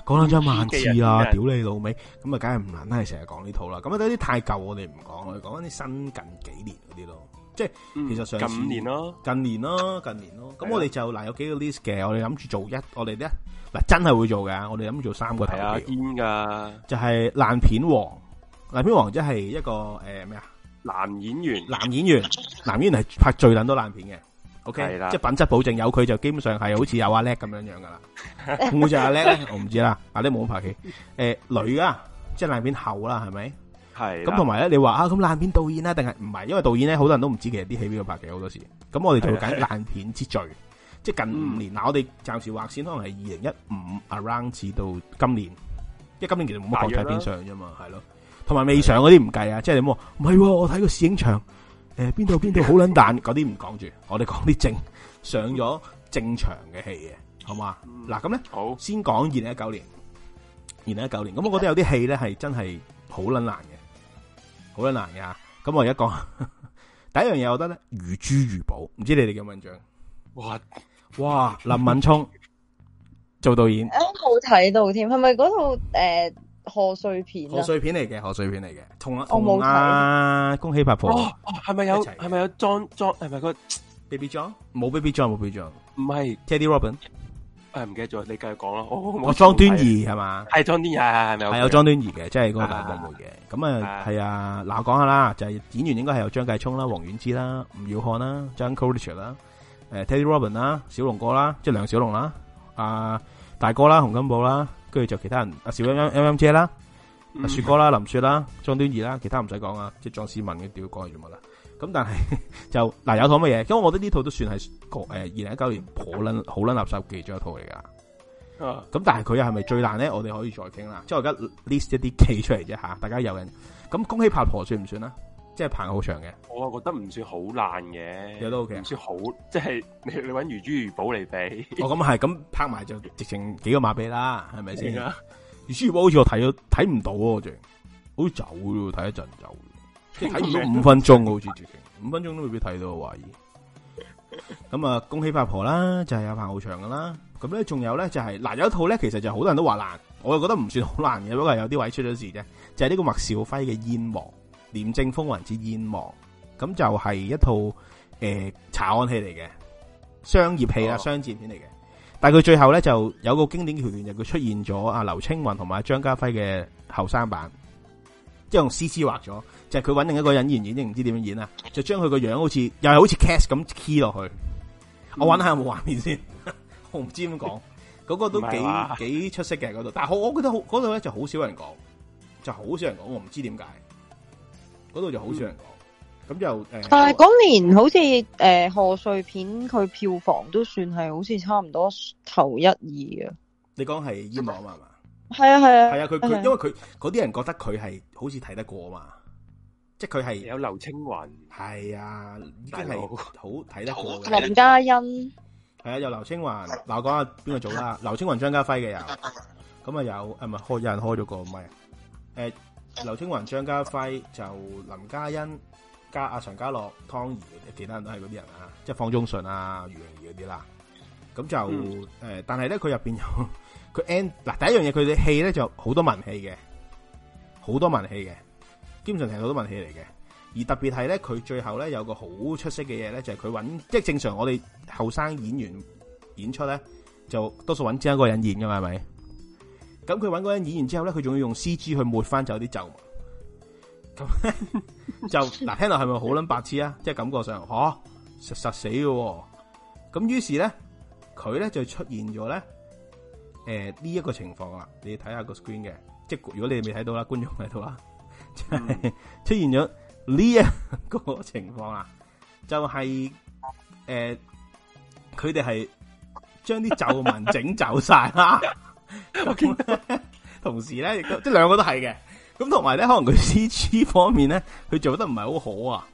講咗一萬次啦，屌你老味，咁啊，梗係唔難啦，成日講呢套啦。咁啊，啲太舊，我哋唔講啦，我哋講緊啲新近幾年嗰啲咯。即係其實上年近年咯，近年咯，近年咯。咁我哋就嗱有幾個 list 嘅，我哋諗住做一，我哋咧嗱真係會做嘅。我哋諗住做三個頭條。係啊，堅噶。就係爛片王，爛片王即係一個誒咩啊？男演員，男演員，男演員係拍最捻多爛片嘅。OK，即係品質保證有佢就基本上係好似有阿叻咁樣樣噶啦。會唔會就阿叻咧？我唔知啦。阿叻冇拍戲。誒，女啊，即係爛片后啦，係咪？
係咁，同埋
咧，你話啊，咁爛片導演啊，定係唔係？因為導演咧，好多人都唔知其實啲戲邊度拍嘅好多時。咁我哋就揀爛片之最，即係近五年。嗱、嗯，我哋暫時劃線，可能係二零一五 around 至到今年，因為今年其實冇乜邊上啫嘛，係咯。同埋未上嗰啲唔計啊，即係你冇唔係？我睇個試映場，誒邊度邊度好卵蛋，嗰啲唔講住，我哋講啲正上咗正常嘅戲嘅，好唔好啊？嗱，咁咧，好先講二零一九年，二零一九年，咁我覺得有啲戲咧係真係好卵難嘅。好難嘅咁我而家講第一樣嘢，我覺得咧如珠如寶，唔知你哋嘅印象，哇哇 林敏聰做導演，
我冇睇到添，係咪嗰套誒賀歲片，啊？賀
歲片嚟嘅，賀歲片嚟嘅，同阿、啊、我冇睇，啊，恭喜八婆！
哦，係咪有係咪有 John John 係咪個 Baby John？
冇 Baby John 冇 Baby John，
唔係 Teddy Robin。唔記得咗，你繼續講咯。我莊端儀係嘛？係莊端儀，係係係咪？係有莊端儀嘅、啊，即係嗰個大妹妹嘅。
咁啊，係啊，嗱、啊，講、啊、下啦，就係、是、演員應該係有張繼聰啦、王菀之啦、吳耀漢啦、張 Coach 啦、誒 Teddy Robin 啦、小龍哥啦，即係梁小龍啦、啊、大哥啦、洪金寶啦，跟住就其他人阿小 M M M 姐啦、雪哥啦、林雪啦、莊端儀啦，其他唔使講啊，即係壯士們嘅屌，講完就冇啦。咁但係就嗱、啊、有套乜嘢？因為我覺得呢套都算係誒二零一九年婆撚好撚垃圾記咗一套嚟噶。啊！咁但係佢又係咪最爛咧？我哋可以再傾啦。即係我而家 list 一啲 case 出嚟啫吓，大家有人咁恭喜拍婆算唔算啦？即係拍好長嘅，
我覺得唔算好爛嘅，都 OK。唔算好，即係你你搵如珠如寶嚟畀，我咁係咁拍埋就直情
幾個馬比啦，係咪先？如珠如寶好似我睇咗睇唔到、啊，好似走咗，睇一陣走。睇唔到五分鐘，好似五分鐘都未必睇到，懷疑。咁啊，恭喜八婆啦，就係、是、阿彭浩翔噶啦。咁咧仲有咧就係、是、嗱，有一套咧，其實就好多人都話爛，我又覺得唔算好爛嘅，不過有啲位出咗事啫。就係、是、呢個麥兆輝嘅《燕王廉政風雲之燕王》，咁就係一套誒查案戲嚟嘅，商業戲啊、哦，商戰片嚟嘅。但係佢最後咧就有個經典橋段就佢、是、出現咗阿劉青雲同埋張家輝嘅後生版，即係用 C C 畫咗。就係佢搵另一個人演，演亦唔知點樣演啊！就將佢個樣好似又係好似 cast 咁 key 落去。嗯、我搵下有冇畫面先， 我唔知點講。嗰 個都幾幾出色嘅嗰度，但係我我覺得嗰度咧就好少人講，就好少人講。我唔知點解嗰度就好少人講。咁、嗯、就，誒、呃，但係
嗰年好似誒賀歲片，佢票房都算係好似差唔多頭一二音樂
啊！你講係《燕王》啊嘛？
係啊係啊係啊！佢佢、啊啊、因
為佢嗰啲人覺得佢係好似睇得過嘛。即係佢係有劉青雲，係啊，已經係好睇得過嘅。林嘉欣係啊，有劉青雲。嗱，我講下邊個組啦。劉青雲、張家輝嘅有，咁啊有，誒唔係開，有人開咗個咪。誒，劉青雲、張家輝就林嘉欣加阿陳家樂、湯怡，其他人都係嗰啲人啊，即係方中信啊、余文儀嗰啲啦。咁就誒，但係咧佢入邊有佢 end 嗱，第一樣嘢佢哋戲咧就好多文戲嘅，好多文戲嘅。經常成套都問題嚟嘅，而特別係咧，佢最後咧有個好出色嘅嘢咧，就係佢揾即係正常，我哋後生演員演出咧就多數揾只一個人演噶嘛，係咪？咁佢揾嗰人演完之後咧，佢仲要用 C G 去抹翻走啲皺，咁就嗱， 聽落係咪好卵白痴啊？即 係感覺上吓、哦、實實死嘅、哦。咁於是咧，佢咧就出現咗咧誒呢一、呃這個情況啦。你睇下個 screen 嘅，即係如果你未睇到啦，觀眾喺度啦。嗯、出現咗呢一個情況啊，就係、是、誒，佢哋係將啲皺紋整走晒啦。 這樣 同時咧，亦都即係兩個都係嘅。咁同埋咧，可能佢 C G 方面咧，佢做得唔係好好啊。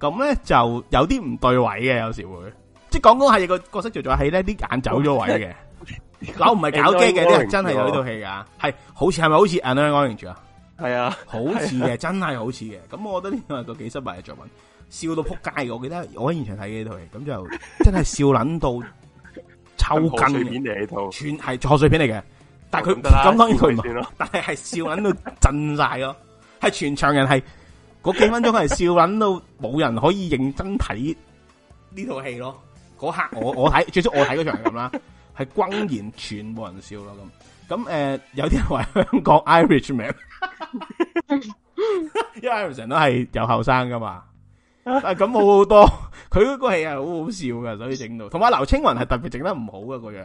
咁咧就有啲唔對位嘅，有時候會即係講講下，個角色做咗起呢啲眼走咗位嘅。 不是搞唔係搞基嘅，啲 人真係有呢套戲噶，係 好似係咪好似《安娜公啊？係啊，好似嘅，啊，真係好似嘅。咁我覺得呢套係個幾失敗嘅作品，笑到撲街。我記得我喺現場睇呢套戲，咁就真係笑捻到抽筋。賀歲片嚟呢套，全係賀歲片嚟嘅。
但係佢咁，當然佢唔得。
但係係笑捻到震晒咯，係全場人係嗰幾分鐘係笑捻到冇人可以認真睇呢套戲咯。嗰刻我我睇，最初我睇嗰場咁啦，係轟然全部人笑咯咁。咁誒，有啲人話香港 Irishman，因為 Irish 人都係有後生噶嘛。但係，咁好多佢嗰個戲係好好笑噶，所以整到。同埋劉青雲係特別整得唔好嘅個樣，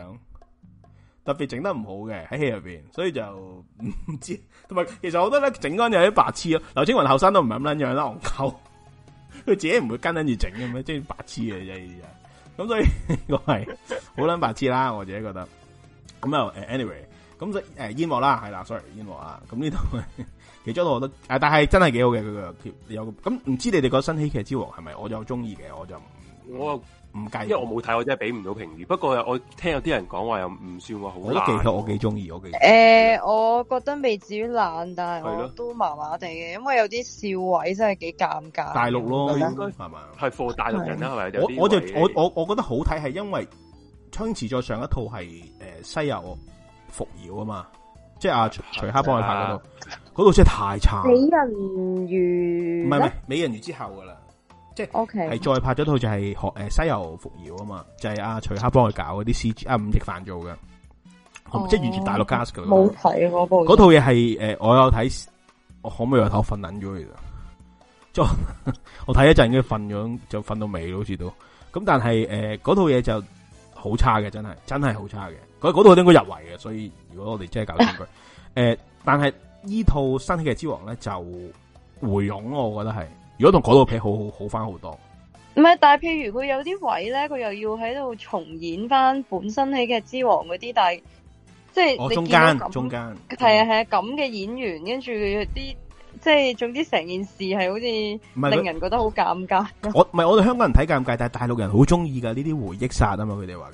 特別整得唔好嘅喺戲入邊，所以就唔知。同埋其實我覺得咧，整乾淨有啲白痴咯。劉青雲後生都唔係咁捻樣啦，戇鳩佢自己唔會跟跟住整嘅咩，即係白痴嘅啫。咁所以我係好捻白痴啦，我自己覺得。咁啊，anyway。咁所以誒，煙幕啦，係啦，sorry，煙幕啊，咁呢套，其中我覺得、啊，但係真係幾好嘅佢個，有咁唔、嗯、知你哋個新喜劇之王係咪我又中意嘅？我就
我唔介，因為我冇睇，我真係俾唔到評語。不過我聽有啲人講話又唔算話好其爛，我幾中意，我幾
誒、欸，我覺得未至於爛，但係都麻麻地嘅，因為有啲笑位真係幾尷尬。大陸咯，應該麻麻，
係課大陸人啦，係咪？我我就我我我覺得好睇係因為張智在上一套係誒、呃、西遊伏妖啊嘛，即係、啊、阿徐克幫佢拍嗰套，嗰、啊、套真係太差。美
人魚咧，唔係唔係，
美人魚之後噶啦，
即係係、okay.
再拍咗套就係、是《學、呃、誒西遊伏妖》啊嘛，就係、是、阿、啊、徐克幫佢搞嗰啲 CG，阿吳亦凡做嘅、啊，即係完全大陸 cast 冇睇嗰部，
嗰套嘢
係誒，我有睇，我可唔可以有頭瞓撚咗佢？噶？ 就我睇一陣已經瞓咗，就瞓到尾，好似都咁。但係誒，嗰、呃、套嘢就好差嘅，真係真係好差嘅。佢嗰度都應該入圍嘅，所以如果我哋即係搞兩句，誒、啊呃，但係呢套《新喜劇之王》咧就回勇咯，我覺得係，如果同嗰套片好好好翻，好多。
唔係，但係譬如佢有啲位咧，佢又要喺度重演翻《本身喜劇之王》嗰啲，但係即係中間，中間係啊係啊咁嘅演員，跟住啲即係總之成件事係好似令人覺得好尷尬唔 我唔。我
唔係我哋香港人睇尷尬，但係大陸人好中意噶呢啲回憶殺啊嘛，佢哋話。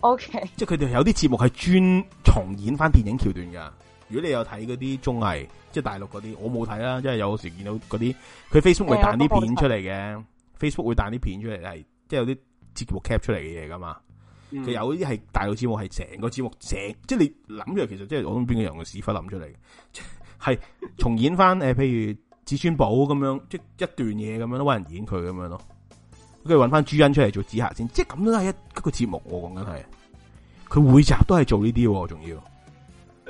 O、okay, K，即係佢哋有啲節目係專重演翻電影橋段噶。如果你有睇嗰啲綜藝，即係大陸嗰啲，我冇睇啦。即係有時見到嗰啲，佢 Facebook 會彈啲片出嚟嘅、嗯那個。Facebook 會彈啲片出嚟係，即係有啲節目 cap 出嚟嘅嘢噶嘛。
佢、嗯、有
啲係大陸節目係成個節目成，即係你諗住其實即係我諗邊個人嘅屎忽諗出嚟，嘅，係重演翻誒、呃，譬如《至尊寶》咁樣，即一段嘢咁樣都揾人演佢咁樣咯。佢揾翻朱茵出嚟做紫霞先，即係咁都係一,一個節目。我講緊係，佢每集都係做呢啲、哦，仲要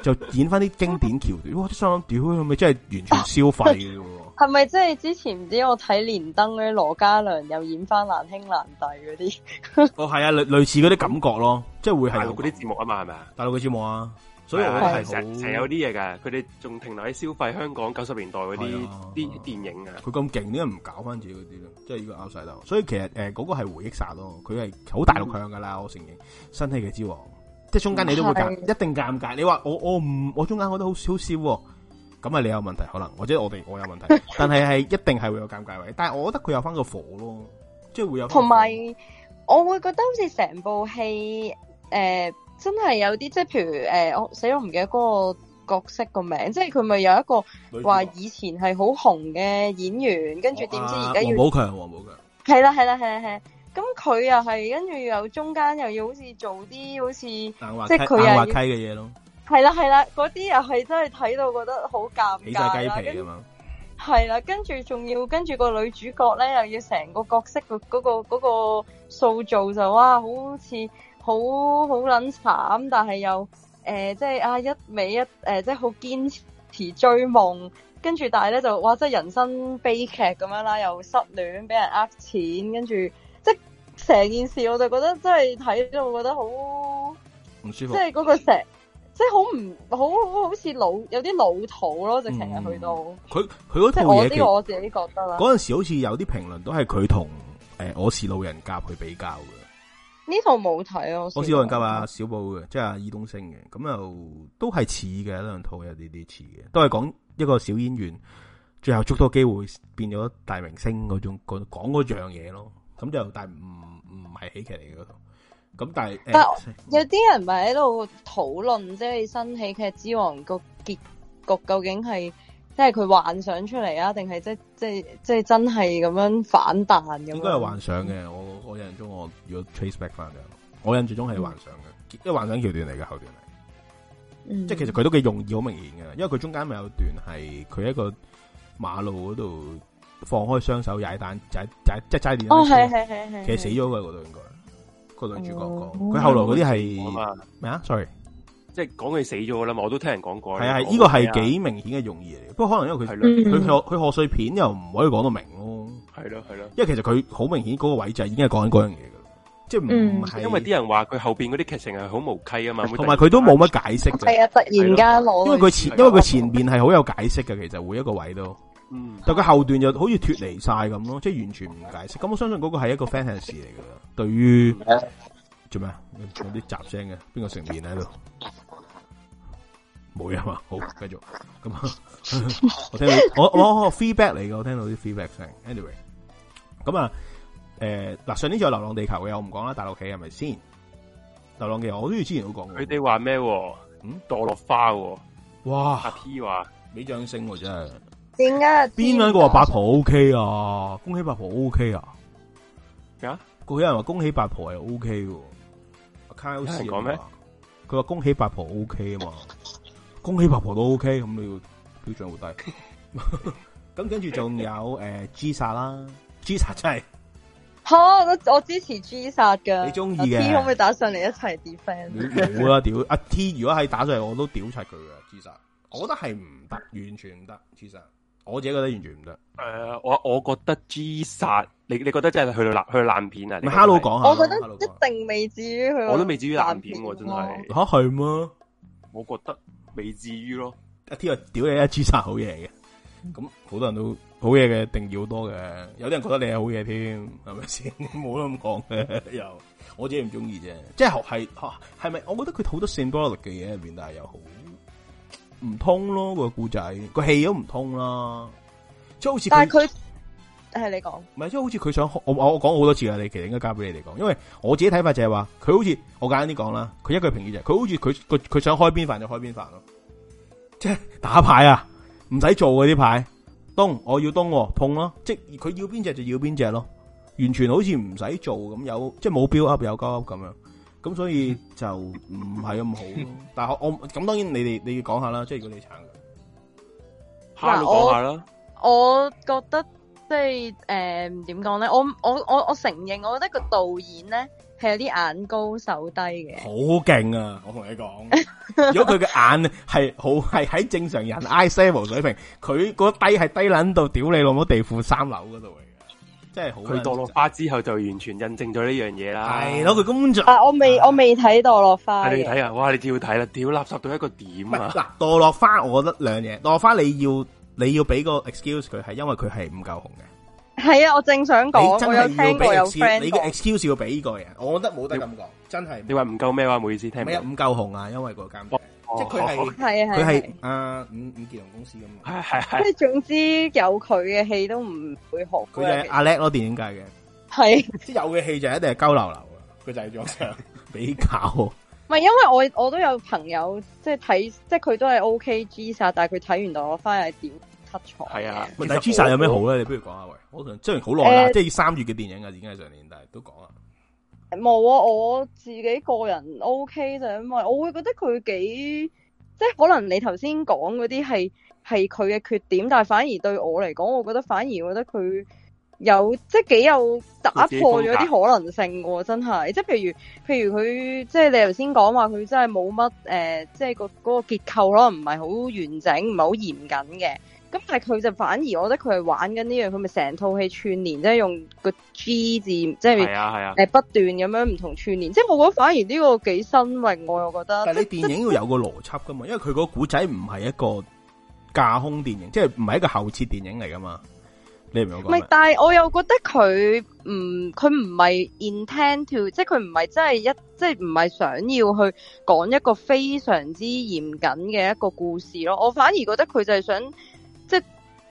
就演翻啲經典橋段。哇！啲想諗，屌，係咪真係完全消費
嘅、哦？係咪即係之前唔知我睇連登嗰啲羅嘉良又演翻難兄難弟嗰啲？
哦，係啊，類類似嗰啲感覺咯，即係會係大陸嗰啲節目啊嘛，係咪啊？大陸嘅節目啊！所以係成成有啲
嘢㗎，佢哋仲停留喺消費香港九十年代嗰啲啲電影啊！佢
咁勁點解唔搞翻自己嗰啲咧？
即係呢個拗晒就，
所以其實嗰、呃那個係回憶殺咯。佢係好大陸向㗎啦、嗯，我承認。新戲嘅之王，即係中間你都會尷，一定尷尬。你話我我唔我中間我覺得好少少喎，咁啊你有問題可能，或者我哋我有問題， 但係係一定係會有尷尬位。但係我覺得佢有翻個火咯，即係會有。同埋
我會覺得好似成部戲、呃真係有啲，即係譬如誒、欸，我死我唔記得嗰個角色個名，即係佢咪有一個話以前係好紅嘅演員，跟住點知而家要王寶強，王寶強係啦係啦係係，咁佢又係跟住又中間又要好似做啲好似即係佢又滑稽嘅嘢咯，係啦係啦嗰啲又係真係睇到覺得好尷尬雞皮咁樣啦，係啦跟住仲要跟住個女主角咧又要成個角色個、嗰、嗰個，嗰、嗰個塑造、嗰個、就哇好似。好好捻慘，但係又誒，即、呃、係、就是、啊，一味一誒，即係好堅持追夢，跟住但係咧就哇，即、就、係、是、人生悲劇咁樣啦，又失戀，俾人呃錢，跟住即係成件事，我就覺得真係睇咗我覺得好唔舒服，即係嗰個成，即係好唔好好似老有啲老土咯，成、嗯、日
去
到佢佢好似，嘢，啲我，我
自己覺得嗰陣
時好似有啲評論都係佢同誒我是老人家去比較嘅。
呢套冇睇啊！我好似人家
阿小布嘅，即係阿易東升嘅，咁又都係似嘅，一兩套有啲啲似嘅，都係講一個小演員最後捉到機會變咗大明星嗰種講嗰樣嘢咯，咁就但係唔唔係喜劇嚟嗰套，咁但係但
誒有啲人唔咪喺度討論，即係新喜劇之王個結局究竟係。即係佢幻想出嚟啊？定係即即即真係咁樣反彈咁？應該係幻想
嘅、嗯。我我印象中我如果 trace back 翻，就我印象中係幻想嘅，嗯、因為幻想橋段嚟嘅後段嚟。嗯、即係其實佢都幾容易，好明顯嘅，因為佢中間咪有段係佢一個馬路嗰度放開雙手踩單踩踩即係揸哦，係係係係，其實死
咗嘅嗰度應該個女主角，講佢、哦、後來嗰啲係咩啊？Sorry。即係講佢死咗啦嘛，我都聽人講過。係啊，係呢個係幾明顯嘅用意嚟。不過可能因為佢佢
佢賀歲片又唔可以講到明咯。係咯係咯，因為其實佢好明顯嗰個位就已經係講緊嗰樣嘢噶，
即係唔係。
因為啲人話佢後邊嗰啲劇情係好無稽啊嘛，同埋佢都冇乜
解釋。係啊，突然間攞，因為佢前因為佢前面係好有解釋嘅，其實每一個位都。嗯，但佢後段就好似脫離曬咁咯，即係完全唔解釋。咁我相信嗰個係一個 fantasy 嚟噶。對於做咩啊？有啲雜聲嘅，邊個成面喺度？冇啊嘛，好，繼續咁啊
我聽到我我我
feedback 嚟 嘅、anyway,，我聽到啲 feedback 聲。Anyway，咁啊，誒嗱，上年仲有流浪地球》嘅，我唔講啦，大陸企係咪先？是是《流浪地球嘅，我都要之前都講嘅。佢哋話咩？嗯，
墮落花、啊。哇！P 阿話，冇、啊、掌聲、啊、真
係。點解？
邊個話八婆 OK 啊？恭喜八婆 OK 啊？啊？有、
那、
有、個、人話恭喜八婆係 OK 嘅。係講咩？佢話恭喜八婆 OK 啊嘛。恭喜婆婆都 OK，咁你要標準好低。咁跟住仲有誒、呃、G 殺啦，G 殺真係，
好、oh,，我我支持 G 殺噶，你中意嘅，-T, 可唔可以打上嚟一齊 defend？冇 啦，
屌阿 T，如果係
打上嚟，我都屌柒佢噶 G 殺，我覺得係
唔得，完全唔得 G 殺，
我自己覺得完全唔得。誒、uh,，我我覺得 G 殺，你你覺得真係去到爛去爛片啊？Hello 講下，我
覺得 Hello, 一定
Hello, 一未至於去，我都
未至於爛片、啊，真係吓係咩？我覺得。未至於咯，
一天又屌你一 G 刷好嘢嘅，
咁好
多人都好嘢嘅，定義好多嘅，有啲人覺得你係好嘢添，係咪先？冇得咁講，又 我自己唔中意啫，即係學係吓，係咪、啊？我覺得佢好多 symbol 嘅嘢入邊，但係又好唔通咯，個故仔個戲都唔通啦，即係好似但係佢。係你講，唔係即係好似佢想我我講好多次啊，你其實應該交俾你哋講，因為我自己睇法就係話佢好似我簡單啲講啦，佢一句評語就係佢好似佢佢佢想開邊飯就開邊飯咯，即係打牌啊，唔使做嗰啲牌東我要東碰、啊、咯、啊，即佢要邊隻就要邊隻咯，完全好似唔使做咁有即係冇標啊，有交咁樣，咁所以就唔係咁好、嗯、 但係我咁當然你哋你要講下啦，即係如果你撐
嘅，嗱我我，我覺得。即係誒，點講咧？我我我我承認，我覺得個導演咧係有啲眼高手低嘅。
好勁啊！我同你講，如果佢嘅眼係好係喺正常人 I seven 水平，佢個低係低捻到屌你老母地庫三樓嗰
度嚟嘅，即係好。佢墮落
花之後就完全印證咗呢樣嘢啦。
係咯，佢
工作啊，我未我未睇墮落花。你睇下
啊！哇，你照要睇啦！屌
垃圾到一個點啊！嗱，墮落花我覺得兩樣嘢，墮落花你要。你要俾個 excuse 佢係因為佢係唔夠紅嘅，
係啊！我正想講，我有聽過有 friend 你嘅
excuse 要俾呢個嘅，我覺得冇得咁講，真係你話唔夠咩話唔好意思，聽唔到唔夠紅啊，因為個間、哦、即係佢係係啊，佢係啊五五傑龍公司咁。嘛，係係即係
總之有佢嘅戲都唔會紅，佢就
係阿叻咯，電影界嘅係。即有嘅戲就一定係溝流流嘅，佢製作上 比較
唔係因為我我都有朋友即係睇即係佢都係 O K G 殺，但係佢睇完到我翻嚟點？
七彩係啊，但係 G 莎有咩好
咧？你不如講下喂，我同雖然好耐啦，即係三月嘅電影啊，已經係上年，但係都講啦。
冇啊，我自己個人 O K 就因為我會覺得佢幾，即係可能你頭先講嗰啲係係佢嘅缺點，但係反而對我嚟講，我覺得反而覺得佢有即係幾有打破咗啲可能性，真係。即係譬如譬如佢即係你頭先講話佢真係冇乜誒，即係個嗰個結構可唔係好完整，唔係好嚴謹嘅。咁但係佢就反而我覺得佢係玩緊呢樣，佢咪成套戲串連，即係用個 G 字，即係係啊係啊，誒不斷咁樣唔同串連，即係我覺得反而呢個幾新穎。我又覺得，
但係你電影要有個邏輯噶嘛，因為佢個古仔唔係一個架空電影，即係唔係一個後設電影嚟噶嘛。你明唔明我講？咪
但係我又覺得佢唔佢唔係 intend to，即係佢唔係真係一即係唔係想要去講一個非常之嚴謹嘅一個故事咯。我反而覺得佢就係想。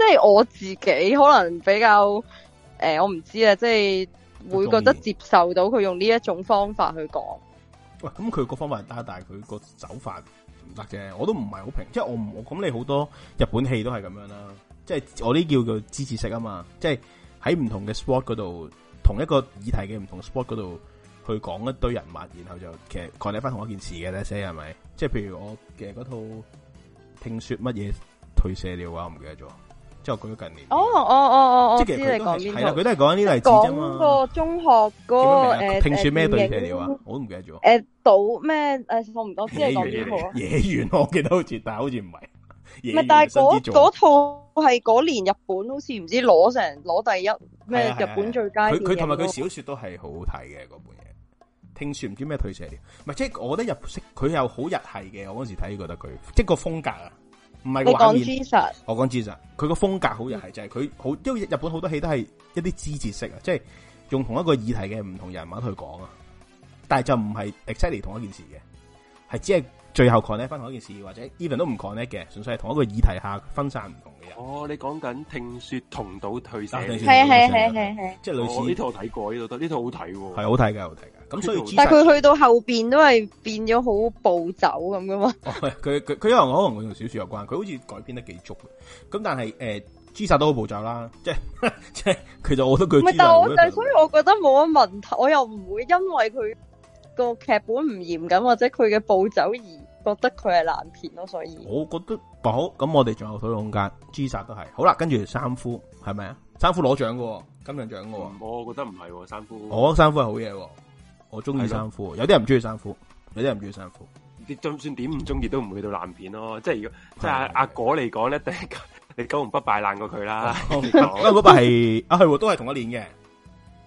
即係我自己可能比較誒、呃，我唔知啊。即係會覺得接受到佢用呢一種方法去講、
啊。喂，咁佢個方法係得，但係佢個手法唔得嘅，我都唔係好平。即係我唔我咁你好多日本戲都係咁樣啦、啊。即係我呢叫做知識式啊嘛。即係喺唔同嘅 sport 嗰度，同一個議題嘅唔同 sport 嗰度去講一堆人物，然後就其實講你翻同一件事嘅咧，say 係咪？即係譬如我嘅嗰套聽說乜嘢退社了啊，我唔記得咗。即係佢近
年，哦哦哦哦哦，即係、哦哦哦啊、講都係，係啦，佢都係講啲例子啫嘛。個中學嗰個誒，欸、聽說咩退社料啊？我都唔記得咗。誒、欸，島咩？誒、欸啊，我唔多知。佢咩？野
原，我記得好似，但係好似唔係。唔係，但係嗰
套係嗰年日本好似唔知攞成攞第一咩？日本最佳。佢同埋佢小
說都係好好睇嘅嗰本嘢。聽說唔知咩退社料，唔係即係我覺得日式佢又好日係嘅。我嗰時睇覺得佢即係個風格啊。唔係我講知識，我講知識。佢個風格好又係，就係佢好，因為日本好多戲都係一啲枝節式啊，即係用同一個議題嘅唔同人物去講啊，但係就唔係 exactly 同一件事嘅，係只係最後 connect 翻同一件事，或者 even 都唔 connect 嘅，純粹係同一個議題下分散
唔同嘅人。哦，你講緊聽說桐島退社，係啊係啊係啊係啊，即係類似呢套睇過呢度得，呢套好睇。哦，係好睇嘅好睇嘅。嗯、
所以 G 殺但係佢去
到後邊都係變咗好暴走咁噶嘛、 哦？佢
佢佢因為可能佢同小說有關，佢好似改編得幾足。咁但係誒，G 殺都好暴走啦，即係即係。 其實我覺得佢唔係，但係
所以我覺得冇乜問題。我又唔會因為佢個劇本唔嚴謹或者佢嘅暴走而覺得佢係爛片咯。所以我
覺得，哇好，咁我哋仲有討論空間。G 殺都係好啦，跟住三夫係咪啊？三夫攞獎嘅，
金像獎嘅。我覺得唔係三夫，我覺得三夫係好嘢。我中意三,三夫，有啲人
唔中意三夫，
有啲人唔中意三夫。你就算點唔中意都唔會到爛片咯。即係如果即係阿果嚟講咧，第一你九、 哦 哦、 金不敗爛過佢啦。金不敗係啊，係都係同一年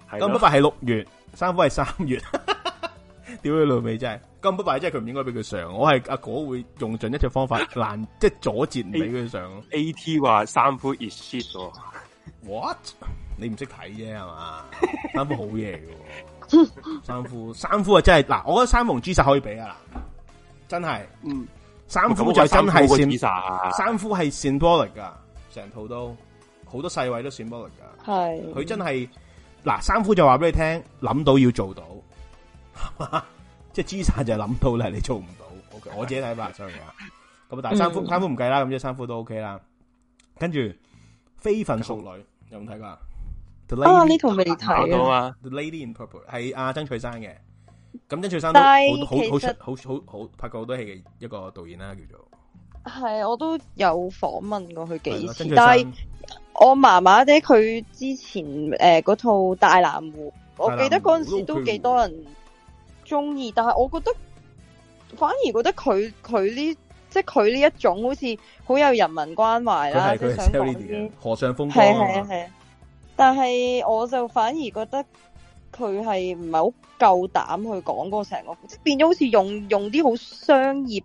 嘅。金不敗係六月，
三夫係三月。屌你老味，真 係金不敗，真係佢唔應該俾佢上。我係阿果會用盡一切方法難，
即係阻截唔俾佢上。A T 話三夫 is shit What？ 你唔識睇啫係嘛？ 三夫好嘢嘅。
三夫，三夫啊，真係嗱，我覺得三夫同 G 殺可以比啊，真係，嗯，三夫就真係善，三夫係 symbolic 噶，成套都好多細位都 symbolic 噶，係，佢真係嗱，三夫就話俾你聽，諗到要做到，哈哈即係 G 殺就諗到啦，你做唔到 ，O、okay, K，我自己睇法 ，sorry 啊，咁但係三夫，嗯、三夫唔計啦，咁即係三夫都 O K 啦，跟住非分熟女有冇睇過啊？啊！呢套未睇啊，啊《The、Lady in Purple、嗯》係阿、啊、曾翠珊嘅，咁曾翠珊都好好好好好好拍過好多戲嘅一個導演啦，叫做
係我都有訪問過佢幾次，但係我麻麻地佢之前誒嗰、呃、套大《大南湖》，我記得嗰陣時都幾多人中意、啊，但係我覺得反而覺得佢佢呢即係佢呢一種好似好有人民關懷啦，佢係佢係 c o 嘅何尚峰，係係啊係啊。但係我就反而覺得佢係唔係好夠膽去講個成個，即係變咗好似用用啲好商業、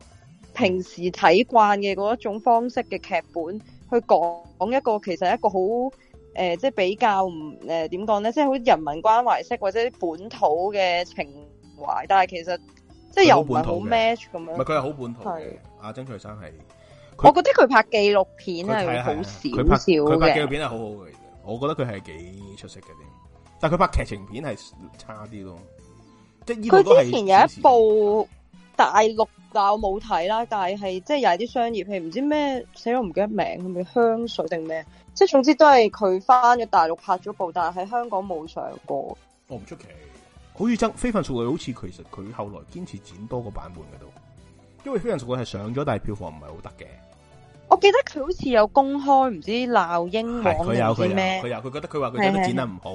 平時睇慣嘅一種方式嘅劇本去講一個其實一個好誒、呃，即係比較唔誒點講咧，即係好人民關懷式或者啲本土嘅情懷。但係其實即係又唔係好 match 咁樣，唔係佢係好本土
嘅。阿曾、啊、翠珊係，
我覺得佢拍紀錄片係好少少嘅，佢拍紀錄片係好
好嘅。我覺得佢係幾出色嘅，點？但佢拍劇情片係差啲
咯，
即係佢之前有一部大陸，但我冇睇啦。但係即係有啲商業戲，唔知咩死咗唔記得名，係咪香水定咩？即係總之都係佢返咗大陸拍咗部，但係喺香港冇上過。
我唔出奇，好似《爭非分熟女》，好似其實佢後來堅持剪多個版本嘅都，因為非分熟女係上咗，但係票房唔係好得嘅。
我記得佢好似有公開唔知鬧英皇有佢咩，佢有佢覺
得佢話佢覺得剪得唔好，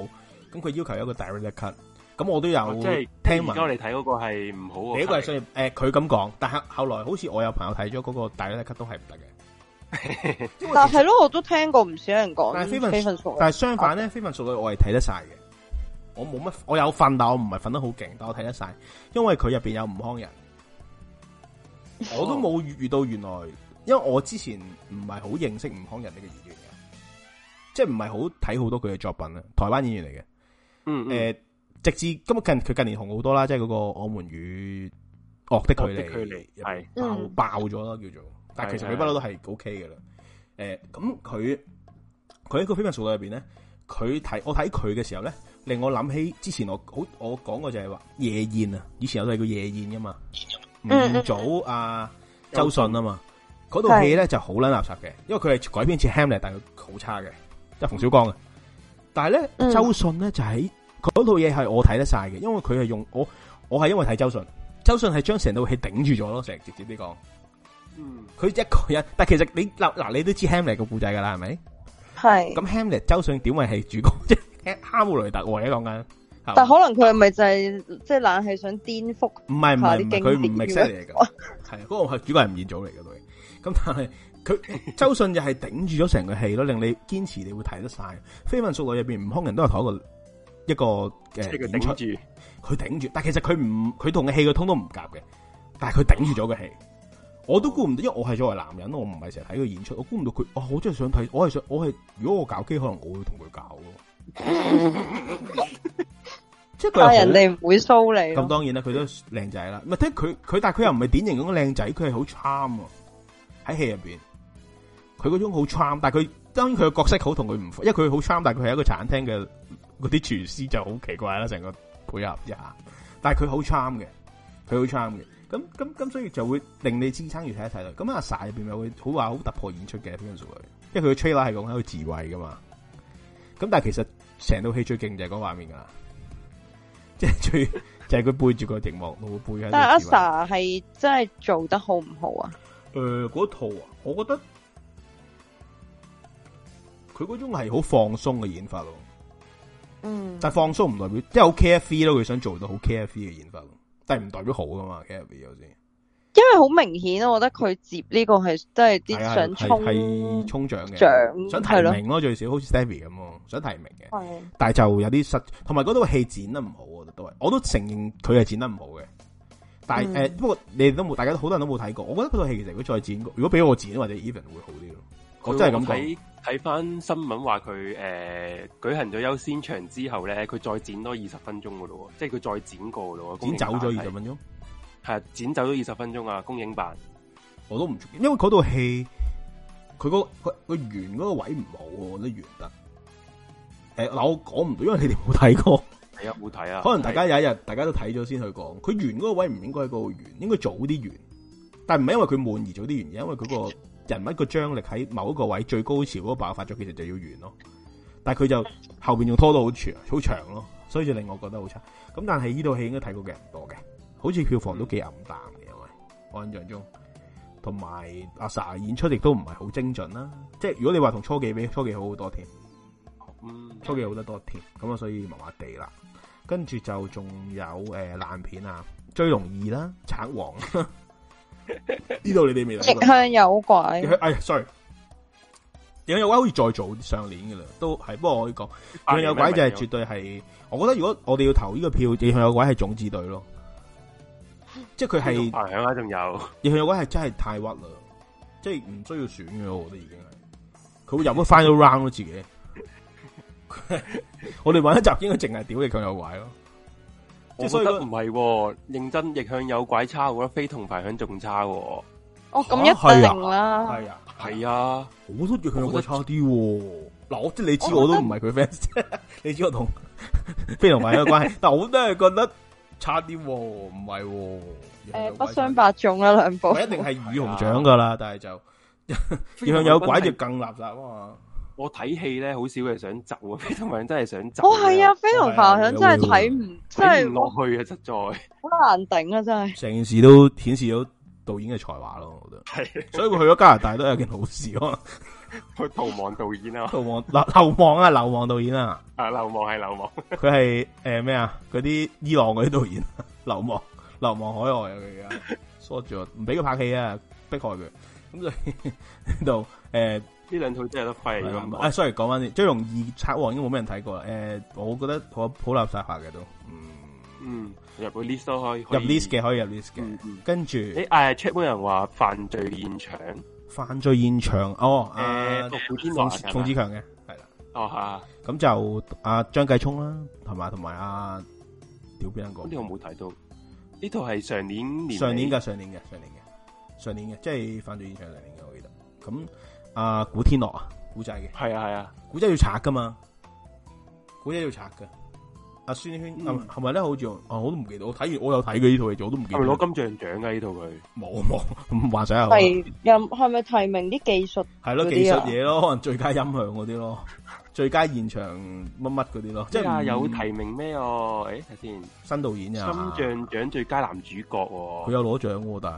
咁佢要求個 cut, 有個個 director cut，咁我都有即係聽聞。之
後我
哋睇嗰個係唔好嘅。呢個係誒佢咁講，但係後來好似我有朋友睇咗嗰個 director cut 都係唔得嘅。
但係咯，我都聽過唔少人講。但係
相反咧，非分熟女我係睇得晒嘅。我冇乜，我有瞓，但我唔係瞓得好勁，但我睇得晒，因為佢入邊有吳康人，
我都
冇遇遇到原來。因為我之前唔係好認識吳慷仁呢個演員嘅，即係唔係好睇好多佢嘅作品。台灣演員嚟嘅，嗯誒、嗯，直至今日近佢近年紅好多啦，即係嗰個《我們與惡的距離》，距離係爆爆咗啦、嗯，叫做。但係其實佢不嬲都係 OK 嘅啦。誒、嗯，咁佢佢喺個評分數度入邊咧，佢睇我睇佢嘅時候咧，令我諗起之前我好我講過就係話《夜宴》。啊，以前我都係叫《夜宴》噶嘛，吳彥祖、嗯、啊，周迅啊嘛。嗰套戲咧就好撚垃圾嘅，因為佢係改編似 Hamlet，但係佢好差嘅，即係馮小剛嘅、嗯。但係咧、嗯，周迅咧就喺嗰套嘢係我睇得晒嘅，因為佢係用我，我係因為睇周迅，周迅係將成套戲頂住咗咯，成直接啲講。嗯，佢一個人，但係其實你嗱你，你都知 Hamlet 個故仔噶啦，係咪？
係。
咁 Hamlet 周迅點會係主角？即 係哈姆雷特或者講緊？但可
能佢係咪就係即係冷係想顛覆？
唔係唔係佢唔係 s h 嚟嘅，係嗰個係主角係吳彥祖嚟嘅。咁但係佢周迅就係頂住咗成個戲咯，令你堅持你會睇得晒。飛吻速度入邊吳康人都係同一個一個嘅頂、呃就是、住，佢頂住，但其實佢唔佢同個戲個通都唔夾嘅，但係佢頂住咗個戲。我都估唔到，因為我係作為男人，我唔係成日睇佢演出，我估唔到佢。我好真係想睇，我係想我係如果我搞基，可能我會同佢搞咯。
即係佢、啊、人哋
唔會騷你。咁當
然啦，佢都靚仔啦。唔係，佢佢，但係佢又唔係典型咁個靚仔，佢係好 charm。喺戲入邊，佢嗰種好 charm，但係佢當然佢嘅角色好同佢唔符，因為佢好 charm，但係佢係一個茶餐廳嘅嗰啲廚師就好奇怪啦，成個配合一下，但係佢好 charm 嘅，佢好 charm 嘅，咁咁咁所以就會令你支撐要睇一睇咯。咁阿 sa 入邊咪會好話好突破演出嘅，因為佢嘅 trailer 係講喺度自衛噶嘛。咁但係其實成套戲最勁就係嗰畫面噶啦，即 係最就係、是、佢背住個熒幕，背。但係阿 sa
係真係做得好唔好啊？
誒、呃，嗰套啊，我覺得佢嗰種係好放鬆嘅演法咯，嗯，
但
係放鬆唔代表即係好 carefree 咯，佢想做到好 carefree 嘅演法，但係唔代表好噶嘛 carefree 先，KFV，
因為好明顯、嗯，我覺得佢接呢個係都係啲想衝
衝獎嘅，想提名咯最少，好似 Stephy 咁，想提名
嘅，
但係就有啲實，同埋嗰套戲剪得唔好，都係，我都承認佢係剪得唔好嘅。但係誒、mm -hmm. 呃，不過你哋都冇，大家都好多人都冇睇過。我覺得嗰套戲其實如果再剪過，如果俾我剪或者 even 會好啲咯。我真係咁講。
睇睇翻新聞話佢誒舉行咗優先場之後咧，佢再剪多二十分鐘噶咯，即係佢再剪過咯。剪走咗二十分鐘，係，剪走咗二十分鐘啊！公映版，
我都唔，因為嗰套戲佢個佢個圓嗰個位唔好，我覺得圓得誒、嗱、呃，我講唔到，因為你哋冇睇過。
啊，冇睇啊。可能大家有一
日大家都睇咗先去講，佢完嗰個位唔應該係個完，應該早啲完。但係唔係因為佢悶而早啲完，而因為佢個人物個張力喺某一個位最高潮嗰個爆發咗，其實就要完咯。但係佢就後邊仲拖到好長，好長咯，所以就令我覺得好差。咁但係呢套戲應該睇過嘅人唔多嘅，好似票房都幾暗淡嘅、嗯，因為我印象中，同埋阿 Sa 演出亦都唔係好精準啦。即、就、係、是、如果你話同初期比，初期好好多添。出有好得多添，咁啊，所以麻麻地了、呃、了啦。跟住就仲有誒爛片啊，追龍二啦，賊王。呢度 你哋未過？逆
向有鬼？
哎，sorry，逆向有鬼好似再早上年噶啦，都係。不過我可以講、啊、逆向有鬼就係絕對係，我覺得如果我哋要投呢個票，逆向有鬼係種子隊咯。即係佢係。響啊！仲有逆向有鬼係真係太屈啦， 即係唔需要選嘅，我覺得已經係。佢會入到 final round 咯，自己。我哋玩一集應該淨係屌逆向誘拐咯，即係覺
得唔係認真逆向誘拐差，我覺得非同凡響仲差。哦，
咁一定啦，
係啊，係啊，
我都覺得逆向誘拐差啲。嗱，我即係你知，我都唔係佢 fans，你知我同非同凡響嘅關係，但係我都係覺得差啲，唔係誒，不相伯仲啦，兩部一定係羽紅獎噶啦，但
係就逆向誘拐就更垃圾啊嘛。我睇戲咧，好少係想走、哦、啊！飛《非同凡響》真係想走，哦係啊，《非同凡響》真係睇唔睇唔落去啊！實在
好難頂啊！真係
成、啊、件事都顯示咗導演嘅才華咯，我覺得係、
啊，所以佢去咗加拿大都係一件好事咯。
去逃亡導演啊，逃亡
流亡啊，流亡導演啊，
啊流亡係流亡，
佢係誒咩啊？嗰啲伊朗嗰啲導演，流亡流亡海外啊！佢而家 啊，鎖住唔俾佢拍戲啊，迫害佢咁就呢度誒。呃呢兩套真係得廢咁，誒、哎、sorry，講翻啲，最容易拆王已經冇咩人睇過啦。誒、呃，我覺得我好垃圾下嘅都的，嗯，
嗯，入個 list 都可以，入 list 嘅可以入 list 嘅，跟、嗯、住，你誒 check 過人話犯罪現場，
犯罪現場，哦，誒、呃，馮、啊、子強嘅，係、啊、啦，哦吓，咁就阿張、啊、繼聰啦，同埋同埋阿屌邊一個，呢個我冇睇到，呢套係上年，年，上年噶，上年嘅，上年嘅，上年嘅，即係犯罪現場嚟嘅，我記得，咁。阿古天樂啊，古，古仔嘅係啊係啊，古仔要拆噶嘛，古仔要拆噶。阿孫建軒係咪咧？好似我、啊、我都唔記得，我睇完我有睇佢呢套嘢，我都唔記得。攞金像獎啊！呢套佢冇冇，或者係提
係咪提名啲技術？係咯，技術
嘢咯，可能最佳音響嗰啲咯，最佳現場乜乜嗰啲咯。什麼即係有提名咩、啊？誒、欸，睇先新導演啊，金像
獎最佳男主角、啊，
佢有攞獎喎，但係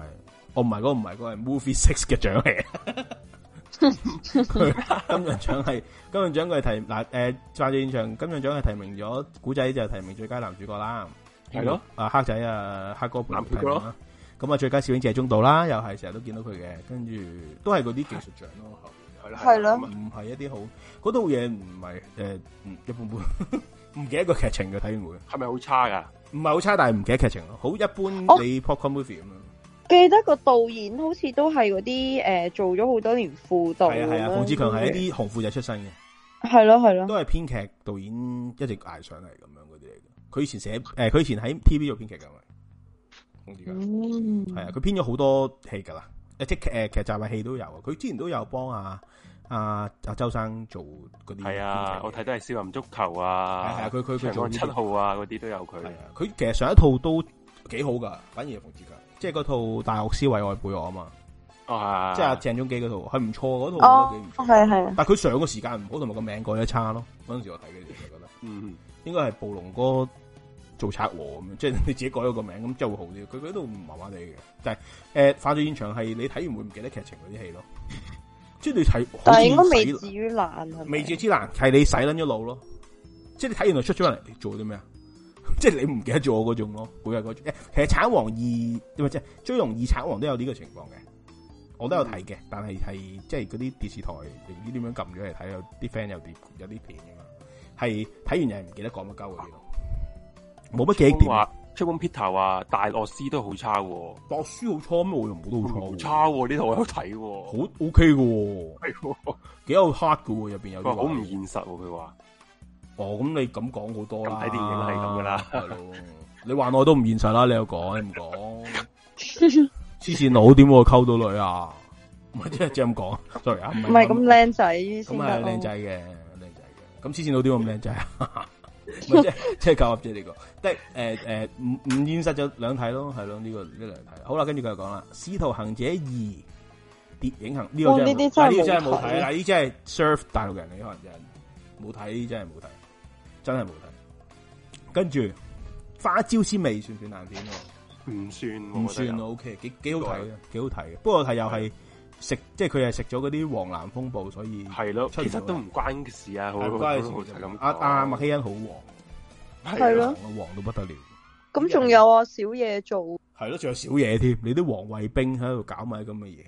哦唔係嗰個唔係嗰個係 Movie Six 嘅獎嚟。Oh my God, my God, my God, 金像獎
係金像獎，
佢係提嗱誒，現場金像獎係提名咗古仔就提名最佳男主角啦，係咯，啊黑仔啊黑哥男配咯，咁啊最佳攝影者中道啦，又係成日都見到佢嘅，跟住都係嗰啲技術獎咯，係 啦，係啦，唔係一啲好嗰套嘢唔係誒，一般般，唔記得個劇情嘅，睇完會係咪好差噶？唔係好差，但係唔記得劇情好一般你、哦，你 popcorn movie 咁樣。
記得個導演好似都係嗰啲誒，做咗好多年副導。係啊係啊，馮、啊、志強係一啲
紅褲仔出身嘅。係咯係咯，都係編劇導演一直捱上嚟，咁樣嗰啲嚟嘅。佢以前寫誒，佢、呃、以前喺 TV 做編劇噶馮志強係、嗯、啊，佢編咗好多戲噶啦，一即誒劇集嘅戲都有。佢之前都有幫阿阿阿周生做
嗰啲。係啊，我睇都係《少林足球》啊，係佢佢佢做《長江七號》啊，嗰啲都有佢。
佢、啊、其實上一套都幾好噶，反而馮志強。即係嗰套《大學師為愛背我》啊嘛、哦，即係鄭中基嗰套係唔錯嗰套，幾、哦、唔錯。係係、哦。但係佢上個時間唔好，同埋個名改得差咯。嗰陣時我睇嘅時候就覺得，嗯，應該係暴龍哥做賊王咁，即係你自己改咗個名，咁即係會好啲。佢佢都麻麻地嘅，但係誒，犯、呃、罪現場係你睇完會唔記得劇情嗰啲戲咯。 即係你睇，但係應該未至
於爛！未至
於爛係你洗捻咗腦咯。即係你睇完就出咗嚟做啲咩啊？即係你唔記得咗我嗰種咯，每日嗰種。誒，其實《產王二》咪即係《追龍二》《產王》都有呢個情況嘅，我都有睇嘅、嗯，但係係即係嗰啲電視台唔知點樣撳咗嚟睇，有啲 friend 有啲
有啲片噶嘛，係睇完又係唔記得講乜鳩嘅，
冇乜記憶點。
出 o Peter 話，大樂師都好差喎，樂師好差咩？我又唔覺得好差，唔差喎。呢套我有睇，好 OK 嘅，係 幾有 hot 嘅入邊有啲好唔現
實，佢話。哦，咁你咁講好多啦！睇電影係咁噶啦，你話我都唔現實啦。你又講， 你唔講，黐線黐線佬點會溝到女啊？唔係即係即係咁講，sorry 啊，唔係咁靚
仔，咁係靚仔嘅靚仔
嘅，咁黐線佬點咁靚仔啊？唔係即係即係教育者嚟，個，即係誒誒，唔、呃、唔現實就兩睇咯，係咯呢個呢兩睇。好啦，跟住繼續講啦，《使徒行者二》諜影行呢、這個真呢啲、哦、真係冇睇，呢啲真係 serve 大陸人，你可能真係冇睇，真係冇睇。 真係冇睇，跟住花椒鮮味算唔算爛片？唔算，唔算。O K，幾幾好睇，幾好睇嘅。不過係又係食，即係佢係食咗嗰啲黃藍風暴，所以係咯。其實都唔關事啊，唔關嘅事。阿阿，啊啊、麥希恩好黃，係咯，黃到不得了。
咁仲有啊？少嘢做，
係咯，仲有少嘢添。你啲黃衛兵喺度搞埋咁嘅嘢，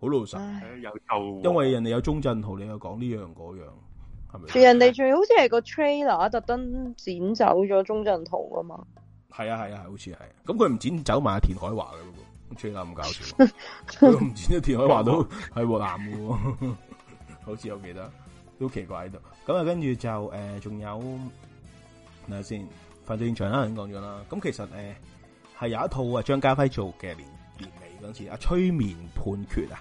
好老實。有因為人哋有鍾鎮濤，你又講呢樣嗰樣。是是
人哋最好似係個 trailer 特登剪走咗鍾鎮濤啊嘛，
係啊係啊係，好似係，咁佢唔剪走埋阿田海華嘅嗰個 trailer 咁搞笑，唔 剪咗田海華都係男嘅， 啊、 好似我記得都奇怪喺度。咁啊，跟住就誒，仲、呃、有嗱，先犯罪現場啦，已經講咗啦。咁其實誒係、呃、有一套啊，張家輝做嘅年年尾嗰陣時啊，催眠判決啊。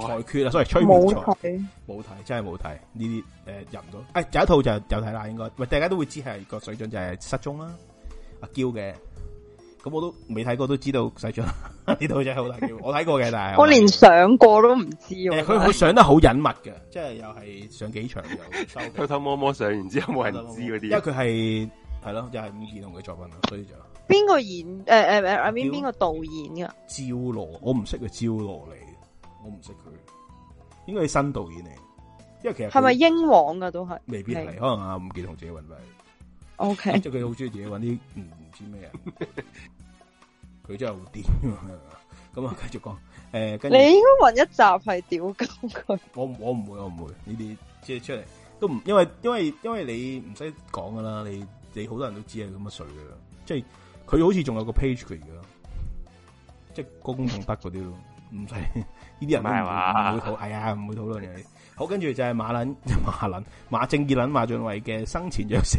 裁決，所以催冇睇，真係冇睇呢啲誒入唔到。誒，呃了哎、第一套就有睇啦，應該，大家都會知係個水準就係失蹤啦。阿嬌嘅，咁我都未睇過，都知道水準呢套真係好大機會。我睇過嘅，但係我，我
連上過都唔
知道。誒、呃，佢上得好隱密嘅，即係又係上幾場又偷偷摸摸上完之後冇人知嗰啲。因為佢係係咯，又係伍健雄嘅作品，所以就
邊個演？誒誒誒，邊、呃、邊、啊、個導演噶？
趙羅，我唔識佢，趙羅嚟。我唔識佢，應該係新導演嚟，因為其實係咪英
皇噶都係？未必係，可
能阿吳杰同自己搵嚟。O、okay. K，、啊、就佢好中意自己搵啲唔唔知咩人，佢 真係好癲。咁、嗯、啊，繼、嗯、續講。誒、嗯，你應
該搵一集係屌鳩佢。
我我唔會，我唔會。呢啲即係出嚟都唔，因為因為因為你唔使講噶啦，你你好多人都知係咁樣衰噶啦。即係佢好似仲有一個 page 嚟噶，即係高公同德嗰啲咯。 唔使，呢啲人都唔會討，係啊唔會討論嘅。 好，跟住就係馬倫、馬倫、馬正義、倫、馬俊偉嘅生前約死。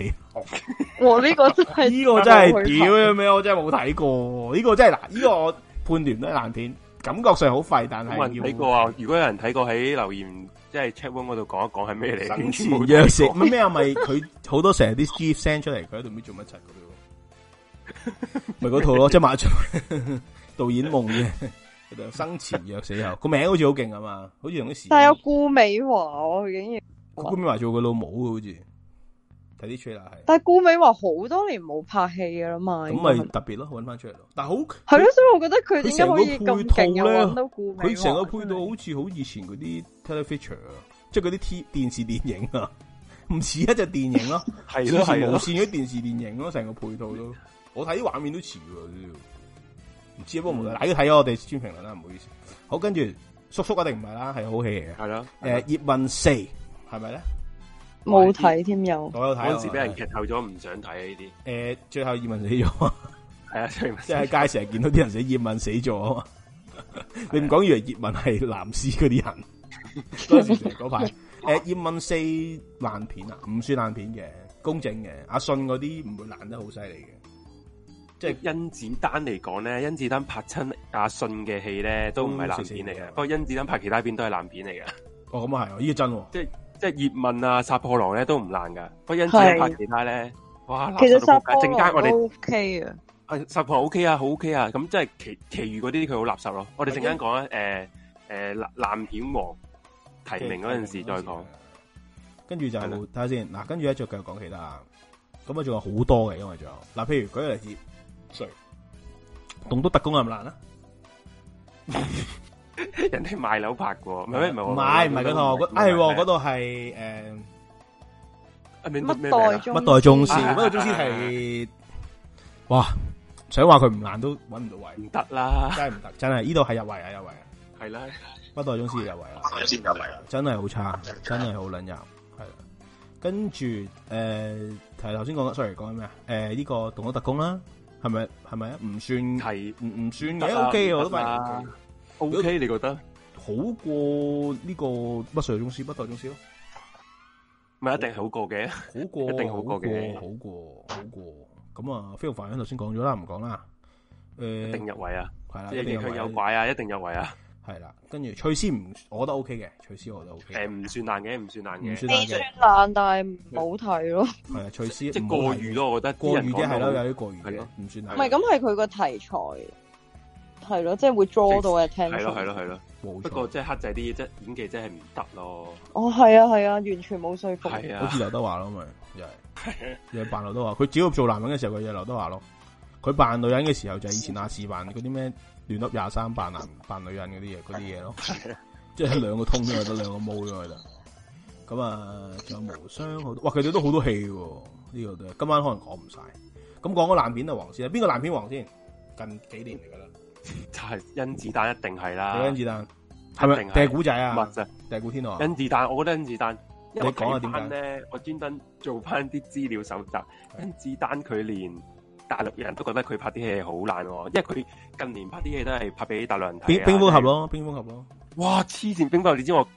我 呢、這個真係呢、這個真係屌咩？真
我真係冇睇過呢、這個真係、這個、 難，呢個判斷都爛片，感覺上好廢，
但係冇人睇過啊！如果有人睇過喺留言即係 chat room 嗰度講一講係咩嚟？生前約死咩咩啊？咪
佢好多成日啲 gif send 出嚟，佢喺度做乜柒嗰度，咪嗰 套咯，即係馬俊導演夢嘅。生前約死後個名好似好勁啊嘛，好似同啲時，但有
顧美華，我竟
然顧美華做佢老母好似睇啲出嚟係，
但係顧美華好多年冇拍戲啦嘛，咁咪
特別咯，搵翻出嚟咯，但係好係咯，
所以我覺得佢點解可以咁勁又搵到顧美華，佢成個
配套好似好以前嗰啲 telefeature 啊，即係嗰啲 T 電視電影啊，唔 似一隻電影咯，係都係無綫電視電影咯，成個配套咯， 我睇啲畫面都似唔知、嗯，不過唔睇都睇咗我哋專評論啦，唔好意思。好，跟住叔叔一定唔係啦，係好戲嚟嘅。係咯。誒、呃，葉問四係咪咧？
冇睇添又。我有睇。嗰陣時俾
人劇透咗，唔想睇呢啲。誒、呃，最後葉問死咗。係啊，葉問。即係喺街成日見到啲人寫，葉問死咗。 你唔講以為葉問係藍絲嗰啲人。
嗰
排，誒、 呃，葉問四爛片啊，唔算爛片嘅，公正嘅。阿信嗰啲唔會爛得好犀利嘅。
即係甄子丹嚟講咧，甄子丹拍親阿信嘅戲咧，都唔係爛片嚟嘅。不過甄子丹拍其他片都係爛片嚟嘅。哦，咁啊係，呢個真喎。即係即係葉問啊，殺破狼咧都唔爛噶。不過甄子丹拍其他咧，哇，其實殺、啊啊、破陣間我哋 OK 啊，係殺破 OK 啊，好 OK 啊。咁即係其其餘嗰啲佢好垃圾咯。我哋陣間講咧，誒、呃、誒，爛、呃、片王提名嗰陣時再講。跟住、啊、
就睇下先。嗱、啊，跟住咧再繼續講其他。咁啊，仲有好多嘅，因為仲有。嗱、啊，譬如舉個例
誰？
棟篤特工係唔難
人哋賣樓拍過，唔係唔係嗰套？唔係唔係
嗰係誒乜代乜、啊啊、代宗師？乜代宗師係？
哇！
想話佢唔難都揾唔到位，唔得啦！真係唔得，真係呢度係入位啊！入位啊！係啦，乜代宗師入位入位啊！真係好差，的真係好撚入。係跟住誒，係頭先講嘅，sorry，講緊咩啊？誒、呃，呢、這個棟篤特工啦。係咪係咪啊？唔算係，唔唔算嘅啦。OK，你覺得好過呢個北上中師，北上中師咯？
咪一定係好過嘅，好過，一定好過嘅，好過，好過。
咁啊，非凡響頭先講咗啦，唔講啦。誒，一定入圍啊！日日強有
拐啊，一定入圍啊！係啦，跟住翠絲唔，我覺得 O K 嘅，翠絲我都 O K，唔算爛嘅，唔
算爛嘅，
唔算爛，但係冇睇咯。
係啊，翠絲即係過譽咯，我覺得過譽嘅係咯，有啲過譽嘅，唔算爛。唔係咁
係佢個題材，係咯，即係會捉到嘅聽，係咯係咯
係咯，不過即係黑仔啲，即係演技真係唔得
咯。哦，係啊係啊，完全冇說服力，好似劉
德華咯咪，又係又係扮劉德華，佢只要做男人嘅時候就係劉德華咯，佢扮女人嘅時候就係、是、以前阿視扮嗰啲咩。亂噏廿三扮男扮女人嗰啲嘢，嗰啲嘢咯， 即係兩個通都係得兩個毛咗佢啦。咁啊，仲有無雙好多，哇！佢哋都好多戲喎，呢、這個都。今晚可能講唔晒。咁講個爛片啊，王先，邊個爛片王先？近幾年嚟噶啦，
就係、是、甄子丹一定係啦。甄子丹係咪？定係、啊、古仔啊？唔係定係古天樂、啊。甄子丹，我覺得甄子丹，你講下點？呢我專登做翻啲資料搜集，甄子丹佢連。大陸人都覺得佢拍啲戲好爛，因為佢近年拍啲戲都係拍俾大陸人睇，冰封俠咯，冰封俠咯、嗯，哇黐線！冰封俠，你知我，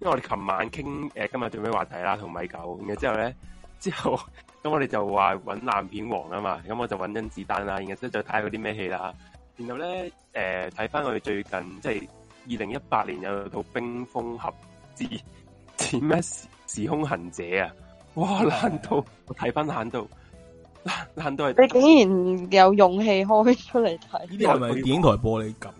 因為我哋琴晚傾誒、呃、今日做咩話題啦，同米狗。然之後咧，之後咁我哋就話揾爛片王啊嘛，咁我就揾甄子丹啦，然之後就睇佢啲咩戲啦，然後咧誒睇翻佢最近即係二零一八年有套冰《冰封俠之點咩時空行者》啊，
哇爛
到我睇翻爛到～難度你
竟然有勇氣開出嚟睇？呢啲係咪電影
台玻璃撳噶？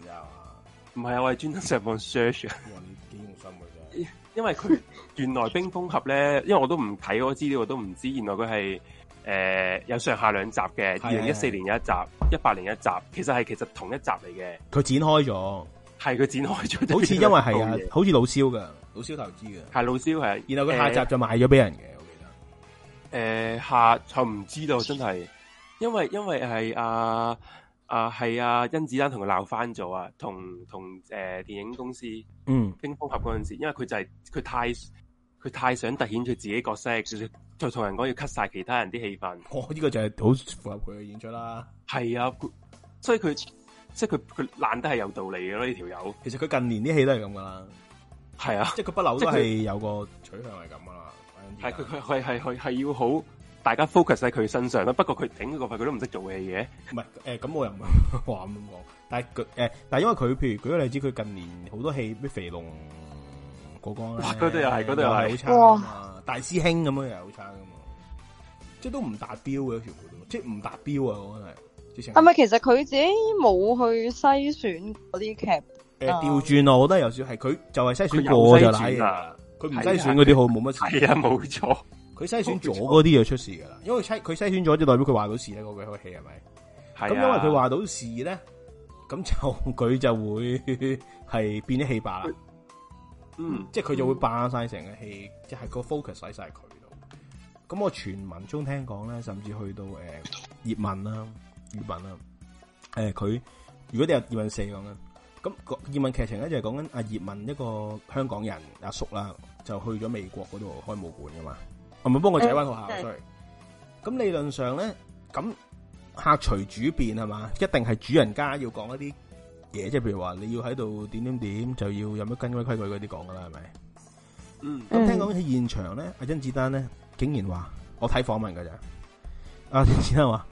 唔係啊，我係專登上網 search，我幾用心嘅啫。因為佢原來《冰封俠》咧，因為我都唔睇嗰資料，我都唔知。原來佢係誒有上下兩集嘅，二零一四年有一集，一八年有一集，其實係其實同一集嚟嘅。
佢展開咗，係佢展開咗，好似因為係、啊、好似老蕭嘅，
老蕭投資嘅，係老蕭係。然後佢下集就
賣咗俾人嘅。呃
誒、嗯，吓就唔知道，真係，因為因為係阿阿係阿甄子丹同佢鬧翻咗啊，同同誒電影公司
嗯
冰封俠嗰陣時，因為佢就係、是、佢太佢太想突顯佢自己角色，就同、是、人講要 cut 晒其他人啲戲份。
我、哦、呢、這個就係好符合佢嘅演出啦。
係啊，所以佢即係佢佢爛得係有道理咯，呢條友。其實佢近年啲戲都係咁噶啦，係啊，即係佢不嬲都係有
個取向係咁噶啦。
係佢佢係係係要好，大家 focus 喺佢身上啦。不過佢頂個塊佢都唔識做嘢嘅。
唔係誒，咁我又唔係話咁講。但係佢誒，但係因為佢譬如舉個例子，佢近年好多戲咩肥龍過江咧，嗰對又係嗰對又係好差哇，大師兄咁樣又係好差噶嘛，即係都唔達標嘅條路，即係唔達標啊！我係，之前係咪其
實佢自己冇去篩選嗰啲劇？誒，調
轉啊！我覺得、嗯欸、我有少係佢就係篩選過，選過就佢唔篩選嗰啲好冇乜事，是啊，冇錯。佢篩選咗嗰啲又出事噶啦，因為佢篩選咗就代表佢話到事咧嗰、嗰個戲係咪？咁、啊、因為佢話到事咧，咁就佢就會係 變咗戲霸啦。嗯，即係佢就會霸晒成個戲，即、嗯、係、就是、個 focus 喺晒佢度。咁我傳聞中聽講咧，甚至去到誒葉問啦、葉、嗯、問啦，誒佢、嗯，如果你係葉問四咁啊。咁葉問劇情咧就係講緊阿葉問一個香港人阿、啊、叔啦，就去咗美國嗰度開武館噶嘛，
係咪幫我仔搵學校，sorry，
咁理論上咧，咁客隨主便係嘛，一定係主人家要講一啲嘢，即係譬如話你要喺度點點點，就要有乜根據規矩嗰啲講噶啦，係咪？嗯，咁、嗯、聽講喺現場咧、嗯，阿甄子丹咧竟然話我睇訪問噶咋，阿、啊、甄子丹話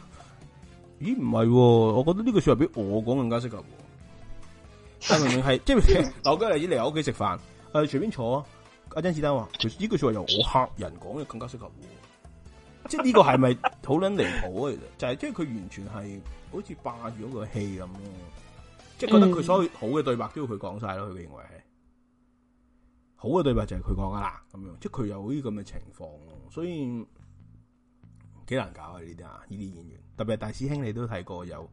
咦唔係、啊，我覺得呢句說話比我講更加適合。明明係，即、就、係、是，劉嘉玲嚟我屋企食飯，誒、呃，隨便坐。阿甄子丹話：呢句說話由我客人講嘅更加適合。即係呢個係咪好捻離譜啊？其實就係、是、即係佢完全係好似霸住嗰個戲咁，即係覺得佢所有好嘅對白都要佢講晒咯。佢、嗯、認為係好嘅對白就係佢講噶啦，咁樣即係佢有呢咁嘅情況，所以幾難搞啊！呢啲啊，呢啲演員，特別係大師兄，你都睇過有。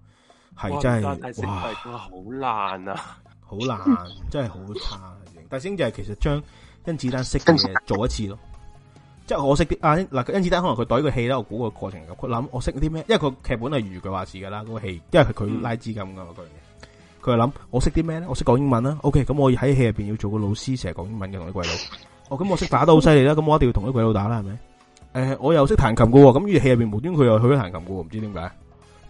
係真係，哇！大星
係講好爛啊，
好爛，真係好
差。
大星就係其實將甄子丹識嘅嘢做一次咯，即係我識啲啊嗱，甄子丹可能佢對呢個戲咧，我估個過程咁，佢諗我識啲咩？因為佢劇本係如佢話事噶啦，嗰個戲因為係佢拉資金噶佢，佢係諗我識啲咩咧？我識講英文啦，OK，咁我要喺戲入邊要做個老師，成日講英文嘅同啲鬼佬。哦，咁我識打得好犀利啦，咁我一定要同啲鬼佬打啦，係咪？誒，我又識彈琴噶，咁於是戲入邊無端佢又去咗彈琴噶，唔知點解。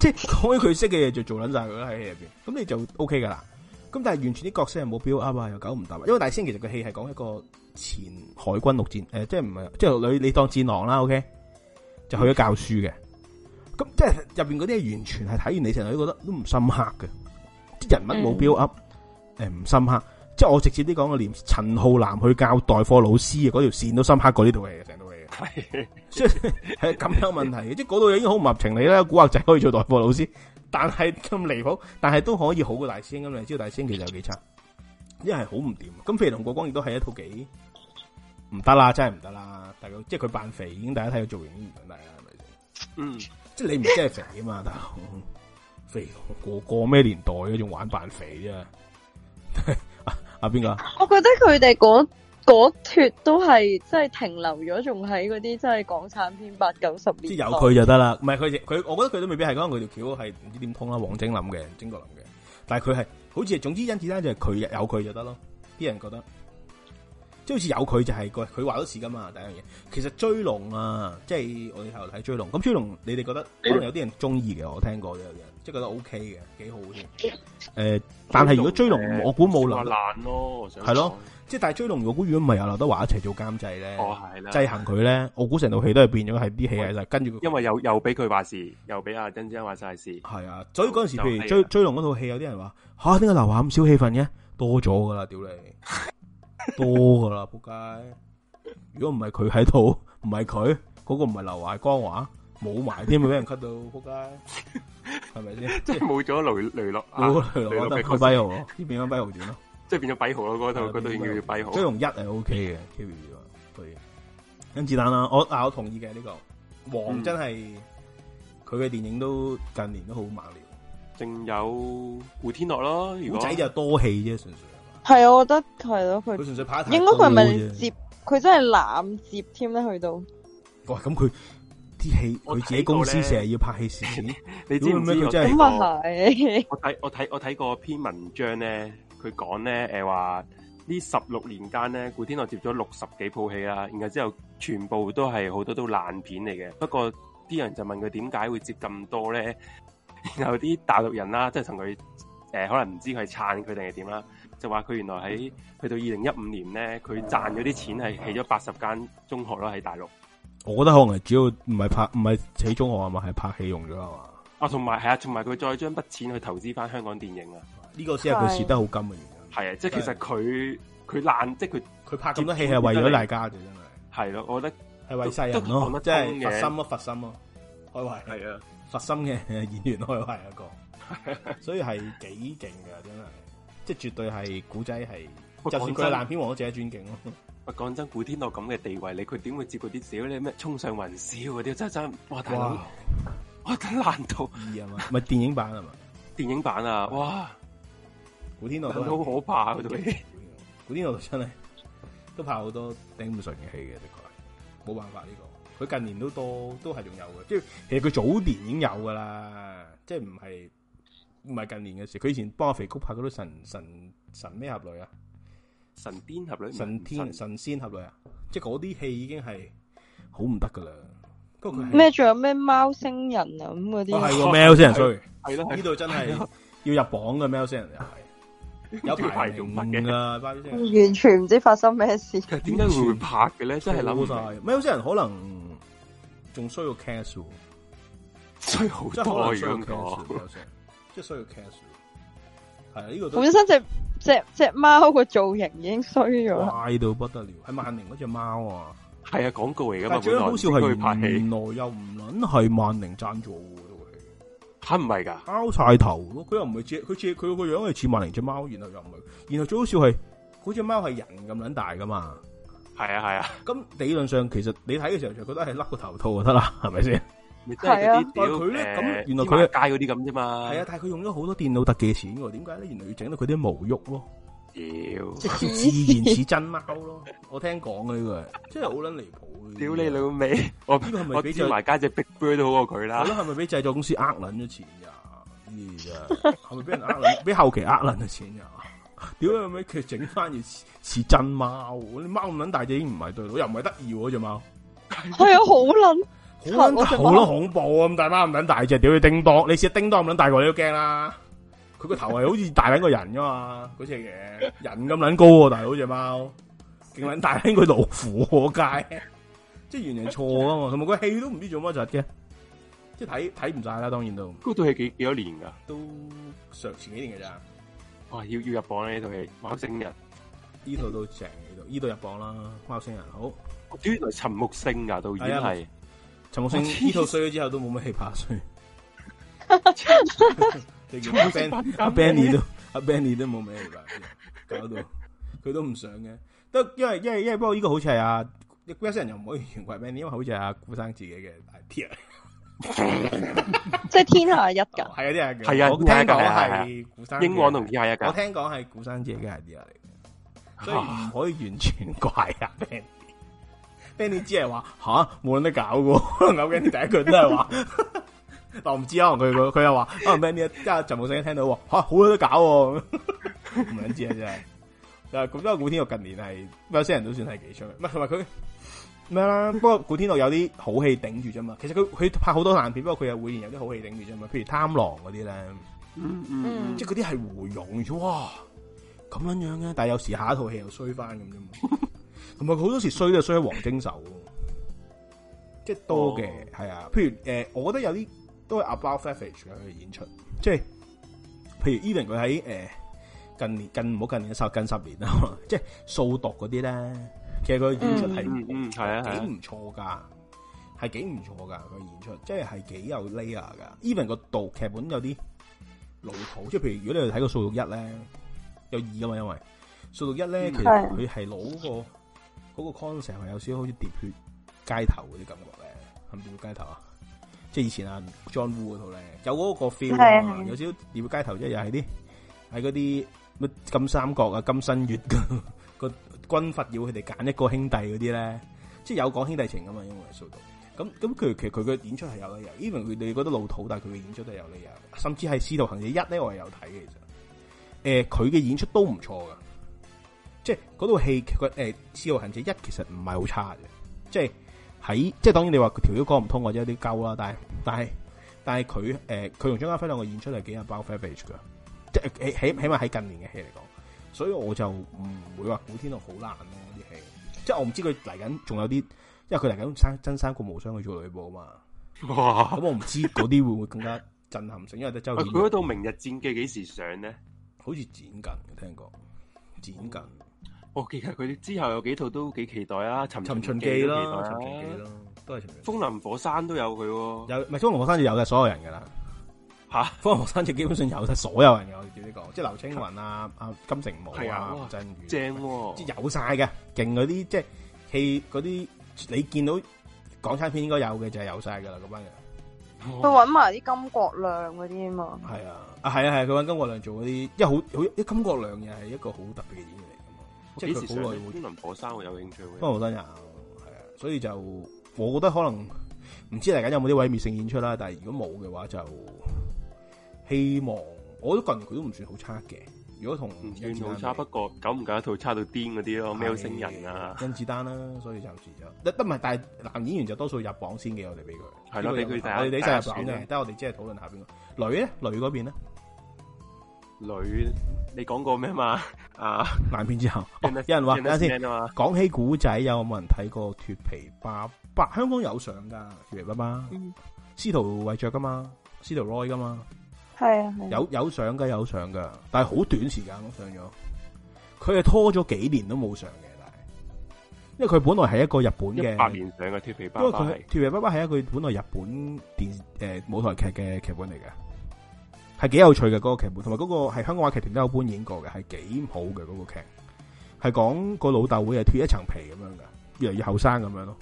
即係開佢識嘅嘢就做捻晒佢喺戲入邊，咁你就 O K 噶啦。咁但係完全啲角色又冇 build up，又搞唔得。因為大師兄其實個戲係講一個前海軍陸戰誒、呃，即係唔係即係你你當戰狼啦，O K 就去咗教書嘅。咁即係入邊嗰啲係完全係睇完你成日都覺得都唔深刻嘅，啲人物冇 build up，誒、嗯、唔、呃、深刻。即係我直接啲講，我連陳浩南去教代課老師嘅嗰條線都深刻過呢度嘅。係，即係咁有問題嘅，即係嗰度已經好唔合情理啦。古惑仔可以做代課老師，但係咁離譜，但係都可以好過大師兄咁啊！你知道大師兄其實有幾差，
一係
好唔掂。咁肥龍過江亦都係一套幾唔得啦，真係唔得啦。但係即係佢扮肥，已經大家睇到造型唔得啦，係咪先？嗯，即係你唔知係肥嘅嘛，但係肥龍過咩年代咧，仲玩扮肥啫？阿阿邊個？
我覺得佢哋講。嗰脱都係即係停留咗，仲喺嗰啲即係港產片八九十年代即有佢就得啦，
唔係佢佢，我覺得佢都未必係，可能佢條橋係唔知點通啦。王晶諗嘅，曾國林嘅，但係佢係好似，總之甄子丹就係佢有佢就得咯。啲人覺得即係好似有佢就係、是、佢，佢話到事噶嘛。第一樣嘢，其實追龍啊，即係我哋頭睇追龍，咁追龍你哋覺得可能有啲人中意嘅，我聽過有啲人即係覺得 O K 嘅，幾好嘅。誒、呃，但係如果追龍，我估冇難咯，係咯。即係追龍、哦，我估如果唔係有劉德華一齊做監製咧，制衡佢咧，我估成套戲都係變咗係啲戲係實
跟住。因為又又俾佢話事，又俾阿甄子話晒事。係啊，所以嗰陣時，譬如追
追龍嗰套戲，有啲人話：吓，點解劉華咁少戲份嘅？多咗噶啦，屌你，多噶啦，仆街！如果唔係佢喺度，唔係佢，嗰、嗰個唔係劉華光華，冇埋添，俾人 cut
到仆街，係咪先？即係冇咗雷雷洛，冇雷，我得幾塊好，啲咯。即係變咗跛豪
咯，嗰度嗰度叫叫跛豪。
張
榮
一係 O K 嘅 carry 咗，甄、OK、子丹啦、啊，我啊我同意嘅呢、呢個王真係，佢、嗯、嘅電影都近年都好猛料。
仲有古天樂咯如果，古仔就多戲啫，純
粹係。啊，我覺得係咯，佢。佢純粹拍。應該佢咪接，佢真係攬接添咧，去到。
哇！咁佢啲戲，佢自己公司成日要拍戲先， 你知唔知道？佢
咁啊係。我睇我睇我睇過篇文章咧。佢講咧，誒話呢十六年間咧，古天樂接咗六十幾套戲啦，然後之後全部都係好多都爛片嚟嘅。不過啲人就問佢點解會接咁多咧？然後啲大陸人啦，即係同佢誒，可能唔知佢係撐佢定係點啦，就話佢原來喺去到二零一五年咧，佢賺咗啲錢係起咗八十間中學啦喺大陸。
我覺得可能主要唔係拍唔係起中學啊嘛，係拍戲用
咗啊嘛。啊，同埋係啊，同埋佢再將筆錢去投資翻香港電影啊。呢個先係佢蝕得好金嘅原因。係啊，即係其實佢佢爛，即係佢佢拍咁多戲係為咗大家嘅，真係。係咯，我覺得係為世人咯，即係佛心咯，佛心咯，
開懷。係啊，佛心嘅演員開懷一個，是所以係幾勁噶，真係。即係絕對係古仔係，
就算佢爛片王都值得尊敬咯。唔係講真， 古天樂咁嘅地位，你佢點會接嗰啲少咧？咩衝上雲霄嗰啲真真，哇大佬，我得爛圖。二啊嘛？
唔係電影版啊嘛？
電影版啊，哇！古天樂都,都好可怕嘅、啊， 古天樂真係
都拍好多頂唔順嘅戲嘅，的確冇辦法呢、呢個。佢近年都多，都係仲有嘅。即係
其實佢早年
已經有噶啦，即係唔係唔係近年嘅事。佢以前幫肥菊拍嗰啲神神神咩俠侶啊，神鵰俠侶，神天神仙俠侶啊，即係嗰啲戲已經係好唔得噶啦。不過佢
咩？仲有咩貓星人啊咁嗰啲？係
貓星人，sorry 係咯，呢度真係要入榜嘅貓星人。 有排用乜
嘅，完全唔知發生咩事。點解會
拍嘅咧？真係諗唔晒。咩？有啲人可能仲衰個 cash，衰好多樣個，即係衰個 cash。係啊，本身隻
隻隻貓個造型已經衰咗，怪
到不得了。係萬寧嗰隻貓啊，係啊，廣告嚟噶嘛。最搞笑係原來又唔撚係萬寧贊助。係唔係噶？拗晒頭，佢又唔係只，佢只佢個樣係似萬零隻貓，然後又唔係，然後最好笑係，嗰隻貓係人咁卵大噶嘛？
係啊係啊。
咁、啊、理論上其實你睇嘅時候，就覺
得係甩個頭套就得啦，係咪先？係、啊、但係佢咧咁，原來佢戒嗰啲咁啫嘛。係啊，但
係佢用咗好多電腦特技錢噶，點解咧？原來要整到佢啲毛喐咯。妖，自然似真貓咯。我聽講嘅呢個真係好卵離譜。屌你老味！我邊個係咪俾埋家姐 Big Boy 都好過佢啦？係咯，係咪俾製作公司呃捻咗錢呀？呢啲嘢係咪俾人呃捻？俾 後期呃捻咗錢呀？屌你咪佢整翻嘢似真貓？你貓咁捻大隻已經唔係對佬，又唔係得意嗰隻貓。係
啊，好捻，好 捻，好恐
怖啊！咁大貓咁捻大隻，屌你叮噹！你似叮噹咁捻大個，你都驚啦。佢 個頭係好似大捻個人噶
嘛？嗰隻嘢
人咁捻高喎，大佬隻貓勁捻大，應佢老虎我街。 即係原來錯
噶嘛，同埋個戲都唔知做乜柒嘅，即係睇睇唔晒啦，當然都。嗰套戲幾幾多年噶？都上前幾年嘅咋？哇、哦，要要入榜呢套戲《貓星人》？
呢套都正嘅，呢套入榜啦，
《貓星人》好。主要係陳木勝噶，導演係陳木勝。呢套
衰咗之後都冇乜戲拍衰。
阿、 啊 ben, 啊、Benny 都
阿、 啊、Benny 都冇咩、啊、 搞到佢都唔想嘅。都因為因為因為不過呢個好似係阿。一孤人又唔可、， 哦、 可以完全怪 Benny，因為好似阿古生自己嘅 idea 即
係天下一噶，係啊啲係，係 啊， 我聽講係古生，英皇同天下一噶，我聽講係古生自己嘅
idea 嚟，所以唔可以完全怪阿 Benny，Benny 只係話吓，冇得搞噶，第一句都係話， 我唔知啊，佢佢又話，可能 Benny 一下就冇聲、 啊、聽到，吓好多都搞，唔知啊。就咁，因為古天樂近年係有些人都算係幾出，唔係同埋佢咩啦？ 不過古天樂有啲好戲頂住啫嘛。其實佢佢拍好多爛片，不過佢又會連有啲好戲頂住啫嘛。譬如《貪狼》嗰啲咧，即係嗰啲係護佣哇咁樣樣、啊、嘅。但係有時下一套戲又衰翻咁啫嘛。同埋佢好多時衰都係衰喺黃精手，即係多嘅係啊。譬如誒、呃，我覺得有啲都係 above average 嘅佢演出，即係譬如 Even 佢喺誒。呃近年、近唔好近年十近十年啊，即係掃毒嗰啲咧，其實佢演出係、嗯嗯、啊幾唔、啊啊、錯噶，係幾唔錯噶佢演出，即係係幾有 layer 噶。even 個度劇本有啲老土，即係譬如如果你哋睇個掃毒一咧，有二啊嘛，因為掃毒一咧、啊、其實佢係攞個嗰、嗰個 concept 係有少少好似喋血街頭嗰啲感覺咧，係咪叫街頭啊？即係以前啊，John Woo 嗰套咧，有嗰個 feel 啊，啊啊有少少喋血街頭即又係啲喺嗰啲。金三角啊，金新月噶個軍閥要佢哋揀一個兄弟嗰啲咧，即係有講兄弟情噶、啊、嘛，因為掃毒咁咁，其實佢嘅演出係有理由，even 佢哋覺得老土，但係佢嘅演出都係有理由，甚至係《使徒行者一》咧，我係有睇嘅，其實，誒、呃，佢嘅演出都唔錯嘅，即係嗰套戲佢誒《使徒、呃、行者一》其實唔係好差嘅，即係喺即係當然你話條腰講唔通或者有啲鳩啦，但係但係但係佢誒佢同張家輝兩個演出係幾有包 face 即起起碼喺近年嘅戲嚟講，所以我就唔會話古天樂好爛咯啲戲，即係我唔知佢嚟緊仲有啲，因為佢嚟緊生真生過無雙去做女部啊嘛。咁、嗯、我唔知嗰啲會唔會更加震撼性， 因為得周。佢嗰
套《明日戰記》幾時上咧？好似剪緊，我聽講剪緊。哦，其實佢之後有幾套都幾期待啊，尋期待《尋尋秦記》咯，《尋秦記》咯，都係《尋秦記》。《風林火山》都有佢，啊，有唔係《風林火山》
就有嘅，所有人
噶啦。嚇，方豪生就基本上有晒所有人嘅。我
哋叫呢個，即係劉青雲啊、阿、啊、金城武啊、吳鎮宇，正即係有晒嘅、勁嗰啲，即係戲嗰啲你見到港產片應該有嘅，就係、是、有晒嘅啦。嗰班嘅，佢揾
埋啲金國亮嗰啲啊嘛，係
啊，
是啊係啊係。佢揾金國亮做嗰啲，因為好好金國亮又係一個好特別嘅演員嚟嘅嘛。
幾時上嚟？《天龍破山》我會有印象嘅。方豪
生有係啊，所以就我覺得可能唔知大家有冇啲毀滅性演出啦。但係如果冇嘅話，就。希望，我都覺近年佢都唔算好差嘅。
如果同，原好差，不過久唔久一套差到癲嗰啲咯，有、啊、喵星人啊，甄
子丹啦、啊，所以就住咗。得唔係？但係男演員就多數入榜先嘅。我哋俾佢係咯，俾佢、這個，我哋俾晒入榜啫。得我哋即係討論下邊個
女咧，女嗰
邊咧，女，女你講過咩嘛？啊，爛片之後， 哦 In、有人話，In、等下先。講起古仔，有冇人睇過脫皮爸爸？香港有上噶脫皮爸爸，嗯、司徒慧焯噶嘛，司徒 Roy 噶嘛。
係啊，有上
有上嘅有上噶，但係好短時間上咗，佢係拖咗幾年都冇上嘅，但係，因為佢本來係一個日本嘅，八年
上嘅脱皮爸爸，因為佢
脱皮爸爸係一個本來日本電誒、呃、舞台劇嘅劇本嚟嘅，係幾有趣嘅嗰、那個劇本，同埋嗰個係香港話劇團都有搬演過嘅，係幾好嘅嗰、那個劇，係講個老豆會係脱一層皮咁樣嘅，越嚟越後生咁樣咯，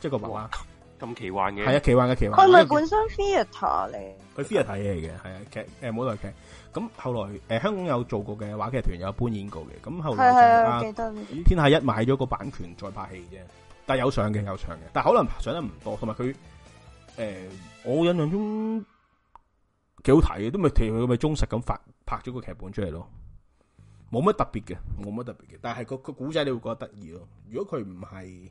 這、就是、個爸爸咁奇幻嘅係啊，奇幻嘅奇幻。佢咪係本身 f e t 嚟，佢 f i e t 嚟嘅，係啊劇誒，舞台劇。咁、呃、後來誒、呃，香港有做過嘅話劇團有搬演過嘅。咁後來就啊，天下一買咗個版權再拍戲啫。但係有相嘅，有相嘅。但係可能拍相得唔多，同埋佢誒，我印象中幾好睇嘅，都咪佢咪忠實咁發拍咗個劇本出嚟咯。冇乜特別嘅，冇乜特別嘅。但係個個古仔你會覺得得意咯。如果佢唔係。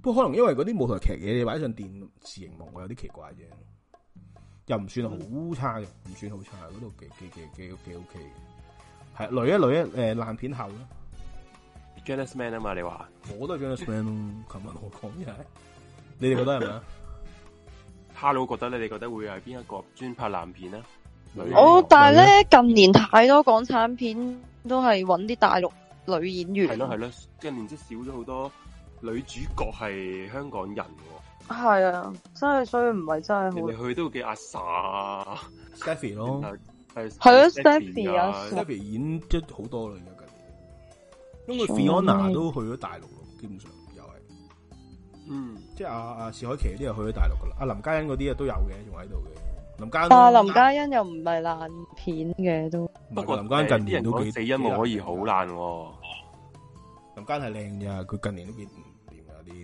不過可能因為嗰啲舞台劇嘢你擺上電視熒幕，有啲奇怪啫。又唔算好差嘅，
唔算好差，嗰度幾幾幾幾幾 OK 嘅。
係女一女一誒爛片后啦
j e a n g s e Man 啊嘛，你話
我都係 e a n g s e Man 咯。琴日我講嘅，
你哋覺得係咪啊？Hello 覺得你哋覺得會係邊一個專拍爛片呢？女。哦，但係咧，
近年太多港產片都係揾啲大陸
女演員。係咯係咯，近年即係少咗好多。女主角係香港人，哦，
係啊，真係所以唔係真係好你
去都幾阿 Sa，Stephy，
啊、咯是是是，係咯 Stephy 啊，Stephy 演即好多啦，而家近年，
因為 Fiona 都
去咗大陸咯，基本上又係，
嗯，即
係阿阿視海琪都又去咗大陸噶啦，阿、啊、林嘉欣嗰啲啊都有嘅，仲喺度嘅，林嘉，啊林嘉欣
又唔係爛片嘅都，不過，不
過林嘉欣近年都幾人死因，我可
以好爛，啊
啊，林嘉欣係靚嘅，佢近年都變。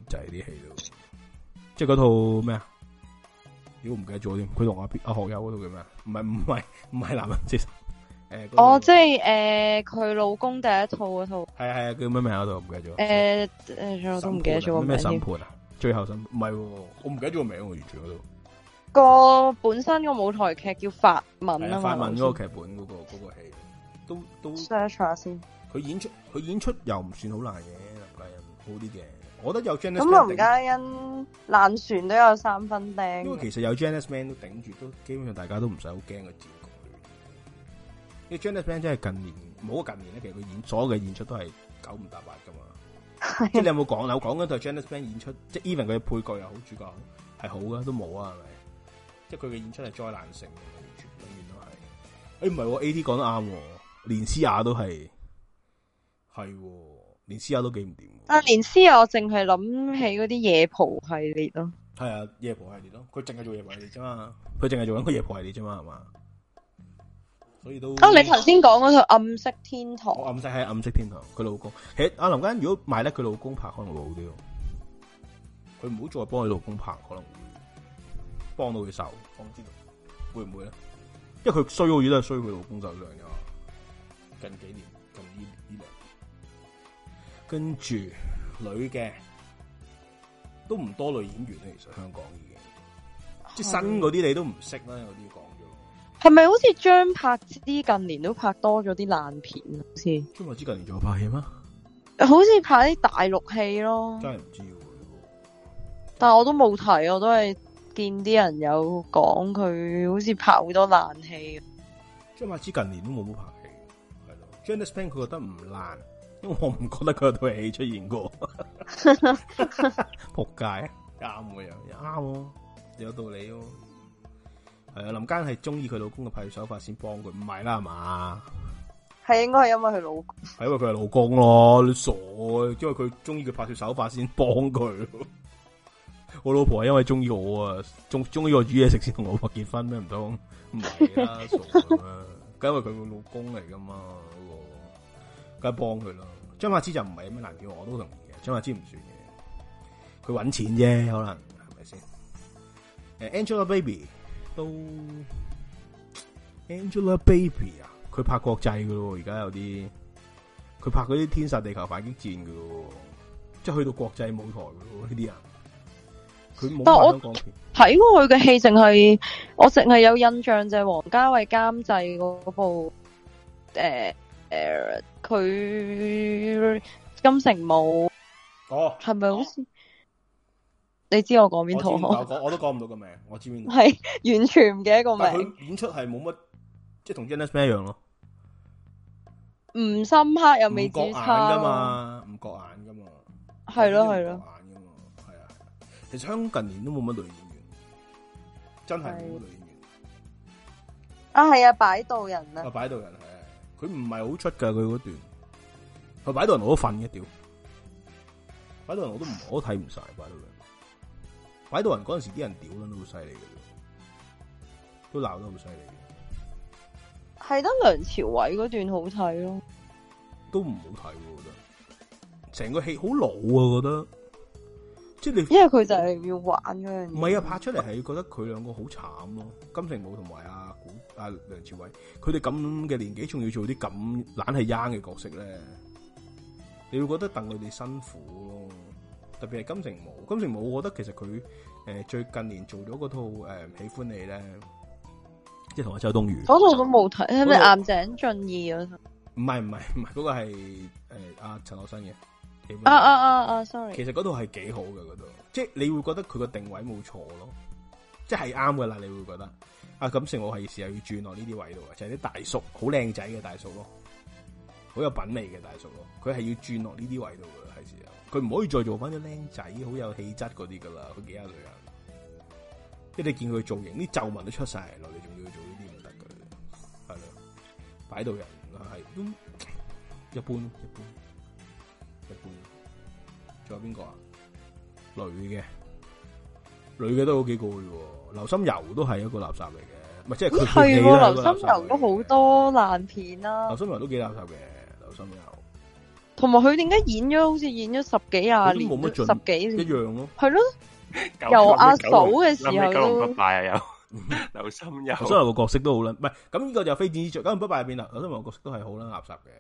就係啲戲咯，即係嗰套咩、欸、啊？我唔記得咗添。佢同阿阿學友嗰套叫咩？唔係唔係唔係男人。即係誒，哦，
即係誒，佢、呃、老公第一套嗰套
係啊係啊，叫咩名，套、呃、名什麼啊？我唔記得咗。誒誒，我都唔記得咗個名。咩審判啊？最後審唔係？我唔記得咗個名喎，完全都。
個本身個舞台劇叫法文啊，法文嗰個劇
本嗰、嗰個嗰、嗰個戲
都都 search 下先。
佢演出佢演出又唔算好難嘅又好難嘅，係好啲嘅。我覺得有 Janice 咁，而家
因爛船都有三分釘。因為其
實有 Janice man 都頂住，都基本上大家都唔使好驚個結局。因為 Janice man 真係近年，冇好近年咧，其實佢演所有嘅演出都係九唔搭八噶嘛。即 係你有冇講啊？我講緊對 Janice man 的演出，即係 even 佢嘅配角又好，主角係好噶，好的是是的的都冇、欸、啊，係咪？即係佢嘅演出係災難性，永遠都係。誒，唔係，A. T. 講得啱，連詩雅都係，係、啊。連私有都幾唔掂，
阿連私有，我淨係諗起嗰啲夜蒲系列咯。
係啊，夜蒲系列咯，佢淨係做夜蒲系列啫嘛，佢淨係做緊佢夜蒲系列啫嘛，係、嗯、嘛？
所以
都。哦、啊，你頭
先講嗰套《暗色天堂》，
暗色係《是暗色天堂》，佢老公。其實阿林間如果買得佢老公拍，可能會好啲。佢唔好再幫佢老公拍，可能會幫到佢手。我唔知道會唔會咧，因為佢衰，我而都係衰佢老公就質量噶，近幾年。跟住女嘅都唔多女演員咧，其實香港已經即係新嗰啲你都唔識啦，有啲講咗。
係咪好似張柏芝近年都拍多咗啲爛片？先張柏
芝近年仲有拍戲
咩？
好似拍啲大陸戲咯，
真係唔知喎。
但我都冇睇，我都係見啲人有講佢好似拍好多爛戲。
張柏芝近年都冇冇拍戲，係咯？Jennifer n g 佢覺得唔爛。因為我唔覺得佢有套戲出現過，撲街，啱嘅樣，啱，有道理哦。係啊，林間係中意佢老公嘅拍攝手法先幫佢，唔係啦係嘛？
係應該係因為佢老公，
係因為佢係老公咯。你傻，因為佢中意佢拍攝手法先幫佢。我老婆係因為中意我啊，中中意我煮嘢食先同老婆結婚咩？唔通唔係啊？傻啊！因為佢個老、啊老、 啊、老公嚟噶嘛，梗係幫佢啦。張柏芝就唔係咁難叫，我都同意嘅。張柏芝唔算嘅，佢搵錢啫，可能係咪先？誒，Angelababy 都 Angelababy 啊，佢，uh, 拍國際嘅咯，而家有啲佢拍嗰啲《天煞地球反擊戰》嘅，即係去到國際舞台嘅咯呢啲人。
佢冇拍香港片。睇過佢嘅戲，淨係我淨係有印象就係王家衛監製嗰部誒。呃佢金城武，哦、oh.，係咪好似你知我講邊套？我 我都講唔到個名，我知
邊係 完全唔記得一個名。
演出係冇
乜，即係同《The Man》一樣咯，
唔深刻又未？唔覺眼噶嘛，
唔覺眼噶嘛，
係咯係咯，眼噶嘛，
係啊。其實香港近年都冇乜女演員，
真係冇女演員啊！係啊，擺渡人啊，
擺渡人。佢唔係好出噶佢嗰段，佢擺到人我都瞓嘅屌，擺到人我都唔 我都睇唔晒擺到人，擺到人嗰陣時啲人屌都好犀利嘅，都鬧得好犀利。
係得梁朝偉嗰段好睇咯。啊，都唔
好睇我覺得，成個戲好老啊覺得，
即係你因為佢就係要玩嘅。樣，啊，唔係拍
出嚟係覺得佢兩個好慘咯，金城武同埋阿。阿梁朝偉，佢哋咁嘅年紀仲要做啲咁懶係 young 嘅角色咧，你會覺得戥佢哋辛苦咯。特別係金城武，金城武我覺得其實佢誒最近年做咗嗰套誒喜歡你咧，
即係同阿周
冬
雨。
嗰套我冇睇，係咪《岩井俊二》嗰套？唔
係唔係唔係，嗰個係誒阿陳可辛嘅。啊啊啊
啊，sorry。其
實嗰套係幾好嘅嗰套，即係你會覺得佢個定位冇錯咯，即係啱噶啦，你會覺得。啊！咁成我係時候要轉落呢啲位度啊，就係、是、啲大叔，好靚仔嘅大叔咯，好有品味嘅大叔咯，佢係要轉落呢啲位度嘅，係時候。佢唔可以再做翻啲靚仔，好有氣質嗰啲噶啦，佢幾啊女啊，你哋見佢造型啲皺紋都出晒，落嚟仲要做呢啲嘅，係咯，擺渡人係都、嗯、一般，一般，一般。仲有邊個啊？女嘅，女嘅都好幾個嘅，劉心悠都係一個垃圾嚟嘅。唔係即係佢自己啊！係劉心悠都
好多爛片啦。劉
心悠都幾垃圾嘅，劉心悠。
同埋佢點解演咗好似演咗十幾廿年都冇乜進步，十幾年一樣咯。係咯，
由阿
嫂嘅時候都九
五不敗啊！又劉心悠，劉心悠個角色都好啦。唔
係咁呢個就飛展衣着，九五不敗入邊啊！劉心悠個角色都係好啦，垃圾嘅。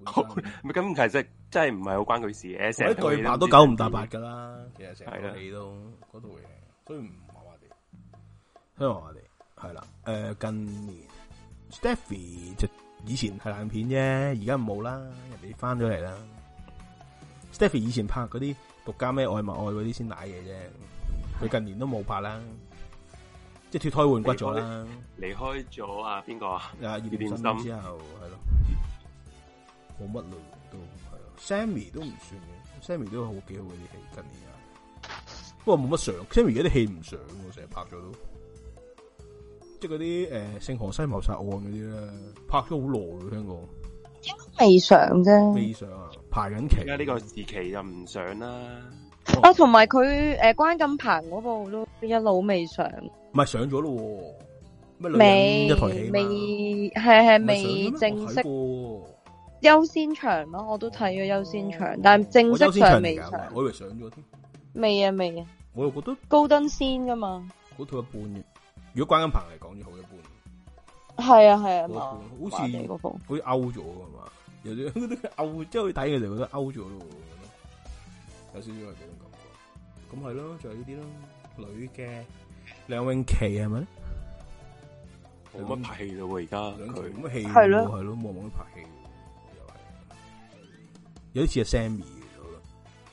唔係咁其實真係唔係好關佢事嘅，成對白都九唔搭八噶啦。其實成套戲都嗰套嘢，雖然麻麻地，
雖然麻麻地。係啦，誒、呃，近年 Stephy 就以前係爛片啫，而家冇啦，人哋翻咗嚟啦。Stephy 以前拍嗰啲獨家咩愛默愛嗰啲先奶嘢啫，佢近年都冇拍啦，是即係脱胎換骨咗啦。
離開咗啊,啊，邊個啊？啊，二零之後係咯，冇乜咯都
係啊。Sammy 都唔算嘅，Sammy 都好幾好嗰啲戲，近年啊，不過，冇乜上，Sammy 而家啲戲唔上，成日拍咗都。即係嗰啲誒，聖、呃、荷西謀殺案嗰啲咧，拍咗好耐嘅，聽講應該
未上啫，未上
啊，
排緊期而家呢個時期就唔上啦，
哦。啊，同埋佢誒，關錦鵬嗰部都一路未上，
唔係上咗咯，啊，
咩女人一台戲未
係係未正式優先場啦，啊，我都睇咗優先場，哦，但係正式場未上，
我以為上咗添，
啊，未啊未啊，啊，我又覺得高登先噶嘛，
好睇一半嘅。如果關錦鵬嚟講就好一般，
係啊係啊，好似
嗰
封好似歐咗噶嘛，了那個、 就看了有啲嗰啲歐即係睇佢哋咗咯，有少少係嗰種感覺。咁係咯，仲有呢啲咯。
女嘅
梁詠琪係咪咧？
冇乜、啊、拍戲咯，而家佢冇乜戲，係咯係
咯，冇乜拍
戲。又係
有啲似阿 Sammy，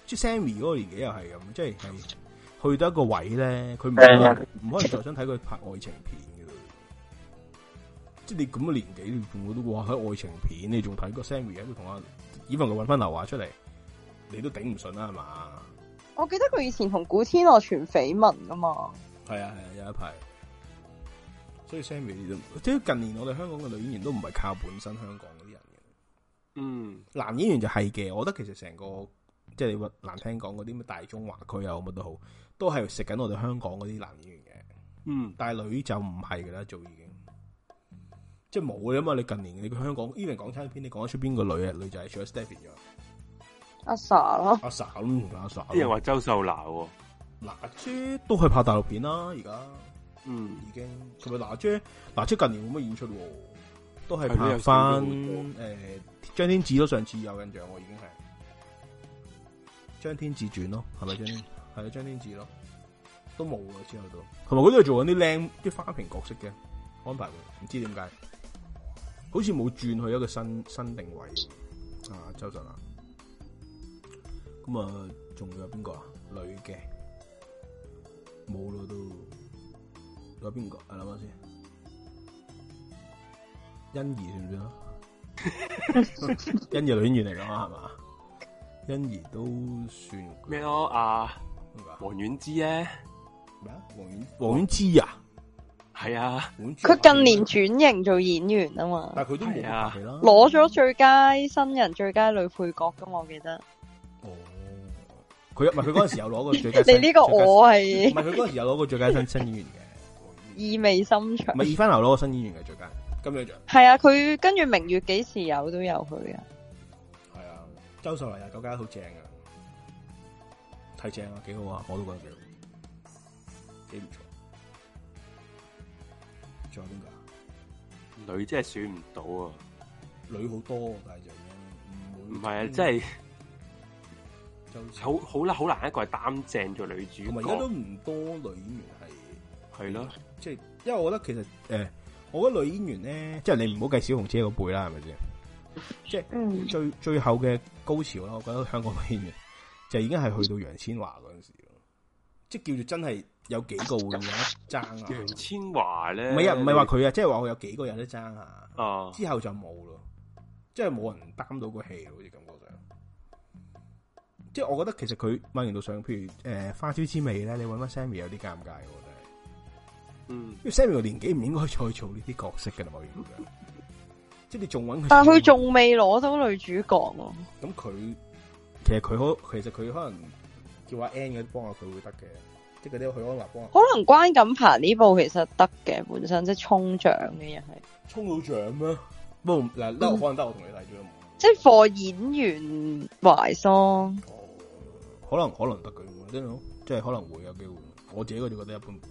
即係 Sammy 嗰個年紀又係咁，即、就、係、是。去到一個位咧，佢唔唔可能 再想睇佢拍愛情片嘅，即係你咁嘅年紀，我都話喺愛情片，你仲睇個 Sammy 喺度同阿，以為佢搵翻劉華出嚟，你都頂唔順啦，係嘛？
我記得佢以前同古天樂傳緋聞啊嘛，
係啊係啊，有一排。所以 Sammy 即近年我哋香港嘅女演員都唔係靠本身香港嗰啲人嘅，嗯，男演員就係嘅，我覺得其實成個即係你話難聽講嗰啲咩大中華區啊，乜都好。都係食緊我哋香港嗰啲男演員嘅，嗯，但係女就唔係噶啦，做已經，即係冇噶啦嘛。你近年你香港 even 呢邊港產片，你講得出邊個女，人女了啊？女仔除咗 Stephy 之
外，阿 sa 咯，阿
sa 咁同阿 sa，啲人話周秀娜喎，
哦，娜姐
都去拍大陸片啦，而家，嗯，已經，同埋娜姐，娜姐近年冇乜演出，都係拍翻，誒張天志咯，上次有印象我已經係張天志傳咯，係咪張天？ 係張天志咯，都冇啊！之後都同埋佢都做緊啲靚啲花瓶角色嘅安排的，唔知點解，好似冇轉去一個新新定位啊！周震啊，咁啊，仲有邊個啊？女嘅冇咯都，仲有邊個？係、啊、諗下先，欣宜算唔算啊
？
欣宜女演員嚟噶嘛？係嘛？欣宜都算
咩啊！ 王菀之咧，咩啊，
啊？王菀之啊，係啊，佢
近年轉型做演員啊嘛，但
係佢都冇
啊，攞咗最佳新人、最佳女配角噶，我記得。
哦，佢唔係佢嗰陣時有攞 個最佳，你呢個我係，唔係佢嗰陣時有攞個最佳新新演員
嘅。意味深長，唔係二番
流攞個新演員嘅最佳金靴
獎，係啊，佢跟住《明月幾時有》都有佢啊，係啊，
周秀娜啊，搞緊好正啊。太正啊，幾好啊，我都覺得幾好，
幾唔錯。仲有邊個？女真係選唔到啊，女好多，但係就唔唔係啊，真係就好好啦，好，好難一個係擔正做女主角。而家都唔
多女演員係
係啦，即係因為我覺得其實誒、呃，我覺得女演員
咧，即係你唔好計小紅車嗰輩啦，係咪先？即係最、嗯、最後嘅高潮啦，我覺得香港女演員。就已經係去到楊千嬅嗰陣時候，即係叫做真係有幾個會有得
爭啊！楊千嬅咧，唔係啊，唔係話佢啊，即係話我有
幾個人都爭啊，哦！之後就冇咯，即係冇人擔到個戲咯，好似感覺上，即係我覺得其實佢蔓延到上，譬如誒、呃《花椒之味》咧，你搵翻 Sammy 有啲尷尬，我覺得，嗯，因為 Sammy 個年紀唔應該再做呢啲角色噶啦，冇原因，即係你仲搵佢，但係佢
仲未攞到女主角咯，
咁佢。其實佢好，其實佢可能叫阿 N 嗰幫下佢會得嘅，即係嗰啲去安立幫。
可能關錦鵬呢部其實得嘅，本身即係衝獎嘅又係衝到獎咩？唔嗱，
呢、嗯、可能得我同你例舉，
即係貨演員懷桑、哦、
可能可能得嘅，即係可能會有機會。我自己就覺得一般不。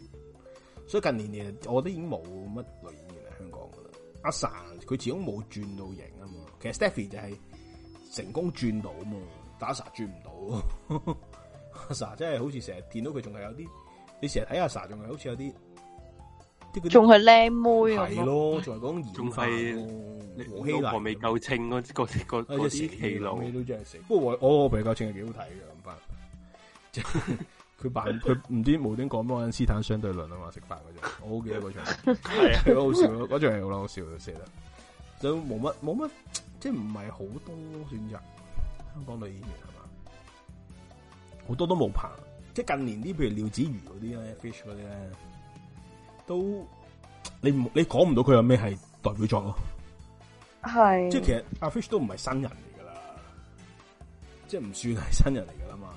所以近年嚟，我覺得已經冇乜女演員喺香港啦。阿 Sa 佢始終冇轉到型啊嘛，其實 Stephy 就係成功轉到啊嘛。打沙轉唔到，阿沙真係好似成日見到佢，仲係有啲。你成日睇阿沙，仲係好似有啲，
啲仲係靚妹係咯。仲
係
講疑，仲係和稀泥未夠清嗰個個個絲奇
嗰啲。都、啊、真係死。不過我比我唔清，係幾好睇嘅，唔佢扮佢唔知無端講乜嘢，愛因斯坦相對論啊嘛，食飯嗰場，我好記得嗰場，係啊，好笑啊，嗰 場係好咯，好笑死啦。就冇乜冇乜，即係唔係好多選擇。香港女演員係嘛，好多都冇拍，即近年啲，譬如廖子瑜嗰啲咧，Fish 嗰啲咧，都你你講唔到佢有咩係代表作咯，係，
即係其
實阿 Fish 都唔係新人嚟噶啦，即係唔算係新人嚟噶啦嘛，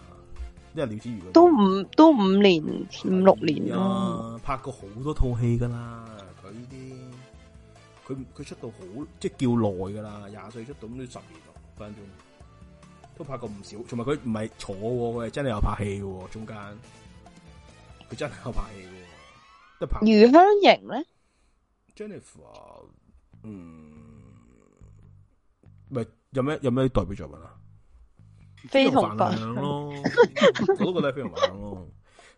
因為廖子瑜都五
都五年五六年咯，
拍過好多套戲噶啦，佢呢啲，佢佢出到好即係叫耐噶啦，廿歲出到，咁都十年咯，分鐘。都拍過唔少，同埋佢唔係坐嘅，真係有拍戲嘅，中間佢真係有拍戲嘅，余香凝咧
，Jennifer，嗯，
咪有咩有咩代表作品啊？非同凡響咯，我都 覺得非同凡響咯。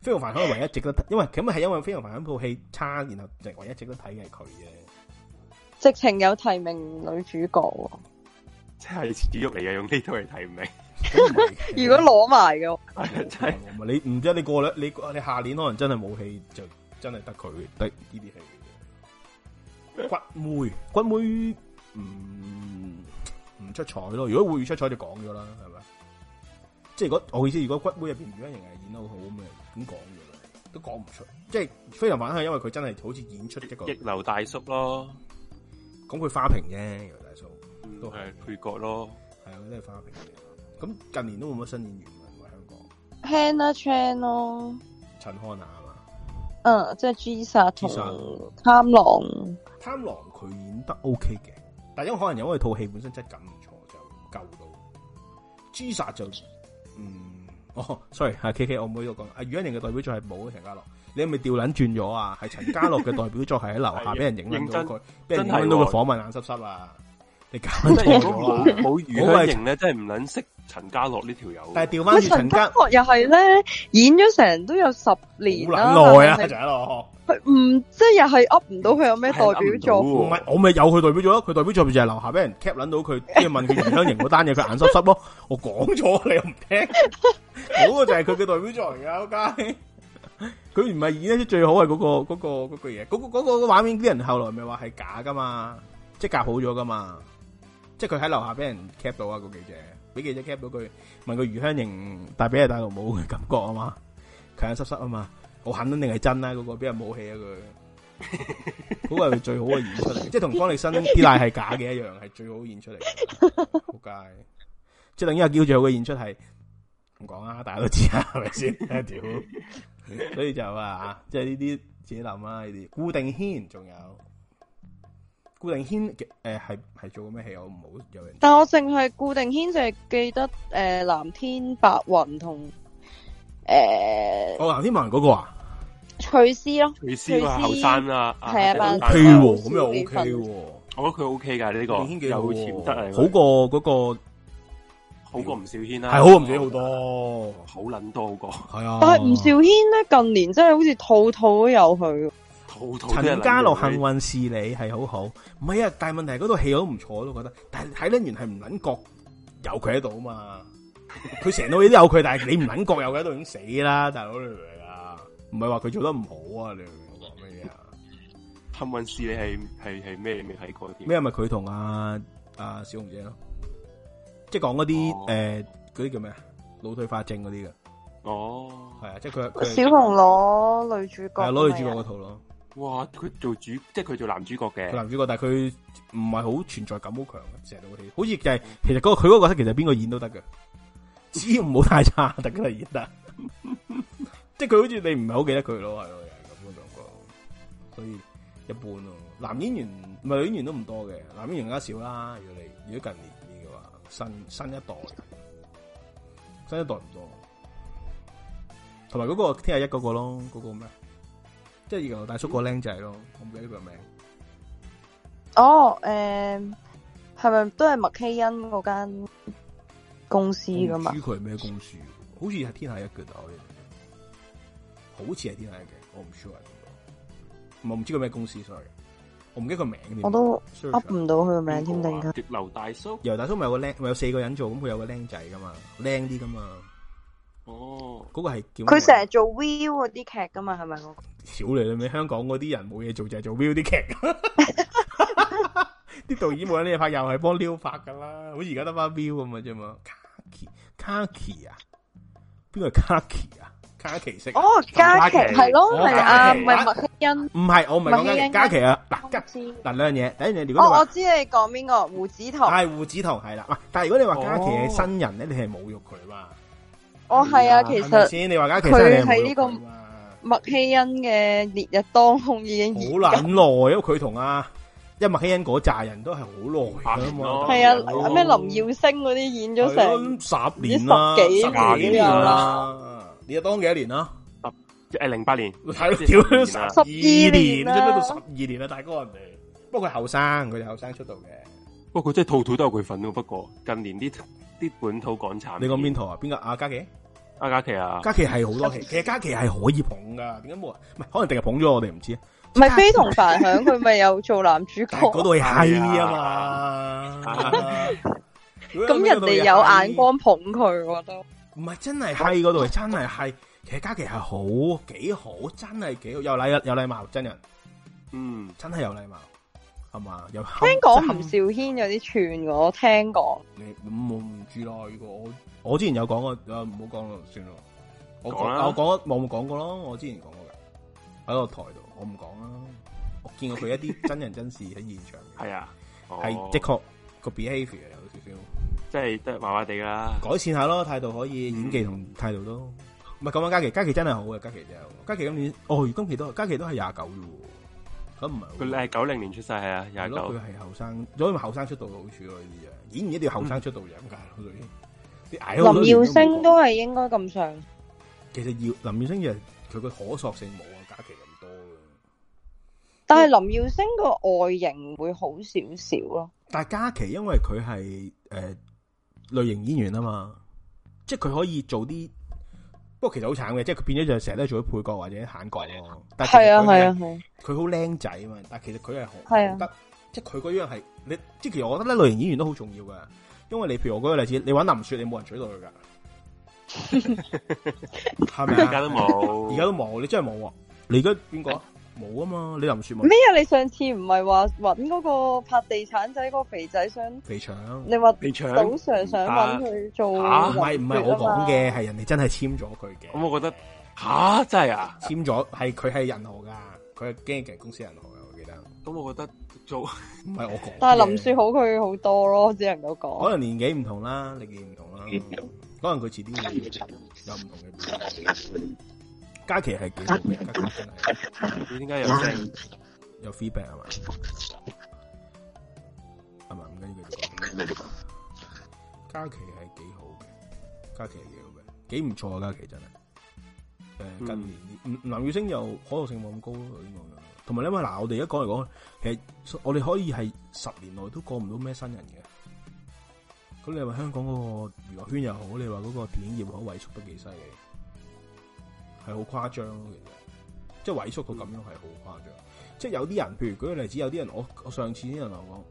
非同凡響係唯一值得，因為咁係因為非同凡響套戲差，然後就唯一值得睇嘅係佢嘅。
直情有提名女主角。
即係字玉嚟嘅，用呢套嚟睇唔明。
如果攞埋嘅，
真係你唔知 你過兩你過你，過你，過你下年可能真係冇戲，就真係得佢得呢啲戲。骨妹骨妹唔唔出彩咯，如果會出彩就講咗啦，
係咪？
即係如果我意思，如果骨妹入邊如果仍係演得好咁嘅，咁講嘅都講唔出。即係非常反，係因為佢真係好似演出一個逆
流大叔咯。咁佢花瓶啫，大叔。都係、嗯、配角咯，係啊，都係花瓶
嚟。咁近年都冇乜新演員喎、啊，
香港。Hanna Chan 咯，
陳漢娜。嗯，
即係朱砂同貪狼。
貪狼佢演得 OK 嘅，但因為可能因為套戲本身質感唔錯，就夠到。朱砂就，嗯，哦、oh,，sorry，係 K K，我唔可以講。啊，粵語人嘅代表作係冇陳家樂，你係咪掉捻轉咗啊？係 陳家樂嘅代表作係喺樓下俾人影到佢，俾人影到個訪
問、哦、眼濕濕啊！你真係
如果冇余香凝咧，那
個、真係唔捻識陳家樂呢條友。但係調翻轉陳家樂呢，
我又係咧演咗成都有十年好耐啊！陳家樂，佢唔即係又係 up 唔到佢有咩代表作？唔係
我咪有佢代表作咯？佢代表作就係樓下俾人 cap 捻到佢，即係問佢余香凝嗰單嘢，佢眼濕濕咯。我講咗你又唔聽，嗰 個就係佢嘅代表作嚟噶，家兄。佢唔係演得啲最好係嗰、那個嗰、那個嗰句嘢，嗰嗰嗰個畫、那個那個、面啲人後來咪話係假噶嘛，即係夾好咗噶嘛。即係佢喺樓下俾人 cap 到啊，那個記者俾記者 cap 到佢，問個余香凝帶畀你大陸帽，嘅感覺啊嘛，強強濕濕啊嘛，我肯定係真啦，嗰、那個畀人武器啊佢，嗰 個係最好嘅演出嚟， 即係同方力申啲瀨係假嘅一樣，係 最好嘅演出嚟，仆街，即 係等於係叫做最好嘅演出係，唔講啊，大家都知啊，係咪先？屌， 所以就 啊，即係呢啲自己諗啦、啊，呢啲胡定軒仲有。顧定軒嘅誒係係做過咩戲？我唔好有，有人。
但我淨係顧定軒，就係記得誒、呃、藍天白雲同誒。哦，
藍天白雲嗰個啊？
徐斯咯、啊，徐斯，徐斯，徐斯後生啦、啊，係啊，O K 喎，咁又 O K 喎，我覺
得佢 O K 噶呢個有得好，好，好
過嗰、那個
好過吳兆軒
啦，係好啊，唔
少
好多，哦、好捻多好過，係啊。
但係吳
兆軒咧，近年真係好似套套都有佢。
陳家樂，幸運是你係好好，唔係啊。但係問題係嗰套戲我都唔錯，我都覺得。但係睇得完係唔捻覺有佢喺度啊嘛。
佢
成套嘢都有佢，但係你唔捻覺有佢喺度，已經死啦！大佬你明唔明啊？唔係話佢做得唔
好啊？你明唔明？我講咩嘢啊？幸運是你係係係咩？你未睇過啲咩？係咪佢同阿阿小紅姐咯？
即係講嗰啲誒嗰啲叫咩啊？腦退化症嗰啲嘅哦，係啊，即係佢小紅
攞女主角，啊，攞女主角
嗰套咯。
哇！佢做主，即係佢做男主角嘅。男主
角，但係佢唔係好存在感好強嘅，成套戲好似就係其實個佢嗰個角色，其實邊個演都得㗎。 只要唔好太差得嘅啦，演得。即係佢好似你唔係好記得佢咯，係咯，又係咁嘅感覺。所以一般咯，男演員女演員都唔多嘅，男演員而家少啦。如果你如果近年呢嘅話，新新一代，新一代唔多。同埋嗰個《天下一》嗰個咯，嗰個咩？即係油大叔個僆仔咯，我唔記
得佢名。哦，誒，係咪都係麥希恩嗰間公司噶嘛？唔知佢
係咩公司，好似係天下一個，好似係天下一個，我唔 sure。唔唔知佢咩公司 Sorry，我唔記得佢名。我都
噏唔到佢名，添定
噶。油大叔，油大叔咪有個僆，咪有四個人做，咁佢有個僆仔噶嘛，僆啲噶嘛。哦，嗰、那個係叫佢成
日做 View 嗰啲劇噶嘛，係咪嗰
個？少嚟啦，咪香港嗰啲人冇嘢做就係做 View 啲劇，啲 導演冇呢嘢拍，又係幫溜拍噶啦。好似而家得翻 View 啊嘛，啫嘛。卡奇卡奇啊，邊個卡奇啊？卡奇識哦，嘉琪係咯，係、哦、啊，唔係麥希恩，唔係我唔係嘉琪啊。嗱，嗱兩樣嘢，等陣如果我知、啊啊、我
知你講邊個胡子彤，係
胡子彤係啦。但係如果你話嘉琪係新人咧，你係侮辱佢嘛？
哦係啊，其實先你話家，其實佢喺呢個麥希恩嘅烈日當空已經好
難耐，因為佢同啊因為麥希恩嗰扎人都係好耐噶嘛。係啊，咩
林耀星嗰啲演咗成
十年啦，十幾年啦。烈日當幾多年啦？啊，係零八年，睇到屌十二年，出到十二年啦，大哥人哋。不過佢後生，佢哋後生出道嘅。
不過真係套套都有佢份咯。不過近年啲啲本土港產，你講邊套啊？邊個啊？家杰？阿嘉琪啊，
嘉琪係好多期，其實嘉琪係可以捧噶，點解冇？唔係可能定係捧咗我哋唔知。唔係非同
凡響，佢咪有做男主角嗰度係係
啊嘛！咁
啊啊 是啊、 人哋有眼
光捧佢、啊，我覺
得唔係真係係嗰度，真係係。的是 其實嘉琪係好幾好，真係幾好，有禮有禮貌，真人，嗯，真係有禮貌。係嘛？聽講
含少軒有啲串噶，我聽過。你、嗯、
我唔知咯。如果我我之前有講過，唔好講咯，算咯。
我我講
冇冇講過咯。我之前講過噶，喺個台度我唔講啦。我見過佢一啲真人真事喺現場。
係 啊立刻，
係的確
個 behavior 有少少、哦，即係得麻麻地啦。改
善下咯，態度可以，演技同態度都。唔係咁樣，嘉琪，嘉琪真係好嘅，嘉琪就嘉琪今年哦，如今琪都嘉琪都係廿九嘅。
咁唔係佢係九零年出世係啊，廿九佢係後生，所以後生出道嘅好處咯呢啲嘢，演員一定要後生出道嘅咁
解。林耀星
都係應該咁上。
其實耀林耀星其實佢個可塑性冇啊，嘉琪咁多嘅。
但係林耀星嘅外形會好少少咯。
但係嘉琪因為佢係誒類型演員啊嘛，即係佢可以做啲。不過其實好慘嘅，即係佢變咗就成日都做啲配角或者閒角嘅。係、哦、啊係啊佢好靚仔啊嘛，啊但係其實佢係好得，
啊、即係
佢嗰樣係，你即係其實我覺得咧類型演員都好重要㗎！因為你譬如我舉個例子，你玩林雪，你冇人娶到佢噶，係咪啊？而家都冇，而 家都冇，你真係冇喎！你而家邊個？冇啊嘛，你林雪冇咩啊？
你上次唔係話搵嗰個拍地產仔嗰個肥仔想
肥腸，你話早上想搵佢
做唔係唔係我講嘅，係人哋真
係簽咗佢嘅。咁我覺得吓真係啊，簽咗係佢係人豪噶，佢係經紀公司人豪噶，我記得。咁我覺得做唔係我講，但係林
雪好佢好多咯，只能夠講。可
能年紀唔同啦，年紀唔同啦， 可能佢遲啲有唔同嘅。 嘉琪係幾好嘅，嘉琪真係，點解 有有 feedback 係嘛？係 嘛？唔緊要嘅，你嘉琪係幾好嘅，嘉琪係幾好嘅，幾唔錯，嘉琪真係。誒、呃，近年，嗯，林宇星又可塑性冇咁高，同埋因為嗱，我哋而家講嚟講，其實我哋可以係十年內都過唔到咩新人嘅。咁你話香港嗰個娛樂圈又好，你話嗰個電影業又好，萎縮都幾犀利。係好誇張咯，其實即係萎縮到咁樣係好誇張。即係、嗯、有啲人，譬如舉個例子，有啲人，我我上次啲人我講，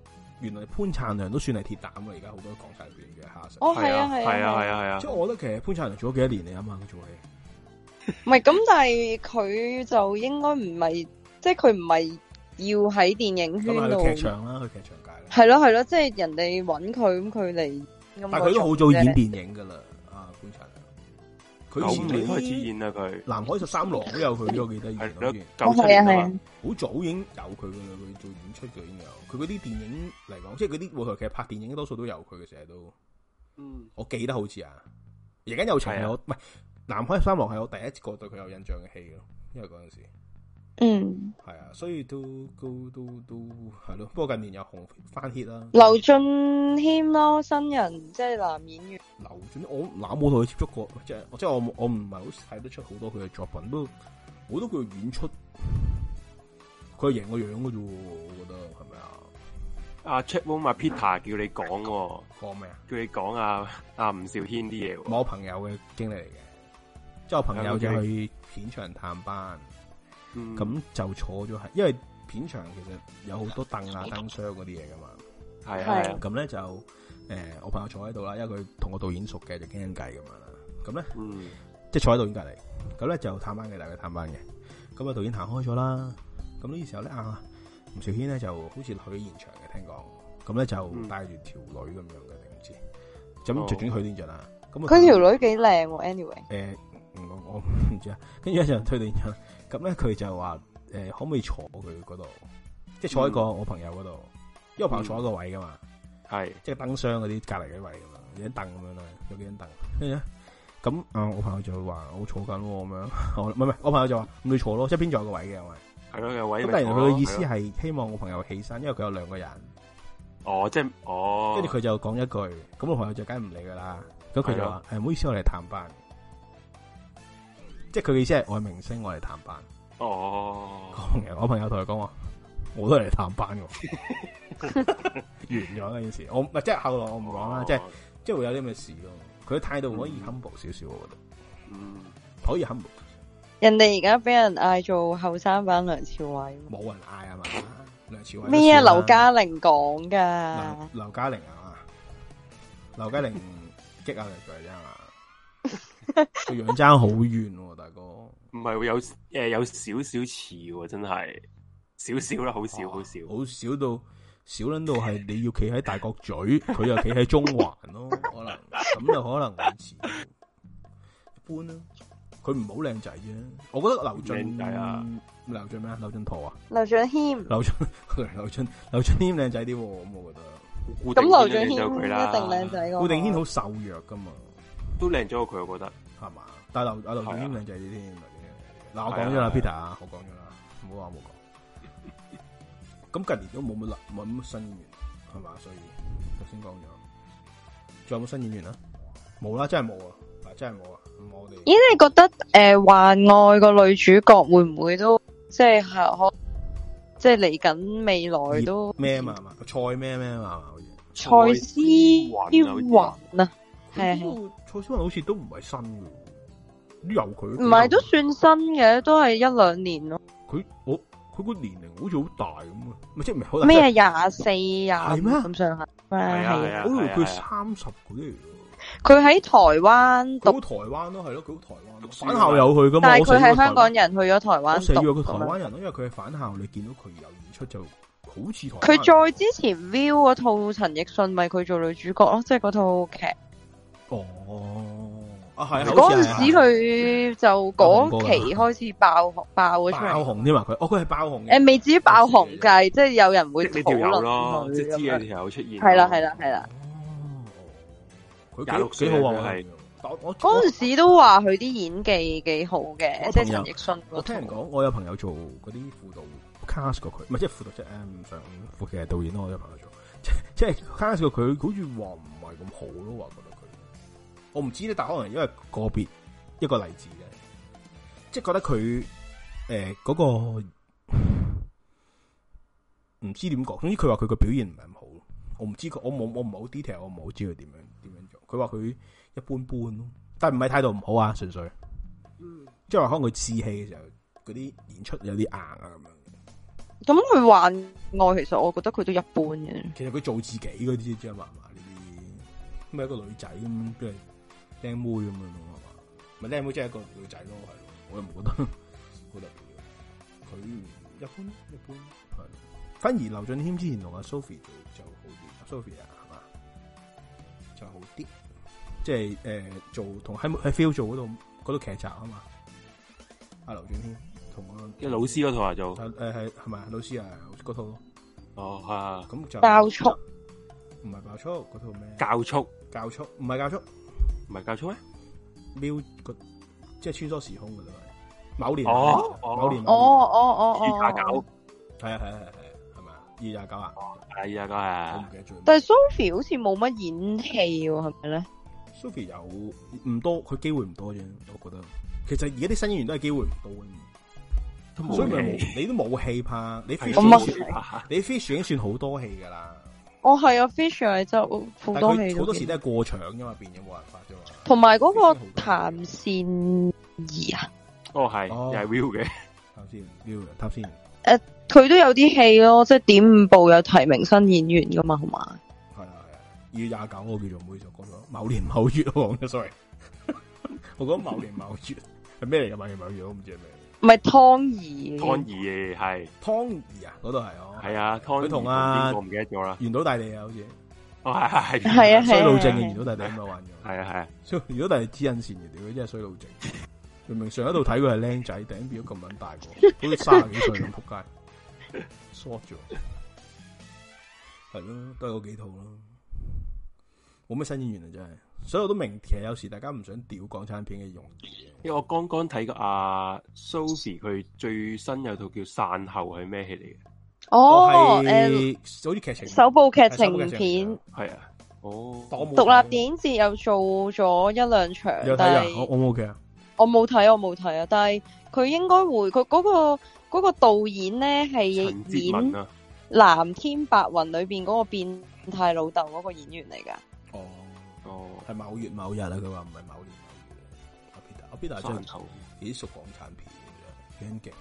原來潘燦良都算係鐵膽啦。而家好多港產片嘅下哦係啊係啊係啊係啊，啊，啊，啊，即係我覺得其實潘燦良做咗幾多年嚟，啊嘛，佢做戲。
唔係咁，但係佢就應該唔係，即係佢唔係要喺電影圈度去劇場
啦，去劇場界係
咯係咯，即係、啊啊就是、人哋揾佢咁，佢嚟。但係佢都好早演電
影噶啦。佢先未開始演啊！佢《南海十三郎》都有佢，我記得。係兩年。九七年、嗯嗯嗯嗯、好早已經有佢噶啦，佢做演出嘅已經有。佢嗰啲電影嚟講，即係佢啲舞台劇拍電影，多數都有佢嘅，成日都。嗯。我記得好似啊，而家有長。係啊。唔係《南海十三郎》係我第一次過對佢有印象嘅戲咯，因為嗰陣時。嗯，係啊，所以都都都都係咯。不過近年又紅翻血啦。劉
俊謙咯，新人即係、就是、男演員。劉
俊，我冇同佢接觸過，即係我我唔係好睇得出好多佢嘅作品。都，好多佢嘅演出，佢係型個樣嘅啫，我覺得係咪啊？
阿 Check One Peter 叫你講、啊，講咩啊？叫你講阿阿吳兆謙啲嘢。
某朋我朋友嘅經歷嚟嘅，即係我朋友就去片場
探班。
咁、嗯、就坐咗係，因為片場其實有好多凳啊、燈箱嗰啲嘢噶嘛，係啊。咁咧就誒、呃，我朋友坐喺度啦，因為佢同個導演熟嘅，就傾緊偈咁樣啦。咁咧，即、嗯、係坐喺導演隔籬。咁咧就探班嘅，大家探班嘅。咁啊，導演行開咗啦。咁呢時候咧啊，吳兆軒咧就好似、嗯、去、哦女 anyway 欸、到現場嘅，聽講。咁咧就帶住條女咁樣嘅，你唔知？咁就轉去呢度啦。咁佢條女幾
靚？Anyway，
誒，我我唔知啊。跟住一陣推到咁咧，佢就話誒、呃，可唔可以坐佢嗰度？
即係坐喺個我
朋友嗰度，嗯，因為我朋友坐喺個位噶嘛，係、嗯、即係燈箱嗰啲隔籬嘅位咁樣，有張凳咁樣啦，有幾張凳。咁啊、呃，我朋友就話我坐緊咁樣，唔係唔係，我朋友就話唔會坐咯，即係邊仲有個位嘅，係
咯，有位。咁但係佢嘅意思係
希望我朋友起身，哦，因為佢有兩個人。哦，即、就、係、是、哦，跟住佢就講一句，咁我朋友就梗係唔理噶啦，咁佢就話誒，唔、哎、好意思，我嚟探班。」即係佢意思係我係明星，我嚟探班。哦、oh.，我朋友，朋友同佢講話，我都嚟探班喎。 完咗啦件事。我即係後來我唔講啦，即係即係會有啲咩事咯、啊。佢態度可以 humble 少少，mm. 我覺得，嗯，可以 humble。
人哋而家俾人嗌做後生版梁朝偉，冇人
嗌啊嘛，梁朝偉。咩啊？劉嘉
玲講噶，
劉嘉玲係嘛？劉嘉玲激下兩句啫嘛。 個 樣爭好遠，大哥
唔係有誒、呃、有少少似，真係少少啦，好少好少，好少到
少捻到係你要企喺大角咀，佢又企喺中環
咯，可能咁 就可能
似，一般啦。佢唔好靚仔啫，我覺得劉俊靚仔啊，劉俊咩啊，劉俊濤啊，劉俊謙，劉俊劉俊俊謙靚仔啲，咁我覺得。咁劉俊佢謙一定靚仔個，顧定軒好瘦弱噶嘛。
都靚咗
佢，我覺得係嘛？但係劉阿劉靚就靚仔啲嗱，我講咗啦，Peter 啊，我講咗啦，唔好話冇講。咁、啊、 近年都冇乜新冇乜新演員係嘛？所以頭先講咗，仲有冇新演員啊？冇 啦，真係冇啊！真係冇啊！
咦，因為你覺得誒《幻、呃、愛》個女主角會唔會都即係可即係嚟緊未來都
咩嘛？嗯、蔡咩咩嘛，蔡咩咩嘛？好似蔡思韻
啊！係
蔡思韻好似都唔係新嘅，由佢唔係都
算新嘅，都係一兩年咯。
佢我佢個年齡好似好大咁、就是、啊，咪即係唔咩？廿四廿
係咩咁
上下？係啊係啊，佢三十嗰啲
佢喺台灣到台灣咯，係咯，佢讀
台灣。返校有去噶嘛？但係佢係香港
人去，去咗台灣佢台灣人
咯，因為佢係返校，你見到佢有演出就好似。佢再之
前 view 嗰套陳奕迅，咪佢做女主角咯，即係嗰套劇。
哦，啊係，
嗰陣時
佢就嗰期開始爆爆爆紅
添啊！佢哦，佢係爆紅誒、欸，
未至於爆紅界，即係有人會即係有咯，
即係啲
嘢有
出現，
係啦係啦
係啦。
哦，廿六歲好旺係，
我我嗰陣時都話佢啲演技幾好嘅，即係陳奕迅。
我聽人講，我有朋友做嗰啲輔導 cast 過佢，唔係即係輔導即係 M 上，其實導演咯，我有朋友做，即係 cast 過佢，好似話唔係咁好咯，話我唔知咧，但可能因為個別一個例子嘅，即係覺得佢誒嗰個唔知點講，總之佢話佢個表現唔係咁好咯。我唔知佢，我冇，我唔好 detail，我唔好知佢點樣點樣做。佢話佢一般般咯，但唔係態度唔好啊，純粹，即係話可能佢志氣嘅時候，嗰啲演出有啲硬啊咁樣。
咁佢話愛，其實我覺得佢都一般嘅。
其實佢做自己嗰啲即係麻呢啲，咁係一個女仔咁靚妹咁樣咯，係嘛？唔係靚妹，即係一個女仔咯，係，我又唔覺得好 特別。佢一般一般係，反而劉俊謙之前同阿 Sophie 就就好啲，Sophie 啊係嘛，就好啲。即係誒、呃、做同喺 Feel 做嗰套劇集啊嘛。阿劉俊謙同阿、那個、老師嗰套啊誒係係咪老師啊嗰套哦
吓咁、啊、
就爆粗，唔係爆粗嗰套咩？教粗教粗唔係教粗。唔係加粗咩？瞄個即係穿梭時空噶啦，某年、哦、某年哦某年哦年哦，哦二廿九，係啊係係係係咪啊？二廿九啊？係二廿九啊？我唔記得咗。但係
Sophie 好似冇乜演戲喎、啊，係咪咧
？Sophie 有唔多，佢機會唔多啫。我覺得其實而家啲新演員都係機會唔多嘅。都冇你都冇戲拍，你 Fish 你 Fish 已經算好多戲噶啦。
哦係啊，Fisher 就好多戲。好多時都
係過場噶嘛，變咗冇辦法啫嘛。同埋嗰
個譚善怡啊，哦係又係 w
i l l 嘅，譚善 w i l l 譚善。誒、
哦，佢都、啊、有啲戲咯，即係點五部有提名新演員噶嘛，好嘛？係啊係
啊，要廿九個叫做唔好意思講錯， 某年某月我講 sorry，我講某年某月係咩嚟噶？某年某月我唔知係咩。
唔係湯
怡，湯怡係湯怡啊，嗰度係哦，係 啊，湯
怡佢同啊我
唔記得咗啦？圓島大地啊，好似哦，係係係，係啊係衰老症嘅圓島大地咁樣玩嘅，係啊係啊，
圓島大地知恩善嘅，佢真係衰老症，明明上一度睇佢係靚仔，突然變咗咁大個，好似三十幾歲咁撲街 short 咗，係咯，都係嗰幾套咯，冇咩新演員呀，真係。所以我都明，其實有時大家唔想屌港產片嘅用意。
因為我剛剛睇過阿、啊、Sophie 佢最新有一套叫《散後》係咩戲嚟嘅？哦，誒、嗯，好似劇情，首部
劇情片係啊，
哦，
獨立電
影節又做咗一兩場。有睇啊？我我冇嘅，我冇睇，我冇睇啊！但係佢應該會，佢嗰、那個嗰、那個導演咧係演、啊《藍天白雲》裏邊嗰個變態老豆嗰個演員嚟㗎。
係某月某日啊！佢話唔係某年某月、啊。阿 Peter，阿、啊、Peter 真係幾熟港產片，嘅。幾勁。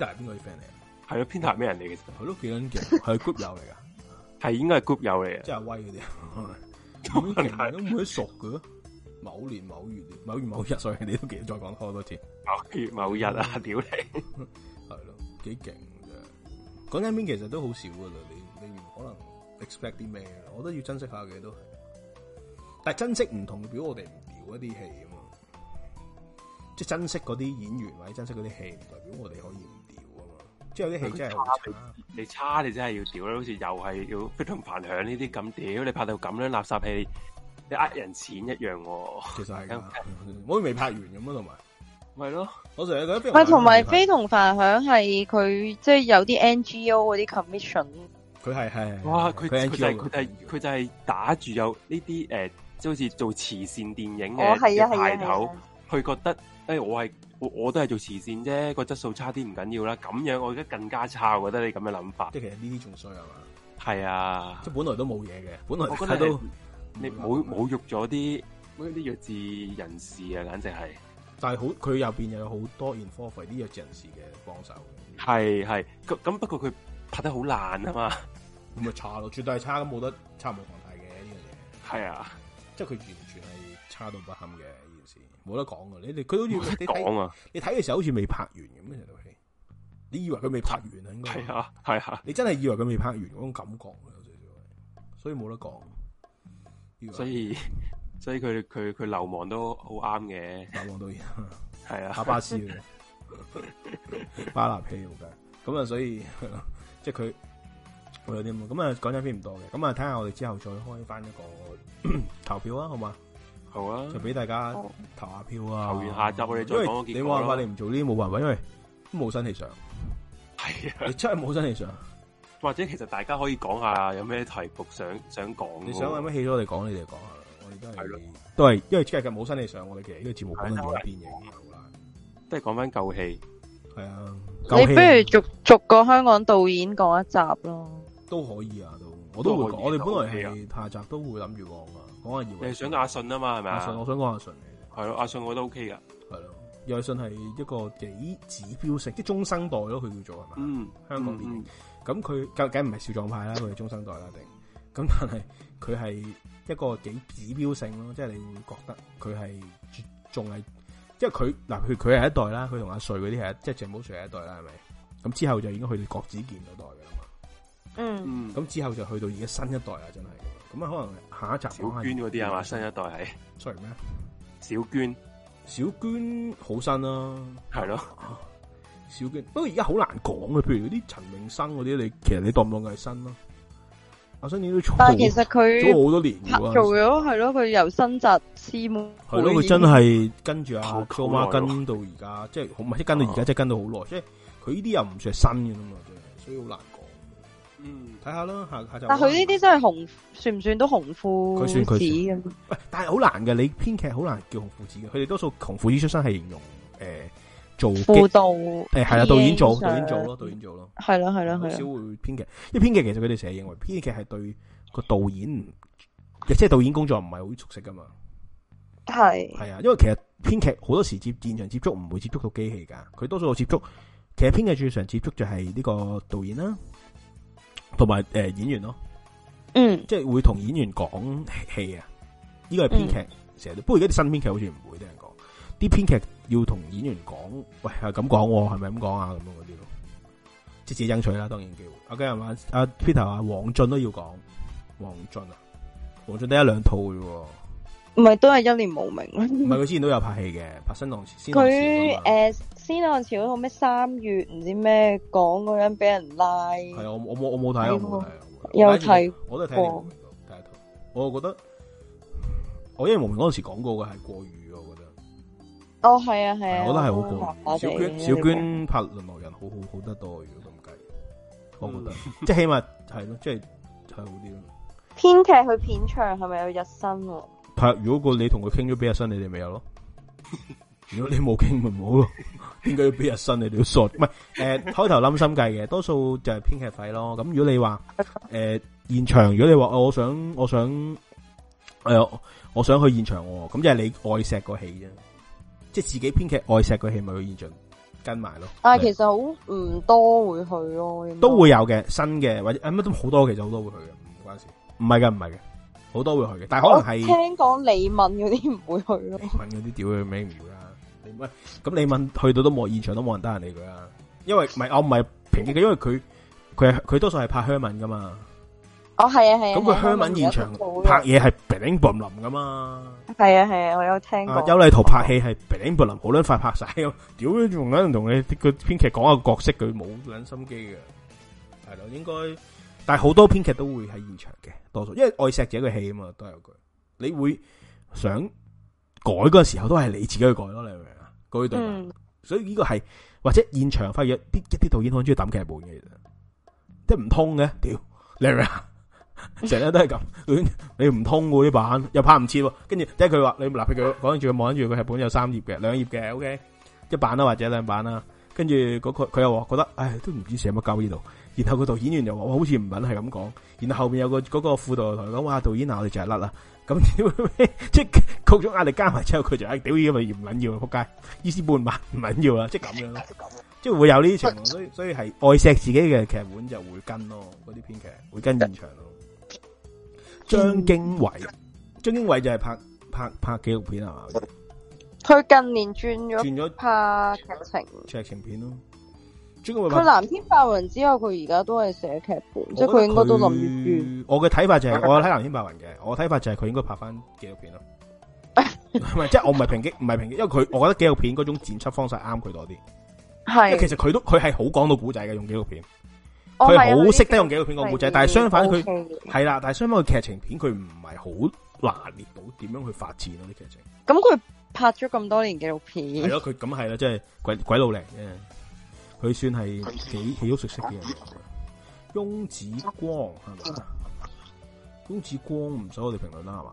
Peter 係邊個 friend 嚟啊？
係咯，Peter 係咩人嚟嘅？係咯，幾 勁。係 group 友嚟噶。係應該係 group 友嚟嘅。真係威嗰啲。咁其實
都唔會熟嘅。某年某月，某月某日，所以你都記得再講多多次。
某月某日啊！屌 你
害，係 咯，幾勁。講緊片其實都好少噶啦，你你可能 expect 啲咩？我都要珍惜下嘅都係。但係珍惜唔同代表，代表我哋唔屌一啲戲啊嘛！即係珍惜嗰啲演員或者珍惜嗰啲戲，唔代表我哋可以唔屌啊嘛！即係有啲戲真係差，
差，你差你真係要屌啦！好似又係要、啊 《非同凡響》呢啲咁，屌，你拍到咁樣垃圾戲，你呃人錢一樣喎！其實係，好似未拍完咁啊，同埋咪咯，我成日覺
得同埋《非
同凡響》係佢即係有啲 NGO 嗰啲 commission，
佢係係哇，佢就係、是、佢就係、是、佢就係、是、打住有呢啲誒。呃即好似做慈善電影嘅嘅派頭，佢覺得誒、欸，我係我都係做慈善啫，個質素差啲唔緊要啦。咁樣我而家更加差，我覺得你咁嘅諗法，即係其實呢啲仲衰啊嘛？係啊，即本
來都冇嘢嘅，本來我覺得都
你侮侮辱咗啲啲弱智人士啊，簡直係。
但係好，佢入邊又有好多 involvement 啲弱智人士嘅幫手。
係係咁咁，不過佢拍得好爛啊嘛，咁咪差咯，絕
對係差，咁冇得差冇多。大嘅呢樣嘢。係啊。佢完全係差到不堪嘅呢件事，冇得講噶。你哋佢好似你講啊，你睇嘅時候好似未拍完咁樣呢套戲。你以為佢未拍完啊？應該
係啊，係啊。你
真係以為佢未拍完嗰種感覺，所以冇得講。
所以，所以佢佢佢流亡都好啱嘅，流亡到而家係啊，阿巴，巴斯嘅 巴
拿屁。嚟噶。咁啊，所以即係佢。就是他有啲咁啊，講咗片唔多嘅，咁啊，睇下我哋之後再開翻一個 投票啦，好嘛？好啊，就俾大家投下票啊。投完下集我哋再講。你冇辦法你，你唔做呢啲冇辦法，因為都冇新戲上。係啊，你真係冇新戲上。
或者其實大家可以講下有咩題目想想講。你想有咩戲咗我哋講，你哋講下。我哋都係
都係，因為即係冇
新戲上，我哋其實因為節目根本冇好嘅。都係講翻舊戲。係啊，
你不如逐逐個香港導演講一集咯。都可以啊，都我都會，
講我哋本來係下集都會諗住講啊
講下葉。你係想阿信啊嘛，係咪啊？阿信，我想講阿信嚟係咯，阿信我都 OK
噶，係咯。葉信係一個幾指標性，即係中生代咯、啊，佢叫做係嘛？嗯，香港電影咁佢究竟唔係少壯派啦，佢係中生代啦定。咁但係佢係一個幾指標性咯，即、就、係、是、你會覺得佢係仲係，即係佢嗱佢佢係一代啦，佢同阿瑞嗰啲係即係鄭保瑞一代啦，係咪？咁之後就應該佢哋郭子健嗰代。
嗯，
咁、嗯、之後就去到而家新一代啊，真係
咁啊，可能下一集小娟嗰啲係嘛？新一代係，sorry 咩？小娟，小娟好新啦、啊，係咯、啊，小
娟。
不過而家好難
講嘅，譬如嗰啲陳永生嗰啲，你其實你當唔當佢係新咯、
啊？
阿、啊、新年都錯，但其實佢做咗好多年、啊，做咗
係咯，佢由新紮師妹係咯，佢真係跟住阿蘇媽跟
到而家，即係唔即跟到而家、啊，即係跟到好耐，即係佢呢啲又唔算係新嘅啦嘛，真係所以好難。嗯，睇下啦，下下就但佢呢啲
真係紅、啊，算唔算都紅富子咁？子。
但係好難嘅，你編劇好難叫紅富子嘅。佢哋多數紅富子出身係形容誒、呃、做副導誒係啊導演做導演做咯，導演做咯，係咯係咯，導演
做導演做是是少
會編劇。因為編劇其實佢哋成日認為編劇係對個導演，即、就、係、是、導演工作唔係好熟悉噶嘛。
係
係啊，因為其實編劇好多時接現場接觸唔會接觸到機器噶，佢多數接觸其實編劇最常接觸就係呢個導演啦、啊。同埋演員咯，嗯，即係會同演員講戲啊，呢個係編劇成日、嗯、都，不過而家啲新編劇好似唔會聽人講，啲編劇要同演員講，喂，係咁講喎，係咪咁講啊？咁樣嗰啲咯，即自己爭取啦，當然叫阿 Gary、okay, Peter 啊，王俊都要講，王俊啊，王俊得一兩套啫喎，
唔係都係一年無名啦，
唔係佢之前都有拍戲嘅，拍新浪先。
先嗰陣時嗰套咩三月唔知咩講嗰樣俾人拉，係
啊，我冇我冇睇啊，
有睇我都
睇，我我覺得我因為黃明嗰陣時講過嘅係過譽啊，我覺得
哦係啊係啊，我覺得係、哦啊啊、好過、嗯、小娟
拍《淪落人》好好好得多，如果咁計，我覺得 即係起碼係咯，即係睇好啲咯。
編劇去片場係咪有日薪？
拍如果個你同佢傾咗俾日薪，你哋咪有咯。如果你冇傾咪冇咯。 應該要俾日新，你都要索，唔係，誒開頭諗心計嘅，多數就係編劇費咯。咁如果你話誒、呃、現場，如果你話、呃、我想我想誒、呃，我想去現場，咁即係你愛錫個戲啫，即係自己編劇愛錫個戲咪去現場跟埋咯。但係其實
好唔多會去咯，都會
有嘅新嘅或者乜都好多，其實好多會去嘅，唔關事。唔係嘅，唔係嘅，好多會去嘅，但係可能係
聽講李敏嗰啲唔會去咯，李敏
嗰啲屌佢名唔會咁、嗯、你問去到都冇現場，都冇人得閒理佢啊？因為唔係我唔係評嘅，因為佢佢佢多數係拍香吻噶嘛。
哦，係啊係啊。咁佢香吻現場拍嘢
係 bling bling 㗎噶嘛？
係啊係啊，我有聽、啊。邱禮濤
拍戲係 bling bling，好快拍晒，屌仲有能同你佢編劇講個角色，佢冇卵心機嘅。係咯、啊，應該但係好多編劇都會喺現場嘅，多數因為愛錫者個戲戲啊嘛，都係佢你會想改嗰個時候，都係你自己去改咯，你嗰、嗯、所以呢個係或者現場發，發現啲一啲導演好中意抌劇本嘅，即係唔通嘅，屌你啊！成 日都係咁，你唔通嘅啲版，又拍唔切，跟住即係佢話你，唔立佢講住佢望住個劇本有三頁嘅，兩頁嘅，OK，一版啊或者兩版啦，跟住嗰佢又話覺得，唉，都唔知寫乜鳩呢度，然後,他、哎、然後個導演員又話，好似唔允係咁講，然後後邊有個嗰、那個副導演嚟講，哇，導演啊，我哋就係甩啦。咁 即係各種壓力加埋之後，佢就哎屌，依咁咪唔緊要，扑街，意思半萬唔緊要啦，即係咁樣咯， 即係會有呢啲情況， 所以所以係愛錫自己嘅劇本就會跟咯，嗰啲編劇會跟現場咯。張經緯，張經緯就係拍拍拍紀錄片係嘛？
佢近年轉咗，轉咗拍劇情，
劇情片咯。佢藍天
白雲之後，佢而家都係寫劇本，即係佢應該都諗
住。我嘅睇法就係、是，我有睇藍天白雲嘅。我睇法就係，佢應該拍翻紀錄片咯。係，即係我唔係抨擊，唔係抨擊，因為佢我覺得紀錄片嗰種剪輯方式啱佢多啲。
係。其實
佢都佢係好講到古仔嘅，用紀錄片，佢好識得用紀錄片講古仔。但係相反佢，佢、
okay、
係啦，但係相反，佢劇情片佢唔係好拿捏到點樣去發展嗰啲劇情。
咁佢拍咗咁多年紀錄片，係咯？
佢咁係啦，即係鬼鬼佬嚟嘅。佢算係幾幾好熟悉嘅人，
翁子光係咪？
翁子光唔使我哋評論啦，係嘛？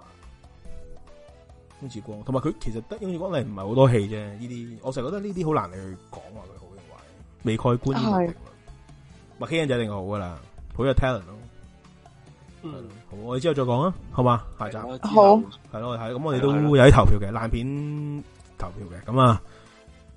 翁子光同埋佢其實得翁子光嚟，唔係好多戲啫，呢啲我成日覺得呢啲好難你去講啊，佢好定壞？未蓋棺定論，麥曦茵就一定好噶啦，好有 talent 咯。嗯，好，我哋之後再講啊，好嘛？下集好係咯，係咁，我哋都有啲投票嘅爛片
投票嘅，咁啊。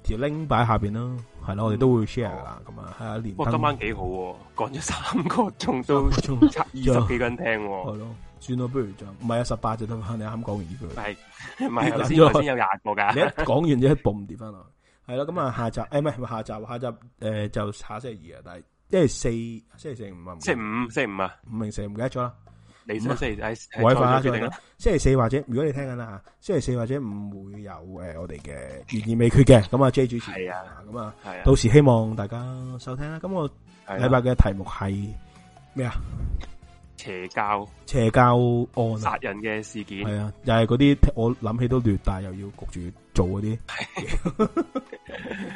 條 link 擺下邊咯，係咯，我哋都會 share 噶，
咁、哦、啊，係 啊，連。我今晚幾好，講咗三個鐘都，仲差二十幾斤聽。
係咯，算咯，不如就唔係啊，十八就得你啱講完呢句。係， 唔係先我先，我先有廿個噶。你講完一，一步唔 o m 跌翻落。係咯，咁啊，下集，誒、哎，唔係下集，下集，誒、呃，就下星期二啊，但係即係四，星期四定五啊？星期五，星期五啊？五零四，唔記得咗啦。你先啊，星期喺喺再決定咯。星期四或者，如果你聽緊啦吓，星期四或者唔會有誒，我哋嘅懸而未決嘅，咁啊 J 主持係啊，咁啊係啊，到時希望大家
收聽啦。咁我禮拜
嘅題目係咩啊？
邪教，
邪教案，殺人嘅事件係啊，又係嗰啲我諗起都虐，但係又要焗住做嗰啲。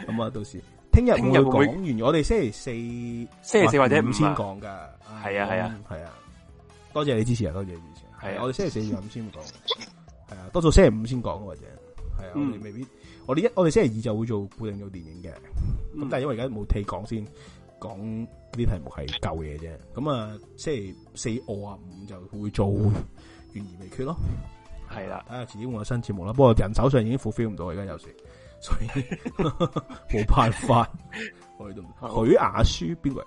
咁啊，到時聽日會講完，我哋星期四、星期四或者五先講噶。係啊，係啊，係啊。多謝你支持啊！多謝你支持、啊。係、啊，我哋星期四要咁先講。係 啊，多數星期五先講或者。
係啊，我哋
未必。嗯、我哋一，我哋星期二就會做固定做電影嘅。咁、嗯、但係因為而家冇睇講先，講呢題目係舊嘢啫。咁啊，星期四、二、五就會做懸疑未決咯。係啦、啊，睇下自己換個新節目啦。不過人手上已經 fulfill 唔到，而家有時，所以冇 辦法。 我哋都許 雅舒邊位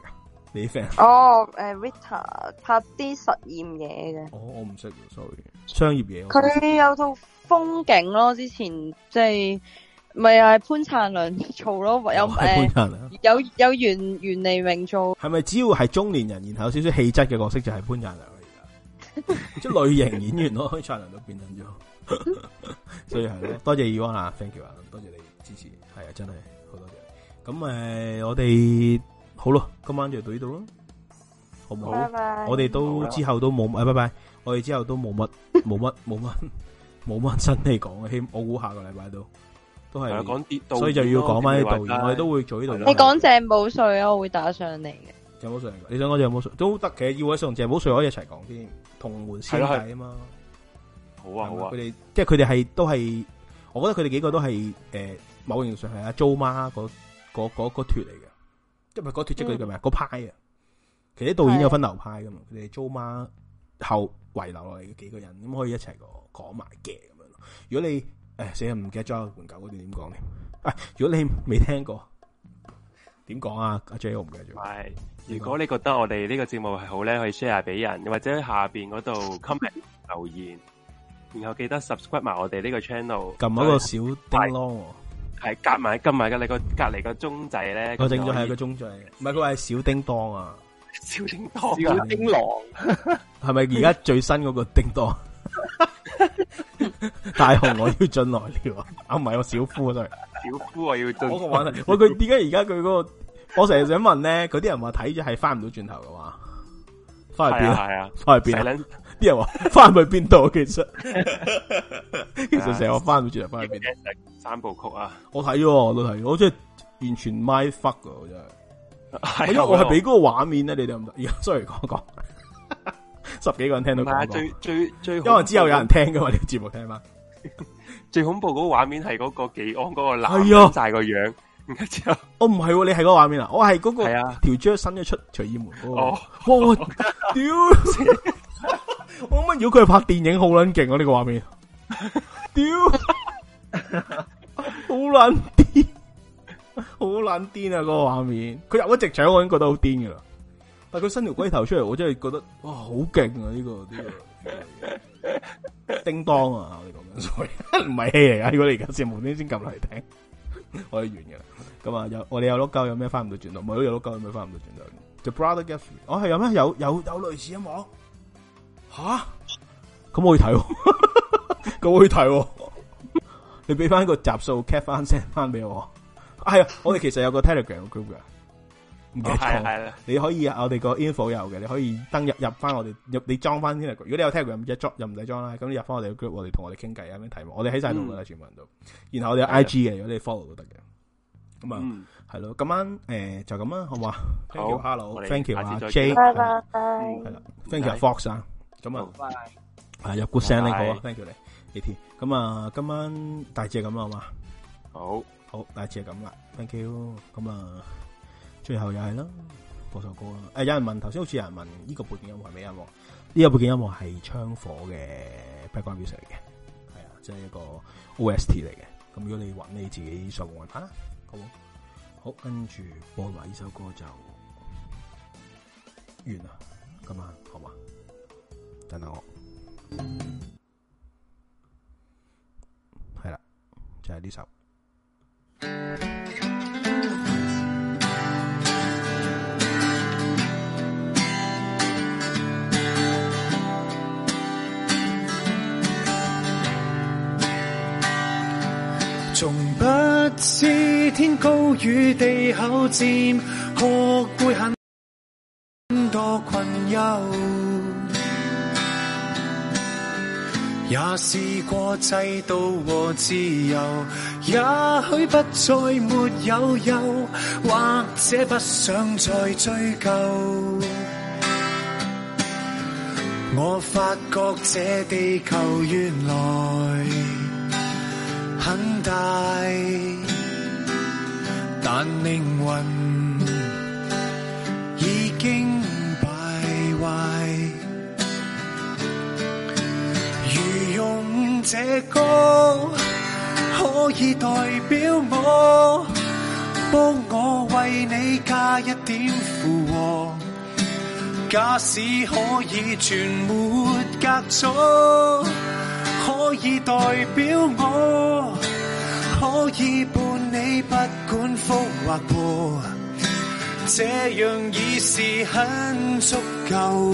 你 friend 哦，誒、
oh, uh,，Rita 拍啲實驗嘢嘅，oh, 我
我唔識，所以商業嘢佢
有套風景咯，之前即係咪係潘燦良做咯，有誒、呃，有有袁袁嚟明做
係咪？是是只要係中年人，然後有少少氣質嘅角色就係潘燦良而家，即 係 類型演員咯，潘燦良都變緊成咗， 所以係多謝 Ewan 啊，thank you 啊，多謝你支持，係啊，真係好多謝你。咁誒，uh, 我哋。好咯，啊，今晚就到呢度咯，好唔好？拜拜，我哋都之後都冇乜，哎，拜拜！我哋之後都冇乜，冇 乜，冇乜，冇乜新嘢講嘅，希我估下
個禮拜都都係講跌，所以就要講翻啲導演，我哋都會做呢度，就是。你講鄭保瑞，我會打上嚟
嘅。鄭保瑞，你想講鄭保瑞都得嘅，要我上鄭保瑞，我可以一齊講添，同門師弟啊嘛。好啊好
啊，
佢哋，啊，即係佢哋係都係，我覺得佢哋幾個都係誒、呃，某程度上係阿 Jo 媽嗰嗰嗰個脫嚟嘅。即係嗰脱職佢叫咩？嗰、那個嗯那個、派啊，其實啲導演有分流派噶嘛，佢哋租媽後遺留落嚟嘅幾個人，咁可以一齊講埋嘅咁樣。如果你誒，死人唔記得咗換舊嗰段點講咧？如果你未聽過，點講啊？阿 J，我唔記得
咗。係，如果你覺得我哋呢個節目係好咧，可以 share 俾人，或者喺下邊嗰度 comment 留言，然後記得 subscribe 埋我哋呢個 channel，撳嗰個小叮當。係夾埋，隔埋嘅你個隔籬個鐘仔咧，個正仔係個鐘仔，
唔係佢話係小叮當啊，
小叮當，小叮當，係咪而
家最新嗰個叮當？ 大雄我要進來了， 啊唔係我小夫啊，
小夫我要進來。我玩，我佢點解而家佢嗰個，我
成日想問咧，佢啲人話睇住係翻唔到轉頭嘅話，翻去邊？啊？翻去邊啲人話翻去邊度？其實 其實成日我翻唔住嚟，翻去邊？
三部曲啊！
我睇咗，我都睇，我真係完全 mind fuck 噶，真係。係！啊，我係俾嗰個畫面咧，你哋唔得。而家 sorry 講講，十幾個人聽到。唔係最最最，因為之後有人聽噶嘛？呢個節目
聽嘛？最恐怖嗰個畫面係嗰個紀安嗰個爛
晒個樣。我唔係，你係嗰畫面、哦那個、啊！我係嗰個條蕉伸咗出隨意門。哦，哇！
屌、哦，
我乜、啊、 如果佢係拍電影，這個、 丟 難瘋 好撚勁啊！呢、那個畫面，
屌，
好撚癲，好撚癲啊！個畫面，佢入咗直牆，我已經覺得好癲噶啦。但係佢伸條龜頭出嚟， 我真係覺得哇，好勁啊！呢、這個、這個、 叮噹啊，我哋講緊，唔係戲嚟啊！如果你而家視無先撳落嚟聽。 我哋完嘅咁啊有我哋有碌鳩有咩翻唔到轉頭，冇有碌鳩有咩翻唔到轉頭。The brother gift，我係有咩有有有類似嘅網，吓，咁、哦 哦、 我去、啊、睇，咁我去睇，你俾翻個集數 cap 翻聲翻俾我。哎啊，我哋其實有個 Telegram group 啊。係係啦，你可以啊，我哋個 info 有嘅，你可以登入入翻我哋入，你裝翻先。如果你有 Telegram，就唔使裝啦。咁入翻我哋嘅 group，我哋同我哋傾偈有咩題目？我哋喺晒度噶啦，全部人都。然後我哋 IG 嘅，如果你 follow 都得嘅。咁、嗯、啊，係咯，今晚誒、呃、就咁啦，好嘛？好，thank you，哈嘍，thank you 啊，Jay，係啦
，thank you
Fox 啊，咁啊，拜拜入 good 聲呢啊 thank you 你，AT。咁啊，今晚大致係咁啦，好嘛？好，好，大致係咁啦，thank you，咁啊。最後又係咯，播首歌咯。誒、哎，有人問，頭先好似有人問呢個背景音樂係咩音樂？呢、這個背景音樂係《槍火》嘅 Background Music 嚟嘅，係啊，即係一個 OST 嚟嘅。咁如果你揾你自己上網吓、啊，好啦，好？冇？好，跟住播埋呢首歌就完啦。咁啊，好嘛？等等我係啦，就係、是、呢首。
從不知天高與地厚，漸何會很多困擾。也試過制度和自由，也許不再沒有憂，或者不想再追究。我發覺這地球原來。大，但靈魂已經敗壞。如用這歌可以代表我，幫我為你加一點附和。假使可以全沒隔阻，可以代表我。可以伴你不管風或雨，這樣已是很足夠。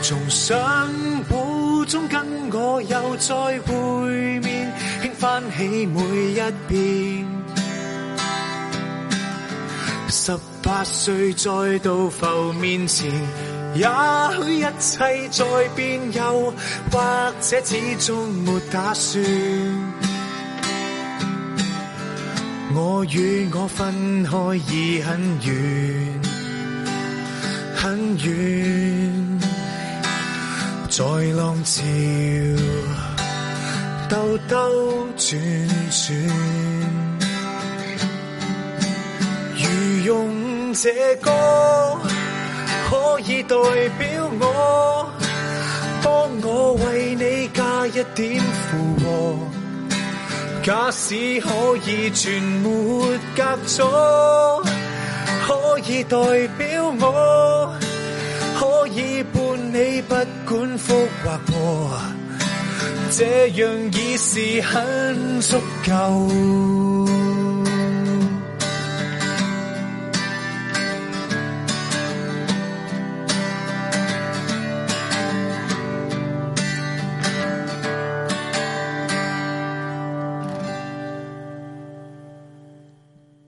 從相簿中跟我又再會面，輕翻起每一篇。十八歲再到浮面前，也許一切在變，又或者始終沒打算。我與我分開已很遠，很遠，在浪潮兜兜轉轉。如用這歌可以代表我，幫我為你加一點負荷。假使可以全沒隔阻，可以代表我，可以伴你不管苦或禍，這樣已是很足夠。